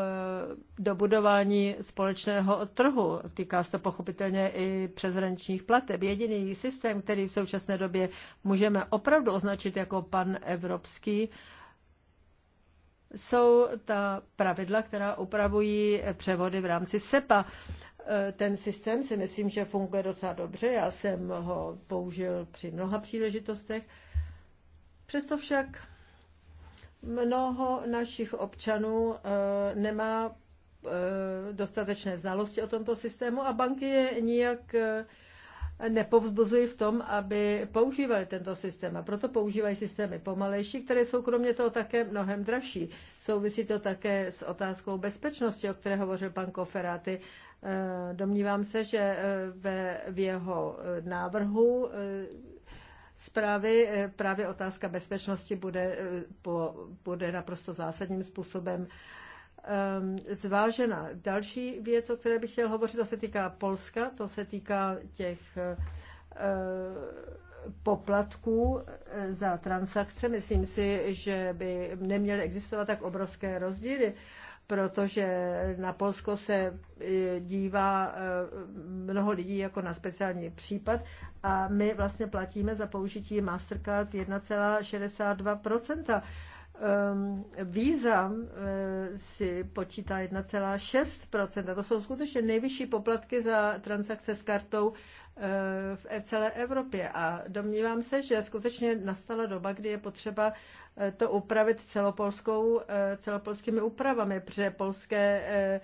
eh, dobudování společného trhu. Týká se to pochopitelně i přeshraničních plateb. Jediný systém, který v současné době můžeme opravdu označit jako pan evropský, jsou ta pravidla, která upravují převody v rámci SEPA. Eh, ten systém si myslím, že funguje docela dobře. Já jsem ho použil při mnoha příležitostech. Přesto však Mnoho našich občanů eh, nemá eh, dostatečné znalosti o tomto systému a banky je nijak eh, nepovzbuzují v tom, aby používali tento systém. A proto používají systémy pomalejší, které jsou kromě toho také mnohem dražší. Souvisí to také s otázkou bezpečnosti, o které hovořil pan Koferáty. Domnívám se, že ve, v jeho návrhu zprávy eh, právě otázka bezpečnosti bude, eh, bude naprosto zásadním způsobem ehm, zvážena. Další věc, o které bych chtěl hovořit, to se týká Polska, to se týká těch eh, poplatků za transakce. Myslím si, že by neměly existovat tak obrovské rozdíly protože na Polsko se e, dívá e, mnoho lidí jako na speciální případ a my vlastně platíme za použití Mastercard 1,62%. Ehm, Víza e, si počítá 1,6%. To jsou skutečně nejvyšší poplatky za transakce s kartou Eh, v celé Evropě. A domnívám se, že skutečně nastala doba, kdy je potřeba eh, to upravit celopolskou, eh, celopolskými úpravami, protože polské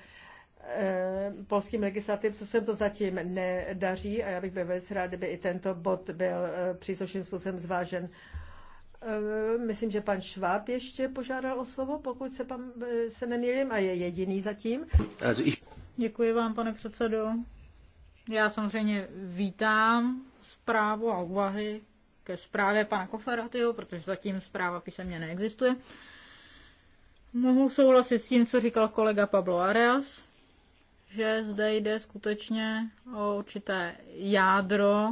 polským co se to zatím nedaří a já bych byl velice rád, kdyby i tento bod byl příslušným způsobem zvážen. Myslím, že pan Šváb ještě požádal o slovo, pokud se, pan, se nemýlím, a je jediný zatím. Děkuji vám, pane předsedo. Já samozřejmě vítám zprávu a úvahy ke zprávě pana Koferatyho, protože zatím zpráva písemně neexistuje. Mohu souhlasit s tím, co říkal kolega Pablo Arias, že zde jde skutečně o určité jádro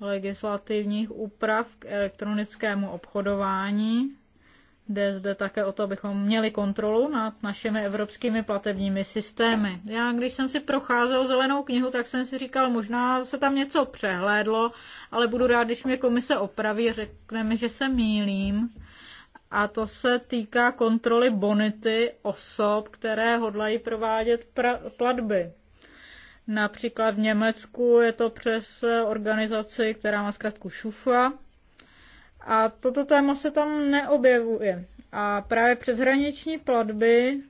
legislativních úprav k elektronickému obchodování Jde zde také o to, abychom měli kontrolu nad našimi evropskými platebními systémy. Já, když jsem si procházel zelenou knihu, tak jsem si říkal, možná se tam něco přehlédlo, ale budu rád, když mě komise opraví, řekne mi, že se mýlím. A to se týká kontroly bonity osob, které hodlají provádět platby. Například v Německu je to přes organizaci, která má zkrátku ŠUFA, a toto téma se tam neobjevuje. A právě přeshraniční platby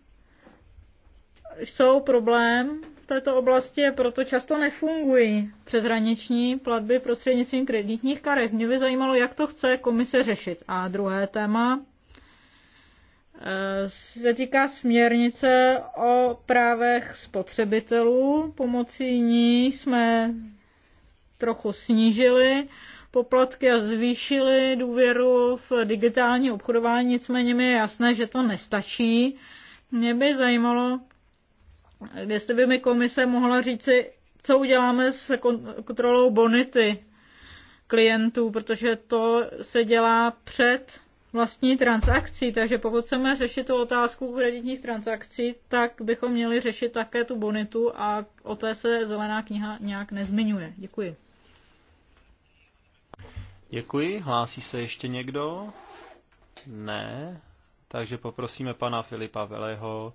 jsou problém v této oblasti, proto často nefungují přeshraniční platby prostřednictvím kreditních karet. Mě by zajímalo, jak to chce komise řešit. A druhé téma eh, se týká směrnice o právech spotřebitelů. Pomocí ní jsme trochu snížili poplatky a zvýšili důvěru v digitální obchodování, nicméně mi je jasné, že to nestačí. Mě by zajímalo, jestli by mi komise mohla říci, co uděláme s kontrolou bonity klientů, protože to se dělá před vlastní transakcí, takže pokud chceme řešit tu otázku kreditních transakcí, tak bychom měli řešit také tu bonitu a o té se zelená kniha nějak nezmiňuje. Děkuji. Děkuji. Hlásí se ještě někdo? Ne. Takže poprosíme pana Filipa Veleho,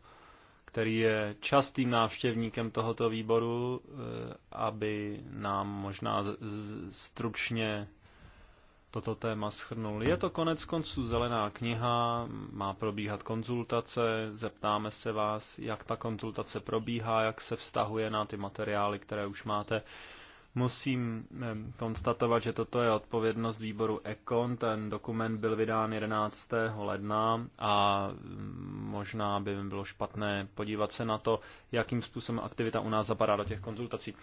který je častým návštěvníkem tohoto výboru, eh, aby nám možná stručně toto téma schrnul. Je to konec konců zelená kniha, má probíhat konzultace, zeptáme se vás, jak ta konzultace probíhá, jak se vztahuje na ty materiály, které už máte. Musím konstatovat, že toto je odpovědnost výboru Econ. Ten dokument byl vydán 11. ledna a možná by bylo špatné podívat se na to, jakým způsobem aktivita u nás zapadá do těch konzultací.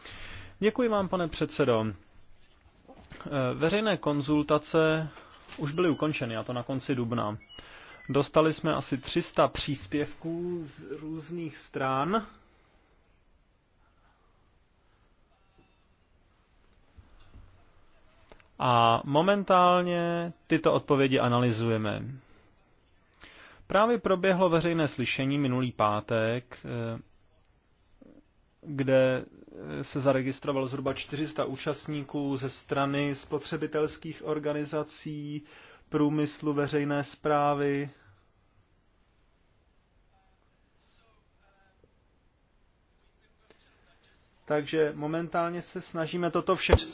Děkuji vám, pane předsedo. Veřejné konzultace už byly ukončeny, a to na konci dubna. Dostali jsme asi 300 příspěvků z různých stran A momentálně tyto odpovědi analyzujeme. Právě proběhlo veřejné slyšení minulý pátek, eh, kde se zaregistrovalo zhruba 400 účastníků ze strany spotřebitelských organizací, průmyslu veřejné zprávy. Takže momentálně se snažíme toto všechno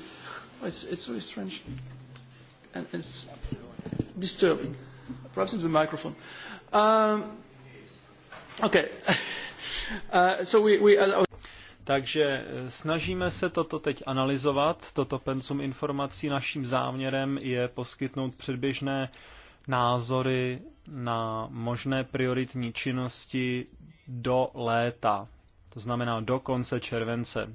It's, it's very strange and it's disturbing. Perhaps it's the microphone. Um, okay. [laughs] uh, so we, we, uh, oh. takže eh, snažíme se toto teď analyzovat. Toto pensum informací naším záměrem je poskytnout předběžné názory na možné prioritní činnosti do léta, to znamená do konce července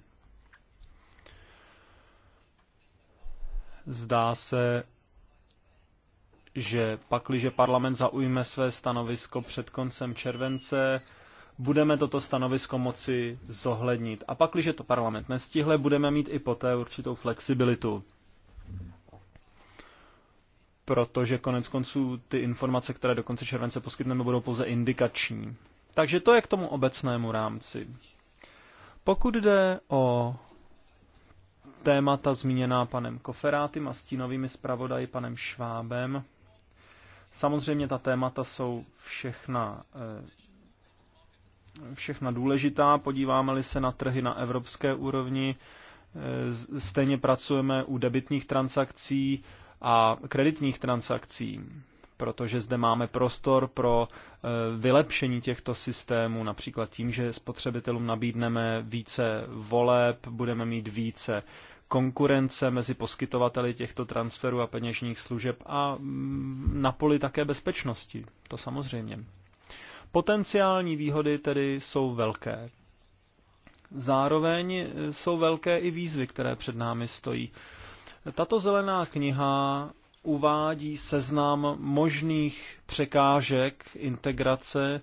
Zdá se, že pakliže parlament zaujme své stanovisko před koncem července, budeme toto stanovisko moci zohlednit. A pakliže to parlament nestihle, budeme mít i poté určitou flexibilitu. Protože konec konců ty informace, které do konce července poskytneme, budou pouze indikační. Takže to je k tomu obecnému rámci. Pokud jde o témata zmíněná panem Koferátem a stínovými zpravodaji panem Švábem. Samozřejmě ta témata jsou všechna, eh, všechna důležitá. Podíváme-li se na trhy na evropské úrovni, eh, stejně pracujeme u debitních transakcí a kreditních transakcí protože zde máme prostor pro eh, vylepšení těchto systémů, například tím, že spotřebitelům nabídneme více voleb, budeme mít více konkurence mezi poskytovateli těchto transferů a peněžních služeb a mm, na poli také bezpečnosti, to samozřejmě. Potenciální výhody tedy jsou velké. Zároveň eh, jsou velké i výzvy, které před námi stojí. Tato zelená kniha uvádí seznam možných překážek integrace.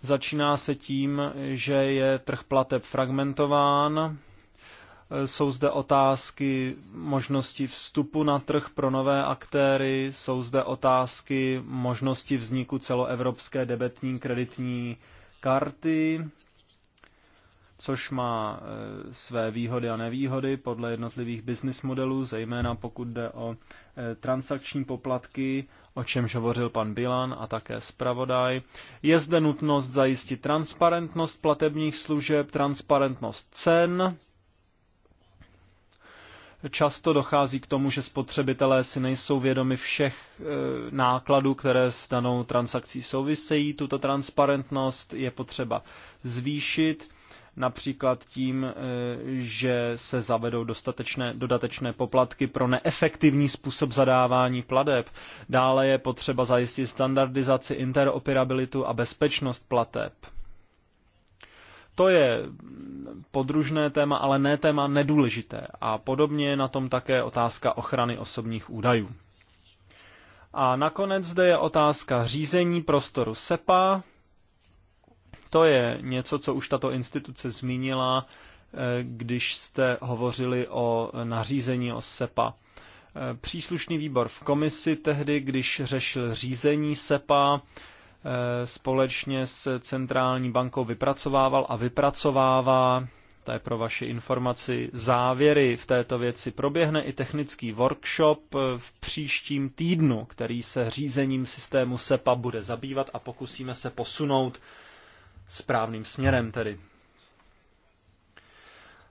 Začíná se tím, že je trh plateb fragmentován, jsou zde otázky možnosti vstupu na trh pro nové aktéry, jsou zde otázky možnosti vzniku celoevropské debetní kreditní karty, což má eh, své výhody a nevýhody podle jednotlivých business modelů, zejména pokud jde o eh, transakční poplatky, o čemž hovořil pan Bilan a také zpravodaj. Je zde nutnost zajistit transparentnost platebních služeb, transparentnost cen, Často dochází k tomu, že spotřebitelé si nejsou vědomi všech e, nákladů, které s danou transakcí souvisejí. Tuto transparentnost je potřeba zvýšit například tím, e, že se zavedou dostatečné, dodatečné poplatky pro neefektivní způsob zadávání plateb. Dále je potřeba zajistit standardizaci, interoperabilitu a bezpečnost plateb. To je podružné téma, ale ne téma nedůležité. A podobně je na tom také otázka ochrany osobních údajů. A nakonec zde je otázka řízení prostoru SEPA. To je něco, co už tato instituce zmínila, eh, když jste hovořili o nařízení o SEPA. Eh, příslušný výbor v komisi tehdy, když řešil řízení SEPA, Eh, společně s centrální bankou vypracovával a vypracovává, to je pro vaši informaci, závěry v této věci. Proběhne i technický workshop eh, v příštím týdnu, který se řízením systému SEPA bude zabývat a pokusíme se posunout správným směrem tedy.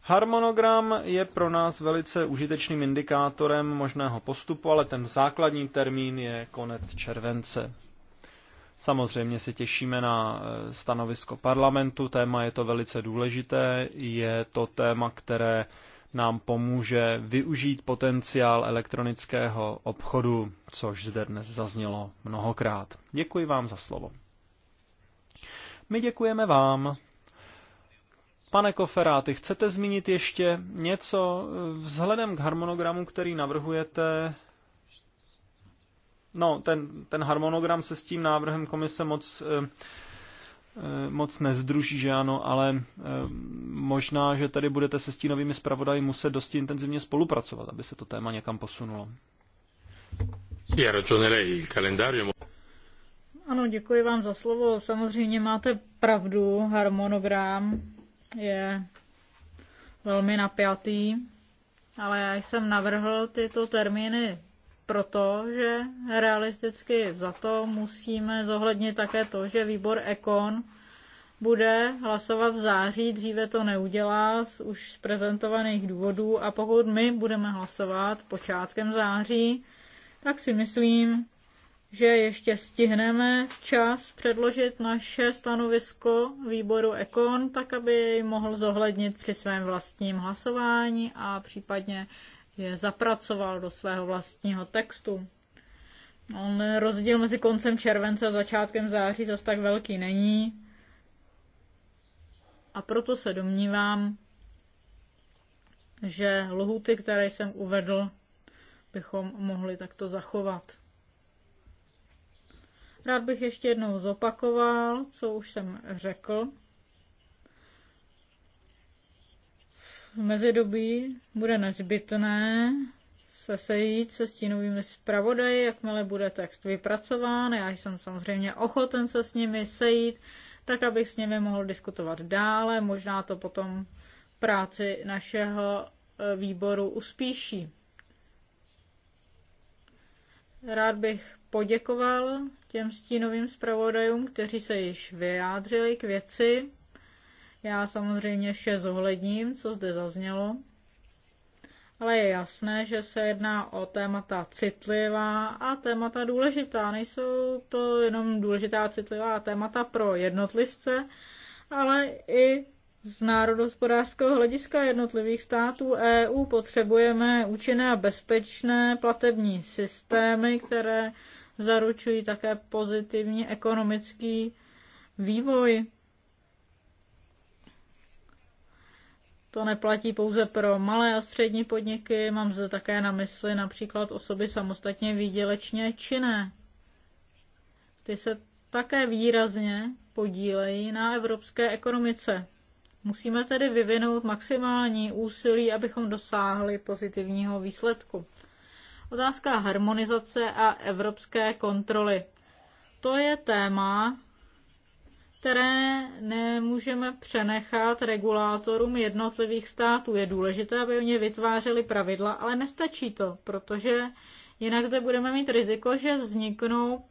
Harmonogram je pro nás velice užitečným indikátorem možného postupu, ale ten základní termín je konec července. Samozřejmě se těšíme na eh, stanovisko parlamentu, téma je to velice důležité, je to téma, které nám pomůže využít potenciál elektronického obchodu, což zde dnes zaznělo mnohokrát. Děkuji vám za slovo. My děkujeme vám. Pane Koferáty, chcete zmínit ještě něco eh, vzhledem k harmonogramu, který navrhujete? No, ten, ten harmonogram se s tím návrhem komise moc, eh, eh, moc nezdruží, že ano, ale eh, možná, že tady budete se stínovými zpravodaji muset dosti intenzivně spolupracovat, aby se to téma někam posunulo. Ano, děkuji vám za slovo. Samozřejmě máte pravdu, harmonogram je velmi napjatý, ale já jsem navrhl tyto termíny protože realisticky za to musíme zohlednit také to, že výbor Ekon bude hlasovat v září, dříve to neudělá z už z prezentovaných důvodů a pokud my budeme hlasovat počátkem září, tak si myslím, že ještě stihneme včas předložit naše stanovisko výboru Ekon, tak aby jej mohl zohlednit při svém vlastním hlasování a případně je zapracoval do svého vlastního textu. On rozdíl mezi koncem července a začátkem září zase tak velký není. A proto se domnívám, že lhuty, které jsem uvedl, bychom mohli takto zachovat. Rád bych ještě jednou zopakoval, co už jsem řekl. mezidobí bude nezbytné se sejít se stínovými zpravodaji, jakmile bude text vypracován. Já jsem samozřejmě ochoten se s nimi sejít, tak abych s nimi mohl diskutovat dále. Možná to potom práci našeho e, výboru uspíší. Rád bych poděkoval těm stínovým zpravodajům, kteří se již vyjádřili k věci. Já samozřejmě vše zohledním, co zde zaznělo, ale je jasné, že se jedná o témata citlivá a témata důležitá. Nejsou to jenom důležitá citlivá témata pro jednotlivce, ale i z národospodářského hlediska jednotlivých států EU potřebujeme účinné a bezpečné platební systémy, které zaručují také pozitivní ekonomický vývoj To neplatí pouze pro malé a střední podniky, mám zde také na mysli například osoby samostatně výdělečně činné. Ty se také výrazně podílejí na evropské ekonomice. Musíme tedy vyvinout maximální úsilí, abychom dosáhli pozitivního výsledku. Otázka harmonizace a evropské kontroly. To je téma, které nemůžeme přenechat regulátorům jednotlivých států. Je důležité, aby oni vytvářeli pravidla, ale nestačí to, protože jinak zde budeme mít riziko, že vzniknou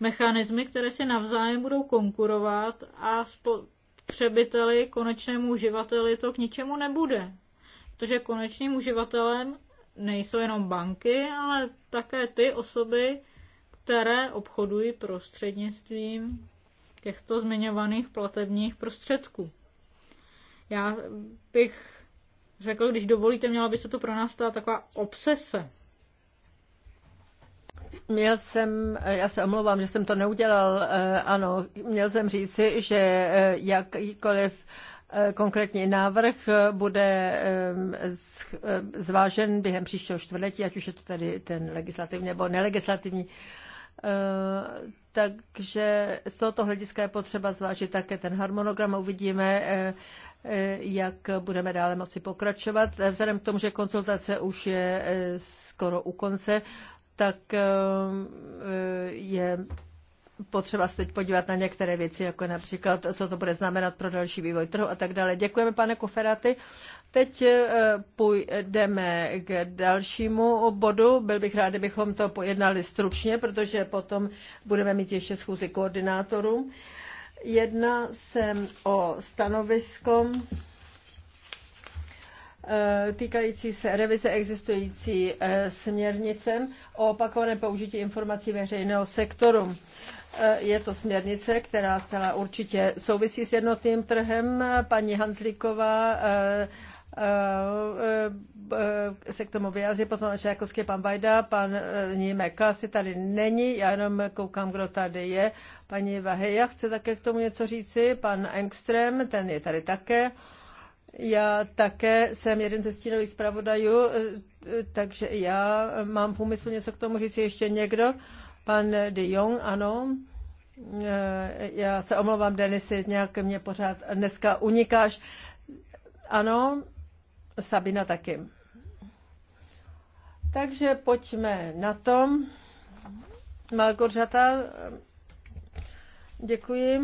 mechanismy, které si navzájem budou konkurovat a spotřebiteli, konečnému uživateli to k ničemu nebude. Protože konečným uživatelem nejsou jenom banky, ale také ty osoby, které obchodují prostřednictvím těchto zmiňovaných platebních prostředků. Já bych řekl, když dovolíte, měla by se to pro nás stát taková obsese. Měl jsem, já se omlouvám, že jsem to neudělal, eh, ano, měl jsem říci, že eh, jakýkoliv eh, konkrétní návrh bude zvážen během příštího čtvrtletí, ať už je to tedy ten legislativní nebo nelegislativní. Takže z tohoto hlediska je potřeba zvážit také ten harmonogram a uvidíme, eh, eh, jak budeme dále moci pokračovat. Eh, vzhledem k tomu, že konzultace už je skoro u konce, tak je potřeba se teď podívat na některé věci, jako například, co to bude znamenat pro další vývoj trhu a tak dále. Děkujeme, pane Koferaty. Teď eh, půjdeme k dalšímu bodu. Byl bych rád, kdybychom to pojednali stručně, protože potom budeme mít ještě schůzi koordinátorů. Jedna jsem o stanovisko eh, týkající se revize existující eh, směrnice o opakovaném použití informací veřejného sektoru. Eh, je to směrnice, která zcela určitě souvisí s jednotným trhem. Paní Hanzlíková eh, eh, se k tomu vyjádří potom Čajkovský pan Vajda, pan Nímek asi tady není, já jenom koukám, kdo tady je. Paní Vaheja chce také k tomu něco říci, pan Engström, ten je tady také. Já také jsem jeden ze stínových zpravodajů, takže já mám v úmyslu něco k tomu říct ještě někdo. Pan de Jong, ano. Eh, já se omlouvám, Denisy, nějak mě pořád dneska unikáš. Ano, Sabina taky. Takže pojďme na tom. Malgorzata, děkuji.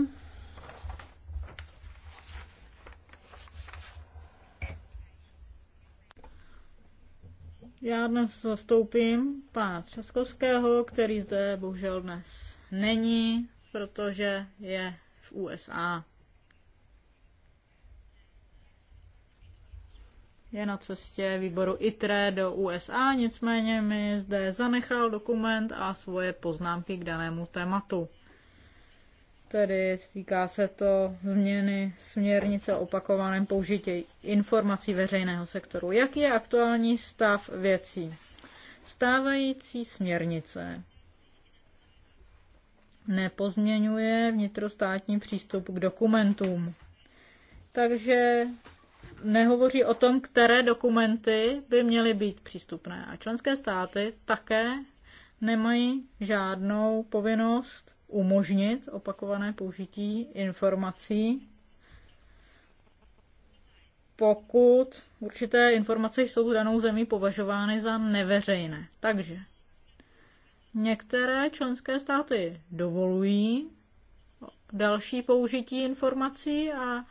Já dnes zastoupím pana Třaskovského, který zde bohužel dnes není, protože je v USA. Je na cestě výboru ITRE do USA, nicméně mi zde zanechal dokument a svoje poznámky k danému tématu tedy týká se to změny směrnice o opakovaném použití informací veřejného sektoru. Jaký je aktuální stav věcí? Stávající směrnice nepozměňuje vnitrostátní přístup k dokumentům. Takže nehovoří o tom, které dokumenty by měly být přístupné. A členské státy také nemají žádnou povinnost umožnit opakované použití informací, pokud určité informace jsou v danou zemi považovány za neveřejné. Takže některé členské státy dovolují další použití informací a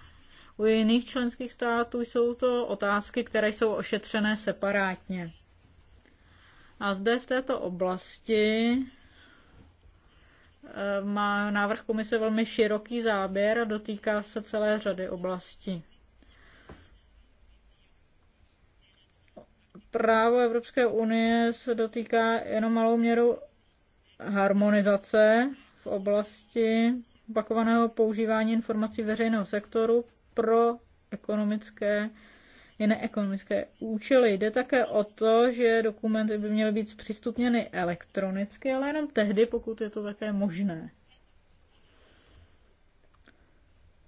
u jiných členských států jsou to otázky, které jsou ošetřené separátně. A zde v této oblasti Eh, má návrh komise velmi široký záběr a dotýká se celé řady oblastí. Právo Evropské unie se dotýká jenom malou měrou harmonizace v oblasti opakovaného používání informací veřejného sektoru pro ekonomické jiné ekonomické účely. Jde také o to, že dokumenty by měly být přístupněny elektronicky, ale jenom tehdy, pokud je to také možné.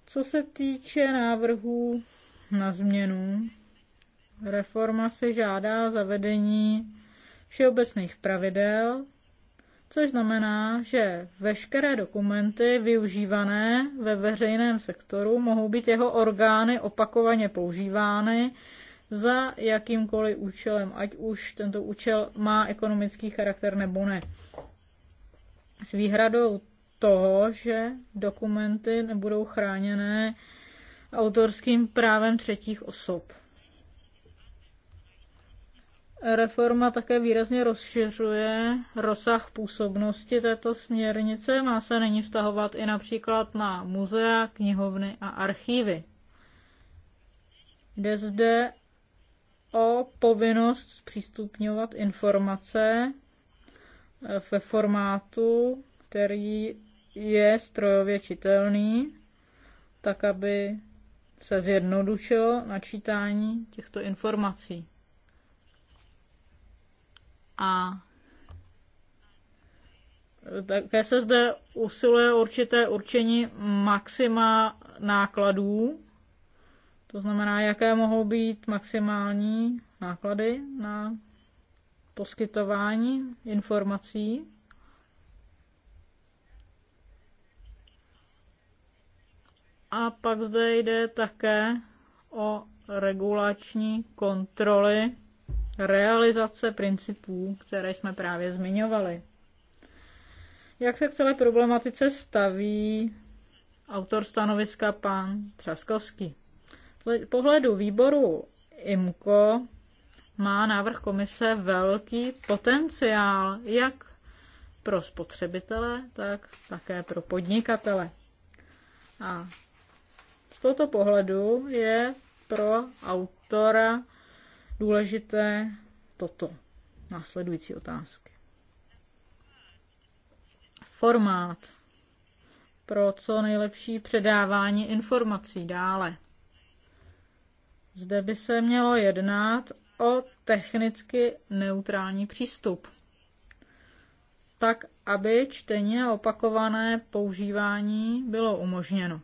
Co se týče návrhů na změnu, reforma se žádá zavedení všeobecných pravidel což znamená, že veškeré dokumenty využívané ve veřejném sektoru mohou být jeho orgány opakovaně používány za jakýmkoliv účelem, ať už tento účel má ekonomický charakter nebo ne. S výhradou toho, že dokumenty nebudou chráněné autorským právem třetích osob. Reforma také výrazně rozšiřuje rozsah působnosti této směrnice. Má se nyní vztahovat i například na muzea, knihovny a archívy. Jde zde o povinnost zpřístupňovat informace eh, ve formátu, který je strojově čitelný, tak aby se zjednodušilo načítání těchto informací. A také se zde usiluje určité určení maxima nákladů, to znamená, jaké mohou být maximální náklady na poskytování informací. A pak zde jde také o regulační kontroly realizace principů, které jsme právě zmiňovali. Jak se k celé problematice staví autor stanoviska pan Třaskovský? Z pohledu výboru IMCO má návrh komise velký potenciál jak pro spotřebitele, tak také pro podnikatele. A z tohoto pohledu je pro autora důležité toto. Následující otázky. Formát pro co nejlepší předávání informací dále. Zde by se mělo jednat o technicky neutrální přístup. Tak, aby čtení a opakované používání bylo umožněno.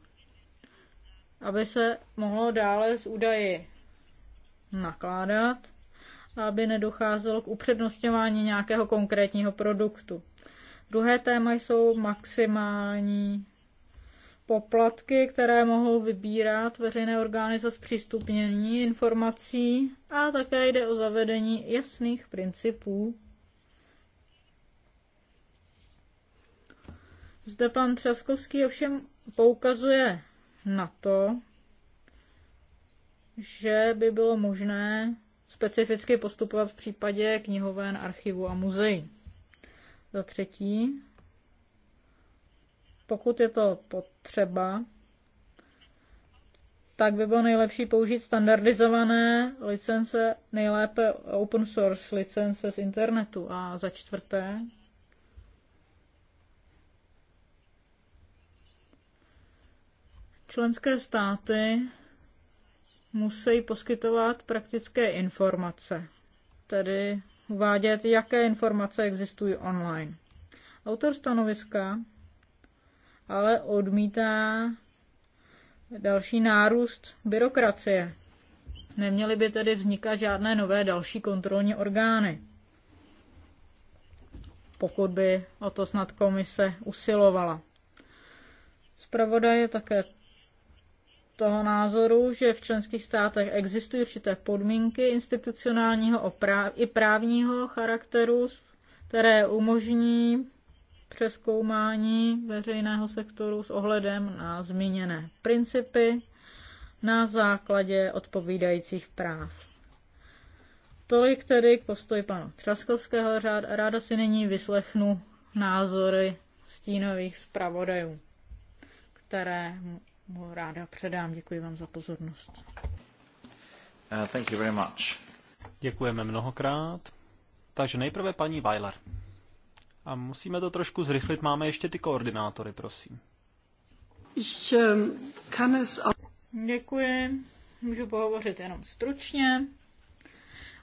Aby se mohlo dále z údaji nakládat, aby nedocházelo k upřednostňování nějakého konkrétního produktu. Druhé téma jsou maximální poplatky, které mohou vybírat veřejné orgány za zpřístupnění informací a také jde o zavedení jasných principů. Zde pan Třaskovský ovšem poukazuje na to, že by bylo možné specificky postupovat v případě knihoven, archivu a muzeí. Za třetí, pokud je to potřeba, tak by bylo nejlepší použít standardizované licence, nejlépe open source licence z internetu. A za čtvrté, členské státy musí poskytovat praktické informace, tedy uvádět, jaké informace existují online. Autor stanoviska ale odmítá další nárůst byrokracie. Neměly by tedy vznikat žádné nové další kontrolní orgány, pokud by o to snad komise usilovala. Zpravodaj je také toho názoru, že v členských státech existují určité podmínky institucionálního i právního charakteru, které umožní přeskoumání veřejného sektoru s ohledem na zmíněné principy na základě odpovídajících práv. Tolik tedy k postoji pana Třaskovského. Ráda si nyní vyslechnu názory stínových zpravodajů, které mu ráda předám. Děkuji vám za pozornost. Uh, thank you very much. Děkujeme mnohokrát. Takže nejprve paní Weiler. A musíme to trošku zrychlit, máme ještě ty koordinátory, prosím. Ähm, Děkuji, můžu pohovořit jenom stručně.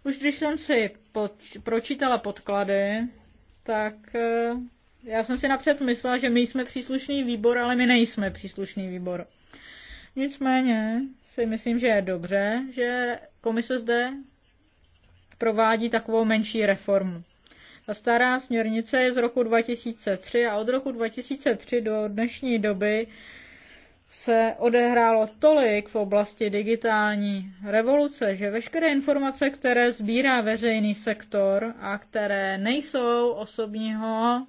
Už když jsem si pod, pročítala podklady, tak eh, já jsem si napřed myslela, že my jsme příslušný výbor, ale my nejsme příslušný výbor. Nicméně si myslím, že je dobře, že komise zde provádí takovou menší reformu. Ta stará směrnice je z roku 2003 a od roku 2003 do dnešní doby se odehrálo tolik v oblasti digitální revoluce, že veškeré informace, které sbírá veřejný sektor a které nejsou osobního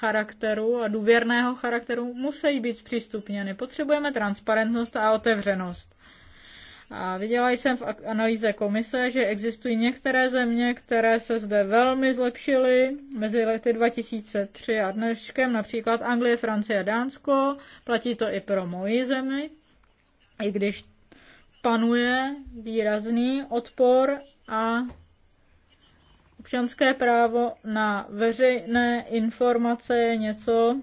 charakteru a důvěrného charakteru musí být zpřístupněny. Potřebujeme transparentnost a otevřenost. A viděla jsem v analýze komise, že existují některé země, které se zde velmi zlepšily mezi lety 2003 a dneškem, například Anglie, Francie a Dánsko. Platí to i pro moji zemi, i když panuje výrazný odpor a Občanské právo na veřejné informace je něco,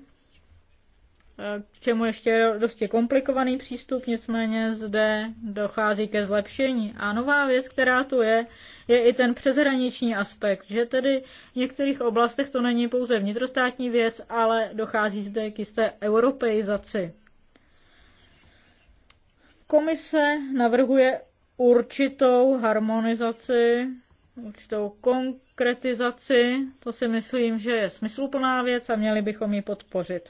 eh, k čemu ještě je dosti komplikovaný přístup, nicméně zde dochází ke zlepšení. A nová věc, která tu je, je i ten přeshraniční aspekt, že tedy v některých oblastech to není pouze vnitrostátní věc, ale dochází zde k jisté europeizaci. Komise navrhuje určitou harmonizaci určitou konkretizaci. To si myslím, že je smysluplná věc a měli bychom ji podpořit.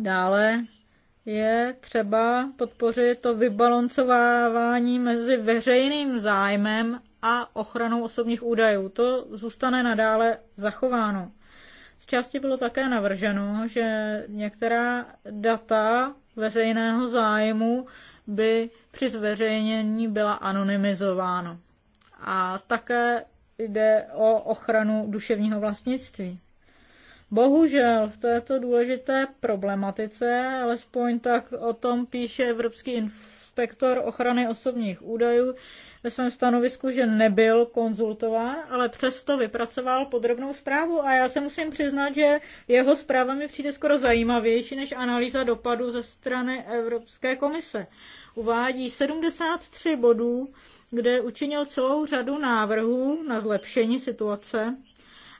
Dále je třeba podpořit to vybalancovávání mezi veřejným zájmem a ochranou osobních údajů. To zůstane nadále zachováno. Z části bylo také navrženo, že některá data veřejného zájmu by při zveřejnění byla anonymizována a také jde o ochranu duševního vlastnictví. Bohužel v této důležité problematice, alespoň tak o tom píše Evropský inspektor ochrany osobních údajů ve svém stanovisku, že nebyl konzultován, ale přesto vypracoval podrobnou zprávu a já se musím přiznat, že jeho zpráva mi přijde skoro zajímavější než analýza dopadu ze strany Evropské komise. Uvádí 73 bodů, kde učinil celou řadu návrhů na zlepšení situace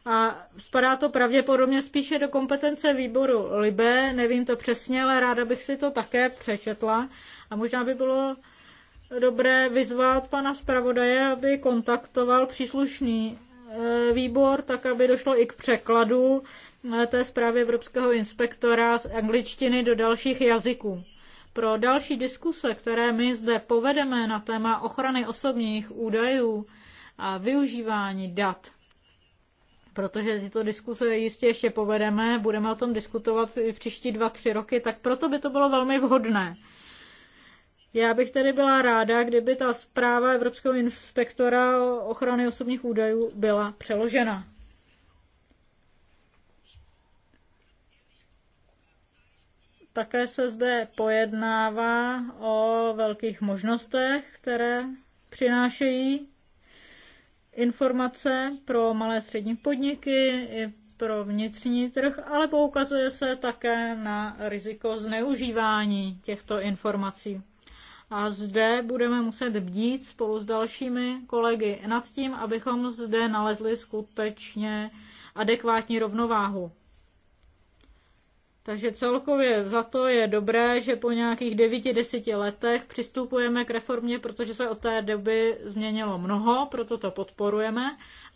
a spadá to pravděpodobně spíše do kompetence výboru Libe, nevím to přesně, ale ráda bych si to také přečetla a možná by bylo dobré vyzvat pana zpravodaje, aby kontaktoval příslušný e, výbor, tak aby došlo i k překladu e, té zprávy Evropského inspektora z angličtiny do dalších jazyků pro další diskuse, které my zde povedeme na téma ochrany osobních údajů a využívání dat. Protože tyto diskuse jistě ještě povedeme, budeme o tom diskutovat i příští dva, tři roky, tak proto by to bylo velmi vhodné. Já bych tedy byla ráda, kdyby ta zpráva Evropského inspektora ochrany osobních údajů byla přeložena. Také se zde pojednává o velkých možnostech, které přinášejí informace pro malé střední podniky i pro vnitřní trh, ale poukazuje se také na riziko zneužívání těchto informací. A zde budeme muset bdít spolu s dalšími kolegy nad tím, abychom zde nalezli skutečně adekvátní rovnováhu. Takže celkově za to je dobré, že po nějakých 9-10 letech přistupujeme k reformě, protože se od té doby změnilo mnoho, proto to podporujeme,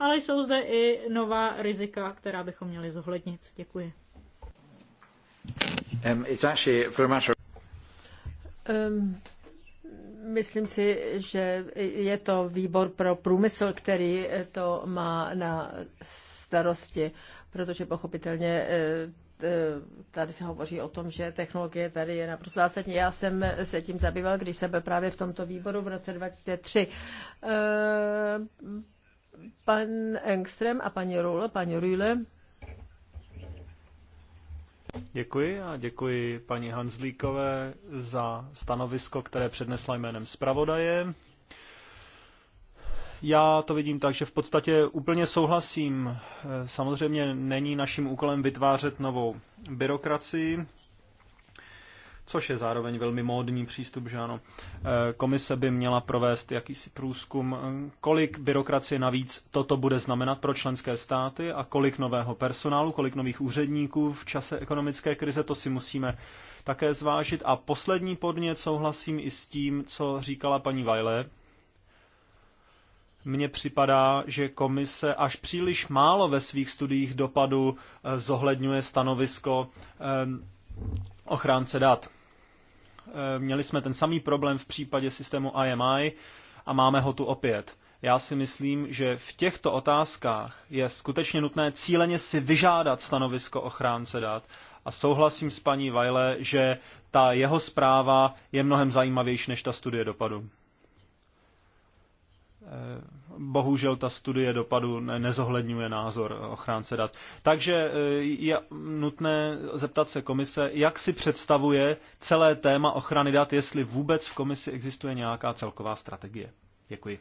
ale jsou zde i nová rizika, která bychom měli zohlednit. Děkuji. Um, it's actually for matter... um, myslím si, že je to výbor pro průmysl, který to má na starosti, protože pochopitelně eh, Eh, tady se hovoří o tom, že technologie tady je naprosto zásadní. Já jsem se tím zabýval, když jsem byl právě v tomto výboru v roce 2003. Eh, pan Engström a paní Rule, paní Rühle. Děkuji a děkuji paní Hanzlíkové za stanovisko, které přednesla jménem zpravodaje. Já to vidím tak, že v podstatě úplně souhlasím. Eh, samozřejmě není naším úkolem vytvářet novou byrokracii, což je zároveň velmi módní přístup, že ano. Eh, komise by měla provést jakýsi průzkum, eh, kolik byrokracie navíc toto bude znamenat pro členské státy a kolik nového personálu, kolik nových úředníků v čase ekonomické krize, to si musíme také zvážit. A poslední podnět souhlasím i s tím, co říkala paní Weiler, mně připadá, že komise až příliš málo ve svých studiích dopadu eh, zohledňuje stanovisko eh, ochránce dat. Eh, měli jsme ten samý problém v případě systému IMI a máme ho tu opět. Já si myslím, že v těchto otázkách je skutečně nutné cíleně si vyžádat stanovisko ochránce dat a souhlasím s paní Vajle, že ta jeho zpráva je mnohem zajímavější než ta studie dopadu bohužel ta studie dopadu nezohledňuje názor ochránce dat. Takže eh, je nutné zeptat se komise, jak si představuje celé téma ochrany dat, jestli vůbec v komisi existuje nějaká celková strategie. Děkuji.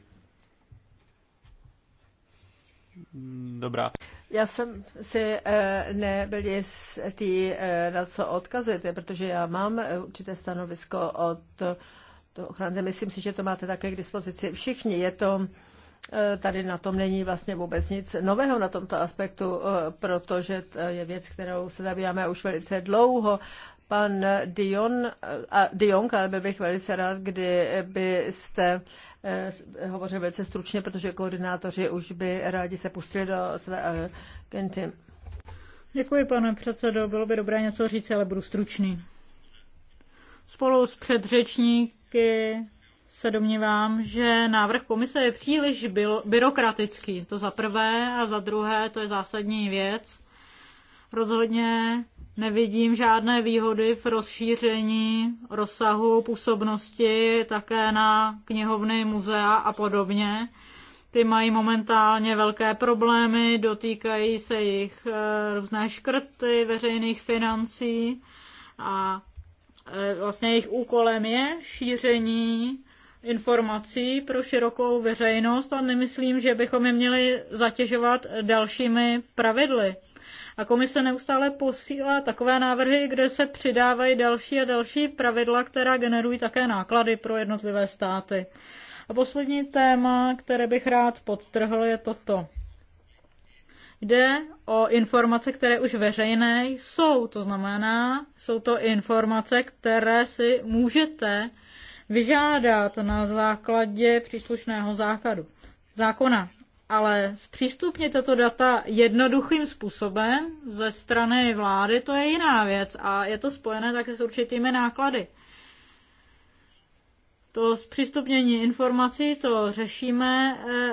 Dobrá. Já jsem si uh, nebyl jistý, uh, na co odkazujete, protože já mám určité stanovisko od uh, to ochránce. Myslím si, že to máte také k dispozici všichni. Je to, eh, tady na tom není vlastně vůbec nic nového na tomto aspektu, eh, protože je věc, kterou se zabýváme už velice dlouho. Pan Dion, eh, a Dion, ale byl bych velice rád, kdybyste hovořil velice stručně, protože koordinátoři už by rádi se pustili do své agenty. Děkuji, pane předsedo. Bylo by dobré něco říct, ale budu stručný. Spolu s předřečník taky se domnívám, že návrh komise je příliš byrokratický. To za prvé a za druhé, to je zásadní věc. Rozhodně nevidím žádné výhody v rozšíření rozsahu působnosti také na knihovny, muzea a podobně. Ty mají momentálně velké problémy, dotýkají se jich eh, různé škrty veřejných financí a E, vlastně jejich úkolem je šíření informací pro širokou veřejnost a nemyslím, že bychom je měli zatěžovat dalšími pravidly. A komise neustále posílá takové návrhy, kde se přidávají další a další pravidla, která generují také náklady pro jednotlivé státy. A poslední téma, které bych rád podtrhl, je toto. Jde o informace, které už veřejné jsou. To znamená, jsou to informace, které si můžete vyžádat na základě příslušného základu, zákona. Ale zpřístupnit tato data jednoduchým způsobem ze strany vlády, to je jiná věc a je to spojené také s určitými náklady. To zpřístupnění informací to řešíme eh,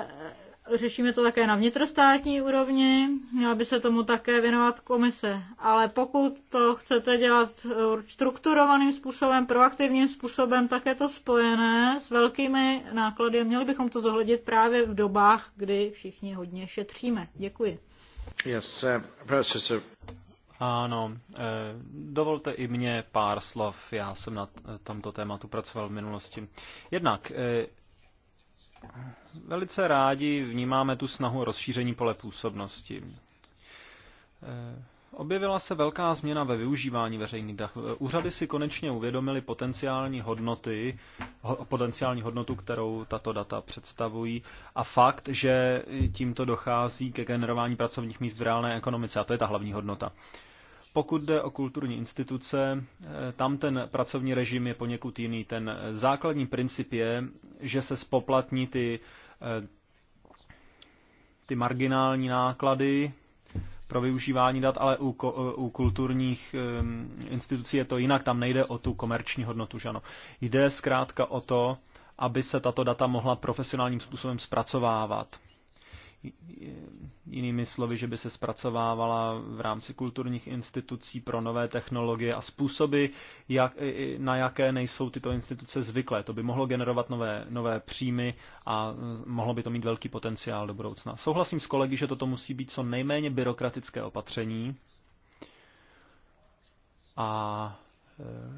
řešíme to také na vnitrostátní úrovni, měla by se tomu také věnovat komise. Ale pokud to chcete dělat eh, strukturovaným způsobem, proaktivním způsobem, tak je to spojené s velkými náklady a měli bychom to zohlednit právě v dobách, kdy všichni hodně šetříme. Děkuji. Yes, uh, ano, eh, dovolte i mně pár slov. Já jsem na tomto tématu pracoval v minulosti. Jednak eh, Velice rádi vnímáme tu snahu o rozšíření pole působnosti. E, objevila se velká změna ve využívání veřejných dach. E, úřady si konečně uvědomily potenciální hodnoty, potenciální hodnotu, kterou tato data představují a fakt, že tímto dochází ke generování pracovních míst v reálné ekonomice a to je ta hlavní hodnota. Pokud jde o kulturní instituce, eh, tam ten pracovní režim je poněkud jiný. Ten základní princip je, že se spoplatní ty, eh, ty marginální náklady pro využívání dat, ale u, u kulturních eh, institucí je to jinak. Tam nejde o tu komerční hodnotu, že ano. Jde zkrátka o to, aby se tato data mohla profesionálním způsobem zpracovávat jinými slovy, že by se zpracovávala v rámci kulturních institucí pro nové technologie a způsoby, jak, na jaké nejsou tyto instituce zvyklé. To by mohlo generovat nové, nové příjmy a mohlo by to mít velký potenciál do budoucna. Souhlasím s kolegy, že toto musí být co nejméně byrokratické opatření a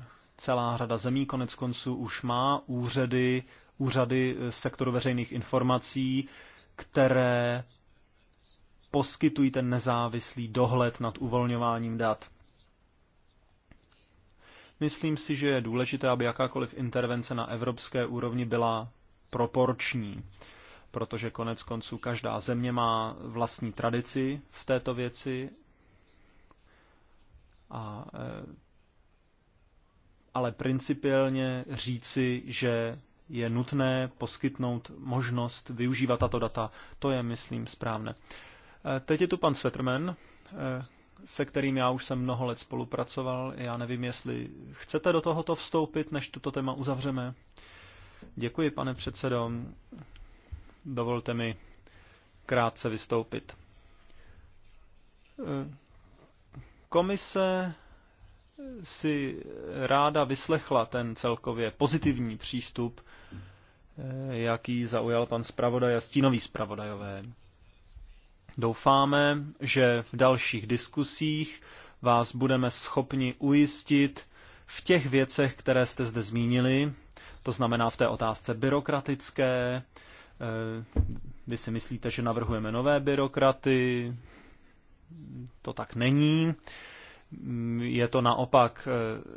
e, celá řada zemí konec konců už má úřady, úřady sektoru veřejných informací, které poskytují ten nezávislý dohled nad uvolňováním dat. Myslím si, že je důležité, aby jakákoliv intervence na evropské úrovni byla proporční, protože konec konců každá země má vlastní tradici v této věci a eh, ale principiálně říci, že je nutné poskytnout možnost využívat tato data. To je, myslím, správné. Eh, teď je tu pan Svetrman, eh, se kterým já už jsem mnoho let spolupracoval. Já nevím, jestli chcete do tohoto vstoupit, než tuto téma uzavřeme. Děkuji, pane předsedo. Dovolte mi krátce vystoupit. Eh, komise si ráda vyslechla ten celkově pozitivní přístup, eh, jaký zaujal pan zpravodaj a stínový zpravodajové. Doufáme, že v dalších diskusích vás budeme schopni ujistit v těch věcech, které jste zde zmínili, to znamená v té otázce byrokratické, eh, vy si myslíte, že navrhujeme nové byrokraty, to tak není. Mm, je to naopak eh,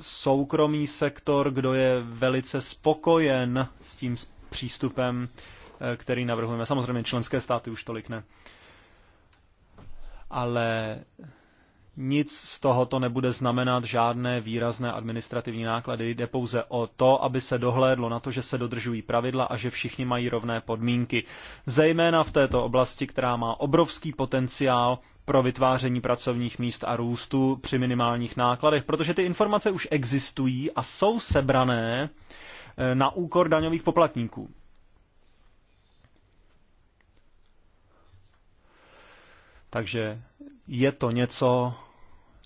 soukromý sektor, kdo je velice spokojen s tím přístupem, eh, který navrhujeme. Samozřejmě členské státy už tolik ne. Ale nic z toho to nebude znamenat žádné výrazné administrativní náklady. Jde pouze o to, aby se dohlédlo na to, že se dodržují pravidla a že všichni mají rovné podmínky. Zejména v této oblasti, která má obrovský potenciál pro vytváření pracovních míst a růstu při minimálních nákladech, protože ty informace už existují a jsou sebrané eh, na úkor daňových poplatníků. Takže je to něco,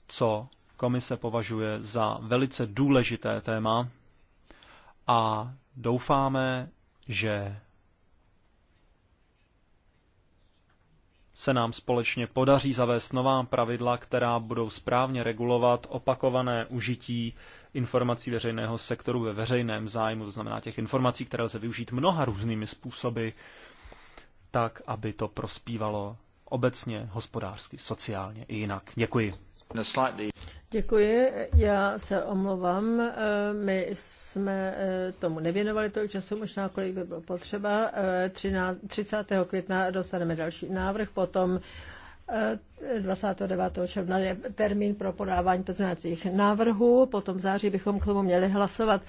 co komise považuje za velice důležité téma a doufáme, že se nám společně podaří zavést nová pravidla, která budou správně regulovat opakované užití informací veřejného sektoru ve veřejném zájmu, to znamená těch informací, které lze využít mnoha různými způsoby, tak, aby to prospívalo obecně, hospodářsky, sociálně i jinak. Děkuji. Děkuji, já se omlouvám. Eh, my jsme eh, tomu nevěnovali tolik času, možná kolik by bylo potřeba. 30. Eh, května dostaneme další návrh, potom 29. června je termín pro podávání pozměňovacích návrhů, potom v září bychom k tomu měli hlasovat.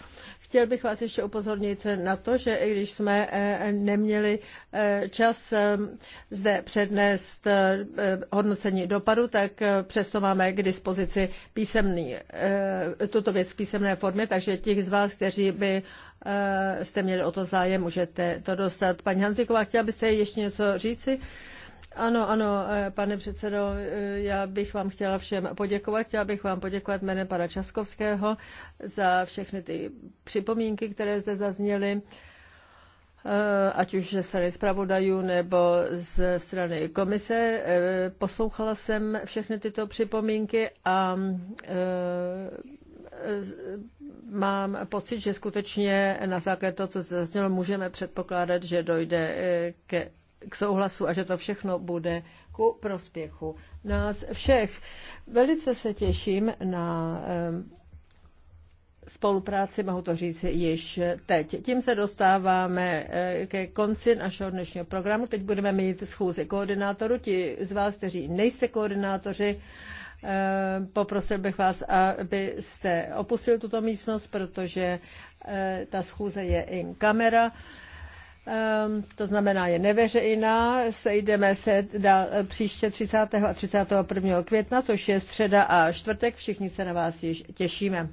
Chtěl bych vás ještě upozornit na to, že i když jsme eh, neměli eh, čas eh, zde přednést hodnocení dopadu, tak přesto máme k dispozici písemný, tuto věc v písemné formě, takže těch z vás, kteří by jste měli o to zájem, můžete to dostat. Paní Hanziková, chtěla byste ještě něco říci? Ano, ano, eh, pane předsedo, eh, já bych vám chtěla všem poděkovat. já bych vám poděkovat jménem pana Časkovského za všechny ty připomínky, které zde zazněly eh, ať už ze strany zpravodajů nebo ze strany komise. Poslouchala jsem všechny tyto připomínky a mám pocit, že skutečně na základě toho, co zaznělo, můžeme předpokládat, že dojde ke k souhlasu a že to všechno bude ku prospěchu nás všech. Velice se těším na spolupráci, mohu to říct již teď. Tím se dostáváme e, ke konci našeho dnešního programu. Teď budeme mít schůzi koordinátoru. Ti z vás, kteří nejste koordinátoři, e, poprosil bych vás, abyste opustil tuto místnost, protože e, ta schůze je in kamera. Ehm, to znamená je neveřejná. Sejdeme se da, eh, příště 30. a 31. května, což je středa a čtvrtek. Všichni se na vás již těšíme.